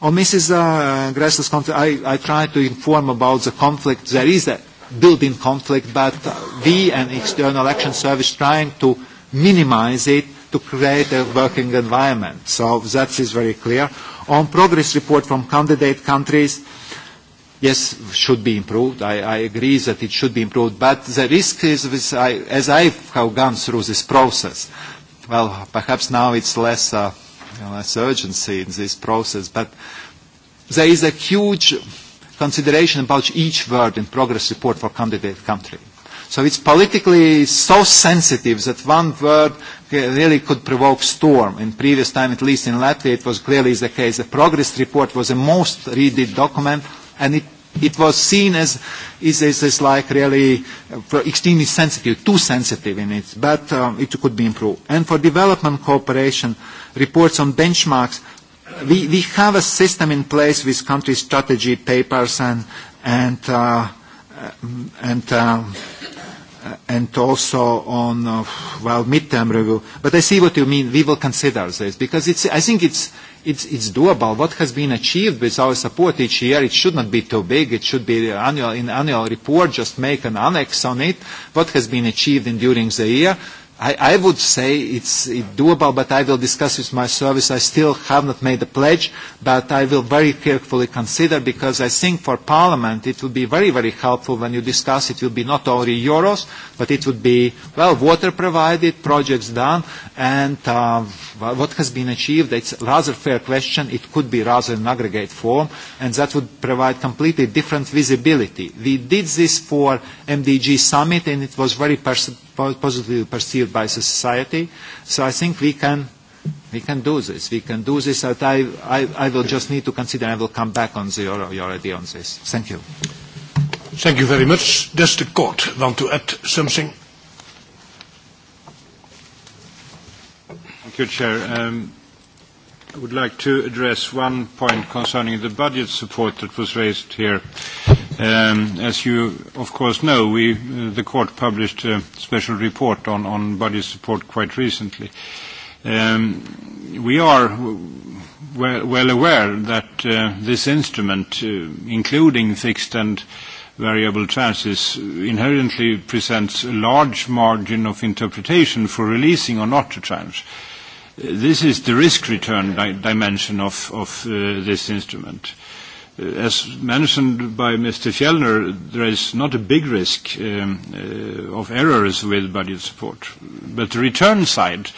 On oh, Mrs. Uh, Gressler's conflict, I, I tried to inform about the conflict. There is a built-in conflict, but we and External Action Service trying to minimize it to create a working environment. So that is very clear. On progress report from candidate countries, yes, should be improved. I, I agree that it should be improved. But the risk is, with, I, as I have gone through this process, well, perhaps now it's less, uh, less urgency in this process, but there is a huge consideration about each word in progress report for candidate country. So it's politically so sensitive that one word really could provoke storm. In previous time, at least in Latvia, it was clearly the case. The progress report was the most readed document, and it it was seen as is, is, is like really uh, extremely sensitive, too sensitive in it, but um, it could be improved. And for development cooperation, reports on benchmarks, we, we have a system in place with country strategy papers and, and, uh, uh and um, Uh, and also on, uh, well, midterm review. But I see what you mean. We will consider this because it's, I think it's, it's, it's doable. What has been achieved with our support each year, it should not be too big. It should be annual, in annual report, just make an annex on it, what has been achieved in, during the year I, I would say it's it doable, but I will discuss with my service. I still have not made a pledge, but I will very carefully consider because I think for Parliament it will be very, very helpful when you discuss. It will be not only euros, but it would be, well, water provided, projects done, and uh, what has been achieved. It's a rather fair question. It could be rather an aggregate form, and that would provide completely different visibility. We did this for MDG summit, and it was very perceptible positively perceived by society. So I think we can we can do this. We can do this. I, I, I will just need to consider. I will come back on the, your, your idea on this. Thank you. Thank you very much. Does the court want to add something? Thank you, Chair. Um, would like to address one point concerning the budget support that was raised here. Um, as you, of course, know, we, uh, the court published a special report on, on budget support quite recently. Um, we are well, well aware that uh, this instrument, uh, including fixed and variable chances, inherently presents a large margin of interpretation for releasing or not to tranche. This is the risk-return di dimension of, of uh, this instrument. Uh, as mentioned by Mr. Fjellner, there is not a big risk um, uh, of errors with budget support. But the return side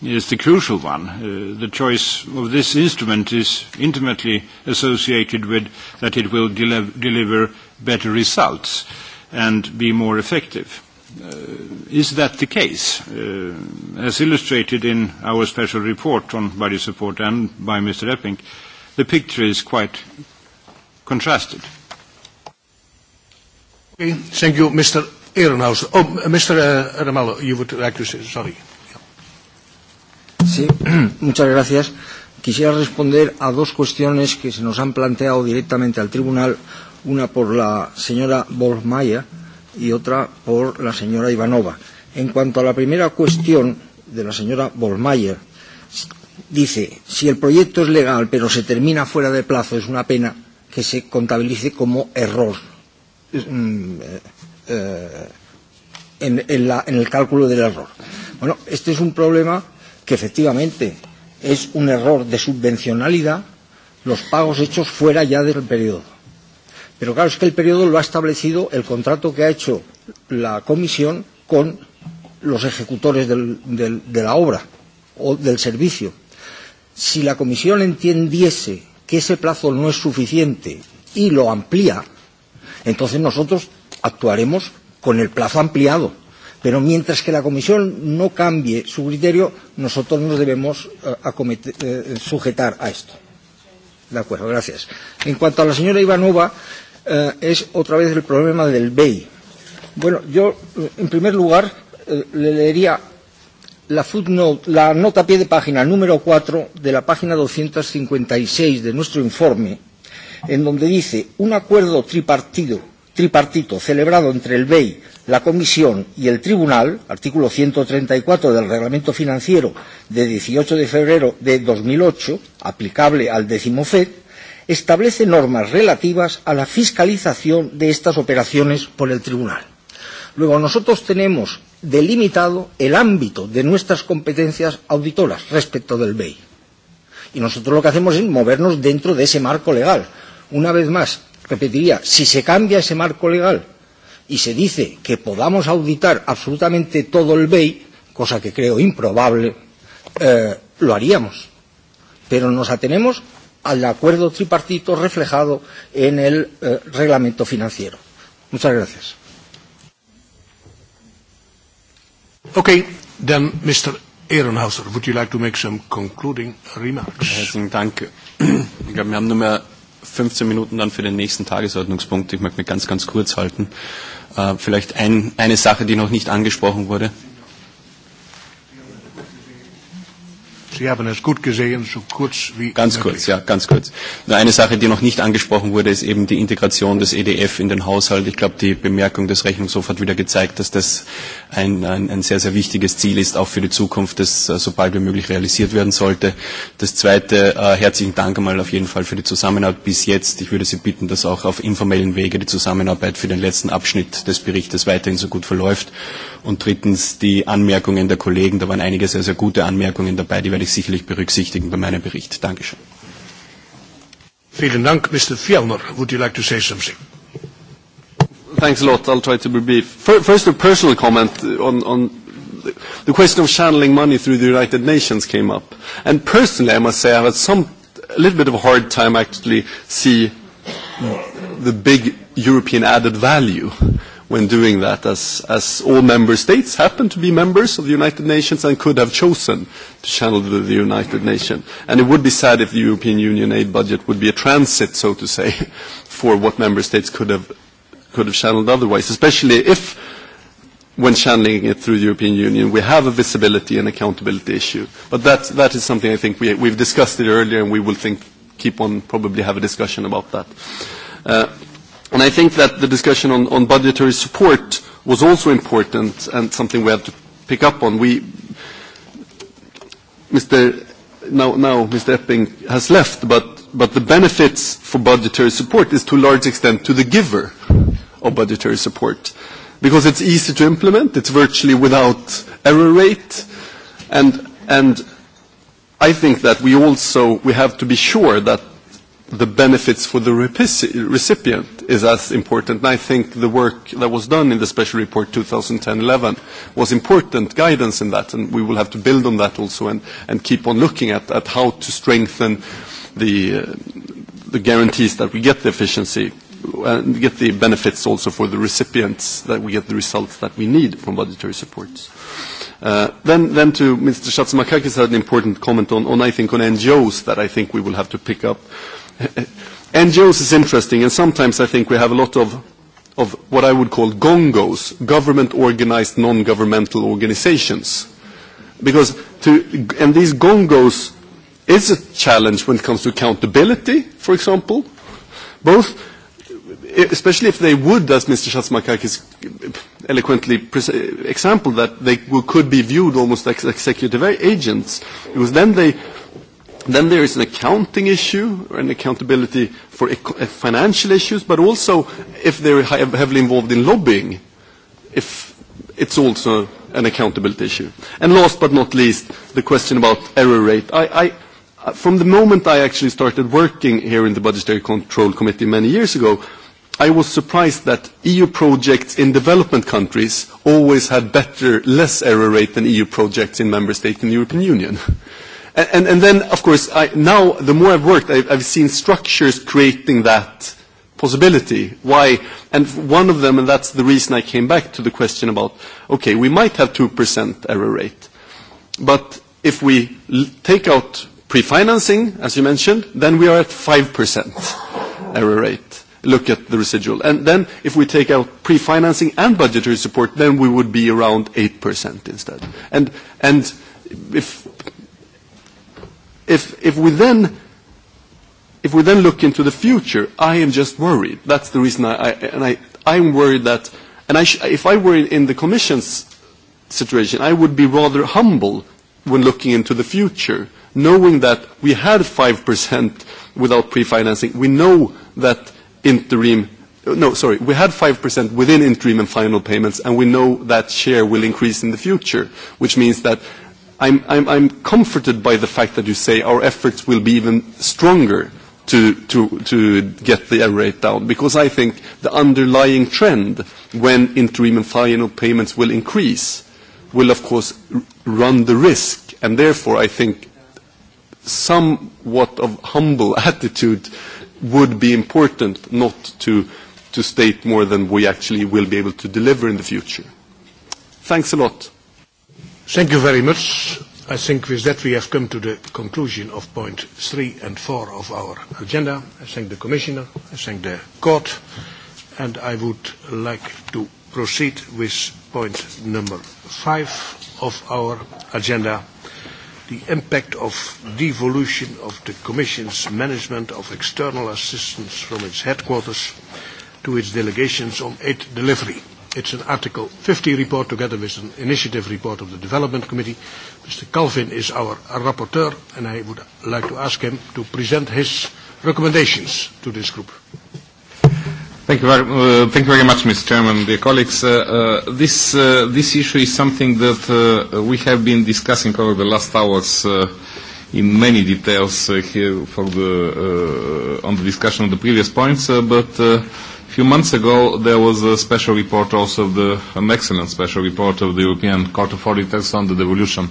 is the crucial one. Uh, the choice of this instrument is intimately associated with that it will deliver better results and be more effective. Uh, is that the case? Uh, as illustrated in our special report on body support and by Mr. Epping, the picture is quite contrasted. Okay, thank you, Mr. Ehrenhaus. Oh, Mr. Uh, you would like to say, sorry. Sí, muchas gracias. Quisiera responder a dos cuestiones que se nos han planteado directamente al tribunal, una por la señora Bormaya, y otra por la señora Ivanova. En cuanto a la primera cuestión de la señora Bolmayer, dice, si el proyecto es legal pero se termina fuera de plazo, es una pena que se contabilice como error mm, eh, eh, en, en, la, en el cálculo del error. Bueno, este es un problema que efectivamente es un error de subvencionalidad, los pagos hechos fuera ya del periodo. Pero claro, es que el periodo lo ha establecido el contrato que ha hecho la comisión con los ejecutores del, del, de la obra o del servicio. Si la comisión entendiese que ese plazo no es suficiente y lo amplía, entonces nosotros actuaremos con el plazo ampliado. Pero mientras que la comisión no cambie su criterio, nosotros nos debemos uh, eh, acometer, uh, eh, sujetar a esto. De acuerdo, gracias. En cuanto a la señora Ivanova, eh, eh, es otra vez el problema del BEI. Bueno, yo eh, en primer lugar eh, le leería la footnote, la nota a pie de página número 4 de la página 256 de nuestro informe, en donde dice un acuerdo tripartido, tripartito celebrado entre el BEI, la Comisión y el Tribunal, artículo 134 del Reglamento Financiero de 18 de febrero de 2008, aplicable al décimo FED, establece normas relativas a la fiscalización de estas operaciones por el Tribunal. Luego, nosotros tenemos delimitado el ámbito de nuestras competencias auditoras respecto del BEI. Y nosotros lo que hacemos es movernos dentro de ese marco legal. Una vez más, repetiría, si se cambia ese marco legal y se dice que podamos auditar absolutamente todo el BEI, cosa que creo improbable, eh, lo haríamos. Pero nos atenemos al acuerdo tripartito reflejado en el eh, reglamento financiero. Muchas gracias. Okay, then Mr. Ehrenhauser, would you like to make some concluding remarks? Herzlichen Dank. Ich glaube, wir haben nur mehr 15 Minuten dann für den nächsten Tagesordnungspunkt. Ich möchte mich ganz, ganz kurz halten. Uh, vielleicht ein, eine Sache, die noch nicht angesprochen wurde. Sie haben es gut gesehen, so kurz wie Ganz möglich. kurz, ja, ganz kurz. Nur eine Sache, die noch nicht angesprochen wurde, ist eben die Integration des EDF in den Haushalt. Ich glaube, die Bemerkung des Rechnungshofs hat wieder gezeigt, dass das ein, ein, ein sehr, sehr wichtiges Ziel ist, auch für die Zukunft, das äh, so bald wie möglich realisiert werden sollte. Das Zweite, äh, herzlichen Dank einmal auf jeden Fall für die Zusammenarbeit bis jetzt. Ich würde Sie bitten, dass auch auf informellen Wege die Zusammenarbeit für den letzten Abschnitt des Berichtes weiterhin so gut verläuft. Und drittens die Anmerkungen der Kollegen. Da waren einige sehr, sehr gute Anmerkungen dabei, die werde ich sicherlich berücksichtigen bei meinem Bericht. Dankeschön. Vielen Dank. Mr. Fjellner, would you like to say something? Thanks a lot. I'll try to be brief. First, a personal comment on, on the question of channeling money through the United Nations came up. And personally, I must say I had some, a little bit of a hard time actually see the big European added value when doing that, as, as all member states happen to be members of the United Nations and could have chosen to channel the, the United Nations. And it would be sad if the European Union aid budget would be a transit, so to say, for what member states could have, could have channeled otherwise, especially if when channeling it through the European Union, we have a visibility and accountability issue. But that, that is something I think we, we've discussed it earlier and we will think, keep on probably have a discussion about that. Uh, And I think that the discussion on, on budgetary support was also important and something we have to pick up on. We, Mr. Now, now Mr. Epping has left, but, but the benefits for budgetary support is to a large extent to the giver of budgetary support because it's easy to implement, it's virtually without error rate, and, and I think that we also we have to be sure that the benefits for the recipient is as important. And I think the work that was done in the Special Report 2010-11 was important guidance in that, and we will have to build on that also and, and keep on looking at, at how to strengthen the, uh, the guarantees that we get the efficiency uh, and get the benefits also for the recipients, that we get the results that we need from budgetary supports. Uh, then, then to Mr. Shatsimakakis had an important comment on, on, I think, on NGOs that I think we will have to pick up. Uh, NGOs is interesting, and sometimes I think we have a lot of, of what I would call gongos, government-organized non-governmental organizations. Because to, and these gongos is a challenge when it comes to accountability, for example. Both, especially if they would, as Mr. Shatsmakakis eloquently example, that they could be viewed almost as executive agents, because then they Then there is an accounting issue and accountability for eh, financial issues, but also if they're heavily involved in lobbying, if it's also an accountability issue. And last but not least, the question about error rate. I, I, uh, from the moment I actually started working here in the Budgetary Control Committee many years ago, I was surprised that EU projects in development countries always had better, less error rate than EU projects in member states in the European Union. And, and, and then, of course, I, now the more I've worked, I've, I've seen structures creating that possibility. Why? And one of them, and that's the reason I came back to the question about, okay, we might have 2% error rate, but if we take out pre-financing, as you mentioned, then we are at 5% error rate. Look at the residual. And then if we take out pre-financing and budgetary support, then we would be around 8% instead. And, and if If, if, we then, if we then look into the future, I am just worried. That's the reason I, I and I, am worried that, and I sh if I were in the Commission's situation, I would be rather humble when looking into the future, knowing that we had 5% without pre-financing. We know that interim, no, sorry, we had 5% within interim and final payments, and we know that share will increase in the future, which means that I'm, I'm, I'm comforted by the fact that you say our efforts will be even stronger to, to, to get the error rate down, because I think the underlying trend when interim and final payments will increase will, of course, run the risk, and therefore I think somewhat of humble attitude would be important not to, to state more than we actually will be able to deliver in the future. Thanks a lot. Thank you very much. I think with that we have come to the conclusion of point three and four of our agenda. I thank the Commissioner, I thank the Court, and I would like to proceed with point number five of our agenda, the impact of devolution of the Commission's management of external assistance from its headquarters to its delegations on aid delivery. It's an Article 50 report together with an initiative report of the Development Committee. Mr. Calvin is our rapporteur, and I would like to ask him to present his recommendations to this group. Thank you very, uh, thank you very much, Mr. Chairman, dear colleagues. Uh, uh, this, uh, this issue is something that uh, we have been discussing over the last hours uh, in many details uh, here for the, uh, on the discussion of the previous points, uh, but uh, few months ago, there was a special report also of the, an excellent special report of the European Court of Auditors on the devolution,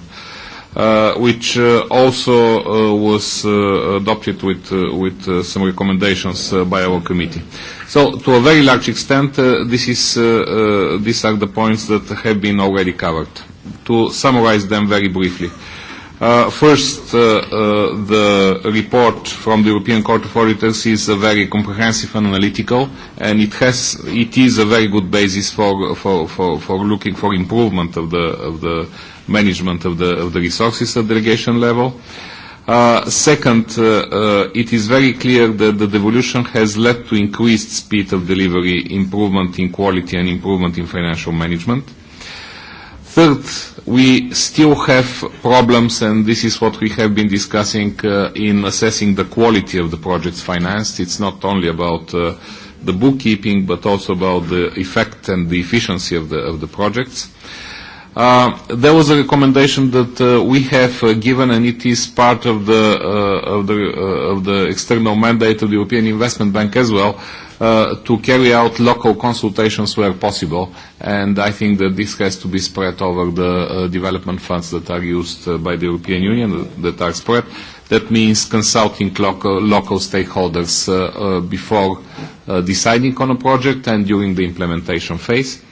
uh, which uh, also uh, was uh, adopted with, uh, with uh, some recommendations uh, by our committee. So, to a very large extent, uh, this is, uh, uh, these are the points that have been already covered. To summarize them very briefly. Uh, Uh, first, uh, uh, the report from the European Court of Auditors is a very comprehensive and analytical, and it has it is a very good basis for for, for, for looking for improvement of the of the management of the of the resources at delegation level. Uh, second, uh, uh, it is very clear that the devolution has led to increased speed of delivery, improvement in quality, and improvement in financial management. Uh, Third, we still have problems, and this is what we have been discussing uh, in assessing the quality of the projects financed. It's not only about uh, the bookkeeping, but also about the effect and the efficiency of the, of the projects. Uh, there was a recommendation that uh, we have uh, given, and it is part of the, uh, of, the, uh, of the external mandate of the European Investment Bank as well, uh, to carry out local consultations where possible. And I think that this has to be spread over the uh, development funds that are used uh, by the European Union, uh, that are spread. That means consulting local, local stakeholders uh, uh, before uh, deciding on a project and during the implementation phase.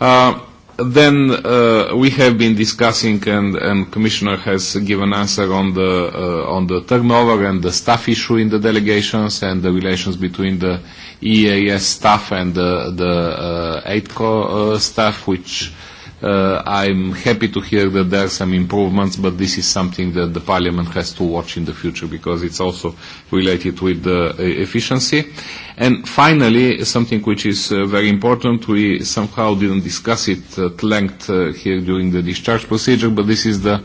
Uh, Then uh, we have been discussing, and, and Commissioner has given answer on the uh, on the turnover and the staff issue in the delegations and the relations between the EAS staff and the, the uh, AIDCO uh, staff, which Uh, I'm happy to hear that there are some improvements, but this is something that the Parliament has to watch in the future because it's also related with the uh, efficiency. And finally, something which is uh, very important, we somehow didn't discuss it at length uh, here during the discharge procedure, but this is the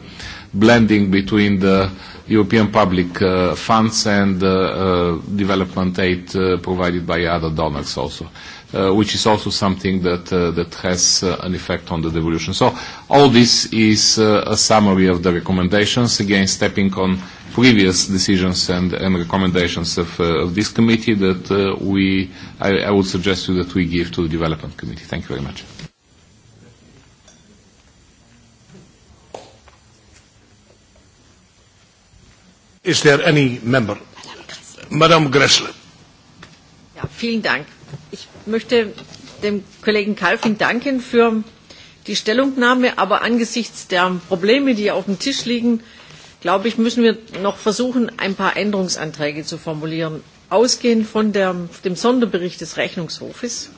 blending between the European public uh, funds and uh, uh, development aid uh, provided by other donors also. Uh, uh, which is also something that uh, that has uh, an effect on the devolution. So all this is uh, a summary of the recommendations. Again, stepping on previous decisions and, and recommendations of, uh, of this committee that uh, we, I, I would suggest you that we give to the development committee. Thank you very much. Is there any member? Madame Gressler. Ja, vielen Dank. Ich möchte dem Kollegen Kalfin danken für die Stellungnahme. Aber angesichts der Probleme, die auf dem Tisch liegen, glaube ich, müssen wir noch versuchen, ein paar Änderungsanträge zu formulieren. Ausgehend von der, dem Sonderbericht des Rechnungshofes,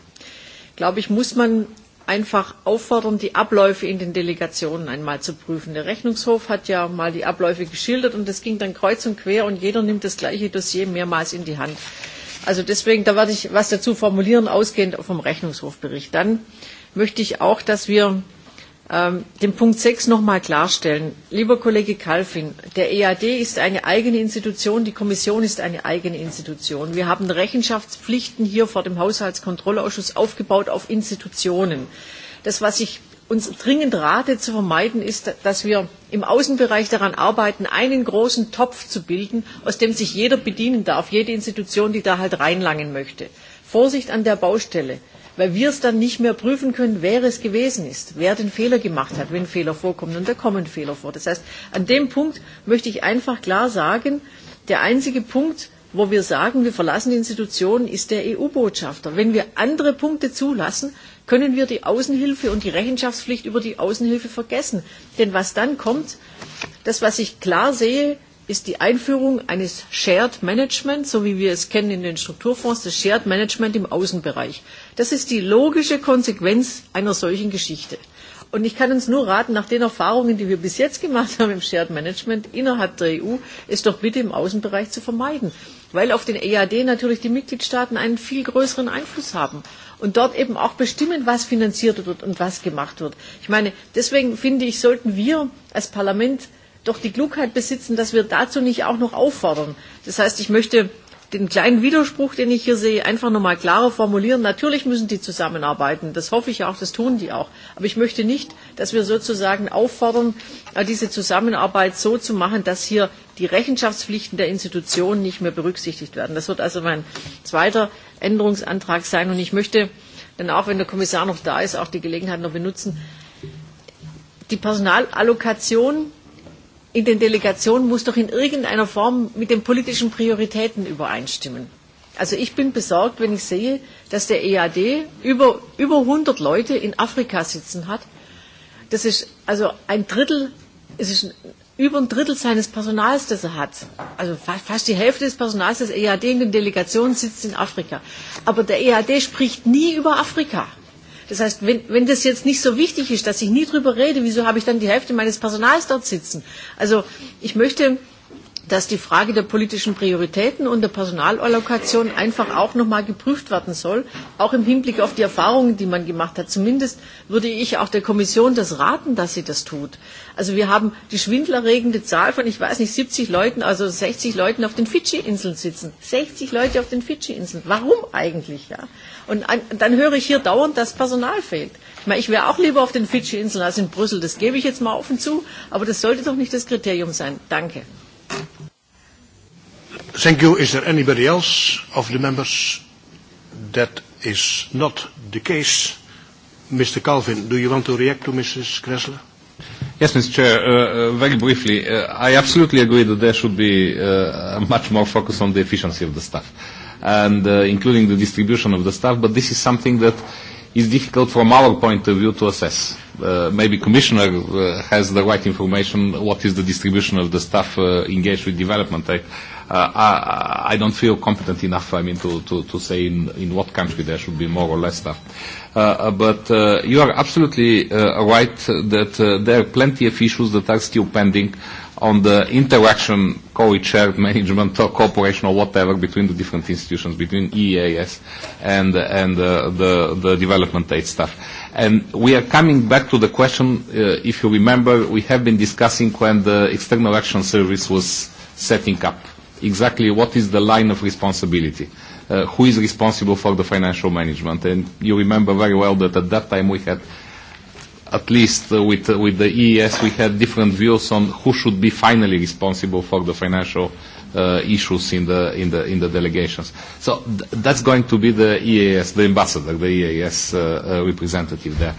glaube ich, muss man einfach auffordern, die Abläufe in den Delegationen einmal zu prüfen. Der Rechnungshof hat ja mal die Abläufe geschildert und es ging dann kreuz und quer und jeder nimmt das gleiche Dossier mehrmals in die Hand. Also deswegen, da werde ich was dazu formulieren, ausgehend vom Rechnungshofbericht. Dann möchte ich auch, dass wir ähm, den Punkt 6 nochmal klarstellen. Lieber Kollege Kalfin, der EAD ist eine eigene Institution, die Kommission ist eine eigene Institution. Wir haben Rechenschaftspflichten hier vor dem Haushaltskontrollausschuss aufgebaut auf Institutionen. Das, was ich uns dringend rate zu vermeiden, ist, dass wir im Außenbereich daran arbeiten, einen großen Topf zu bilden, aus dem sich jeder bedienen darf, jede Institution, die da halt reinlangen möchte. Vorsicht an der Baustelle, weil wir es dann nicht mehr prüfen können, wer es gewesen ist, wer den Fehler gemacht hat, wenn Fehler vorkommen. Und da kommen Fehler vor. Das heißt, an dem Punkt möchte ich einfach klar sagen, der einzige Punkt, wo wir sagen, wir verlassen die Institution, ist der EU-Botschafter. Wenn wir andere Punkte zulassen, können wir die Außenhilfe und die Rechenschaftspflicht über die Außenhilfe vergessen. Denn was dann kommt, das, was ich klar sehe, ist die Einführung eines Shared Management, so wie wir es kennen in den Strukturfonds, das Shared Management im Außenbereich. Das ist die logische Konsequenz einer solchen Geschichte. Und ich kann uns nur raten, nach den Erfahrungen, die wir bis jetzt gemacht haben im Shared Management innerhalb der EU, es doch bitte im Außenbereich zu vermeiden. Weil auf den EAD natürlich die Mitgliedstaaten einen viel größeren Einfluss haben und dort eben auch bestimmen, was finanziert wird und was gemacht wird. Ich meine, deswegen finde ich, sollten wir als Parlament doch die Klugheit besitzen, dass wir dazu nicht auch noch auffordern. Das heißt, ich möchte den kleinen Widerspruch, den ich hier sehe, einfach nochmal klarer formulieren. Natürlich müssen die zusammenarbeiten. Das hoffe ich auch, das tun die auch. Aber ich möchte nicht, dass wir sozusagen auffordern, äh, diese Zusammenarbeit so zu machen, dass hier die Rechenschaftspflichten der Institutionen nicht mehr berücksichtigt werden. Das wird also mein zweiter Änderungsantrag sein. Und ich möchte dann auch, wenn der Kommissar noch da ist, auch die Gelegenheit noch benutzen. Die Personalallokation in den Delegationen muss doch in irgendeiner Form mit den politischen Prioritäten übereinstimmen. Also ich bin besorgt, wenn ich sehe, dass der EAD über, über 100 Leute in Afrika sitzen hat. Das ist also ein Drittel, es ist über ein Drittel seines Personals, das er hat. Also fast die Hälfte des Personals des EAD in den Delegationen sitzt in Afrika. Aber der EAD spricht nie über Afrika. Das heißt, wenn, wenn das jetzt nicht so wichtig ist, dass ich nie drüber rede, wieso habe ich dann die Hälfte meines Personals dort sitzen? Also ich möchte dass die Frage der politischen Prioritäten und der Personalallokation einfach auch noch nochmal geprüft werden soll, auch im Hinblick auf die Erfahrungen, die man gemacht hat. Zumindest würde ich auch der Kommission das raten, dass sie das tut. Also wir haben die schwindlerregende Zahl von, ich weiß nicht, 70 Leuten, also 60 Leuten auf den Fidschi-Inseln sitzen. 60 Leute auf den Fidschi-Inseln. Warum eigentlich? Ja? Und dann höre ich hier dauernd, dass Personal fehlt. Ich, meine, ich wäre auch lieber auf den Fidschi-Inseln als in Brüssel. Das gebe ich jetzt mal offen zu. Aber das sollte doch nicht das Kriterium sein. Danke. Thank you. Is there anybody else of the members? That is not the case. Mr. Calvin, do you want to react to Mrs. Kressler? Yes, Mr. Chair, uh, uh, very briefly, uh, I absolutely agree that there should be uh, much more focus on the efficiency of the staff and uh, including the distribution of the staff, but this is something that uh, is difficult from our point of view to assess. Uh, maybe Commissioner uh, has the right information, what is the distribution of the staff uh, engaged with development. I, uh, I, I don't feel competent enough, I mean, to, to, to say in, in what country there should be more or less staff. Uh, uh but uh, you are absolutely uh, right that uh, there are plenty of issues that are still pending uh, on the interaction, co-shared management or cooperation or whatever between the different institutions, between EAS and, and uh, the, the development aid stuff. And we are coming back to the question, uh, if you remember, we have been discussing when the External Action Service was setting up exactly what is the line of responsibility. Uh, who is responsible for the financial management? And you remember very well that at that time we had at least uh, with, uh, with the EES, we had different views on who should be finally responsible for the financial uh, issues in the, in the, in the delegations. So th that's going to be the EAS, the ambassador, the EAS uh, uh, representative there.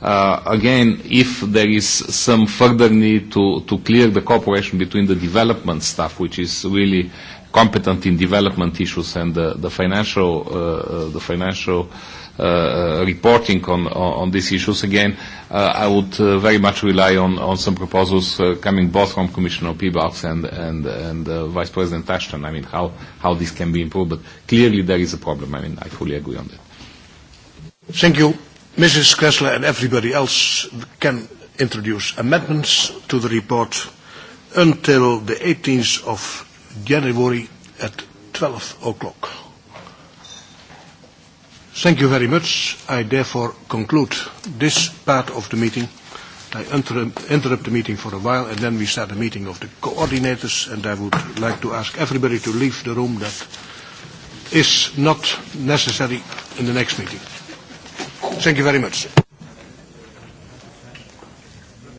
Uh, again, if there is some further need to, to clear the cooperation between the development staff, which is really competent in development issues and the, the financial, uh, uh the financial uh, Uh, uh, reporting on, on these issues. Again, uh, I would uh, very much rely on, on some proposals uh, coming both from Commissioner Peebox and, and, and uh, Vice President Ashton. I mean, how, how this can be improved. But clearly there is a problem. I mean, I fully agree on that. Thank you. Mrs. Kressler and everybody else can introduce amendments to the report until the 18th of January at 12 o'clock. Thank you very much. I therefore conclude this part of the meeting. I inter interrupt the meeting for a while and then we start the meeting of the coordinators and I would like to ask everybody to leave the room that is not necessary in the next meeting. Thank you very much.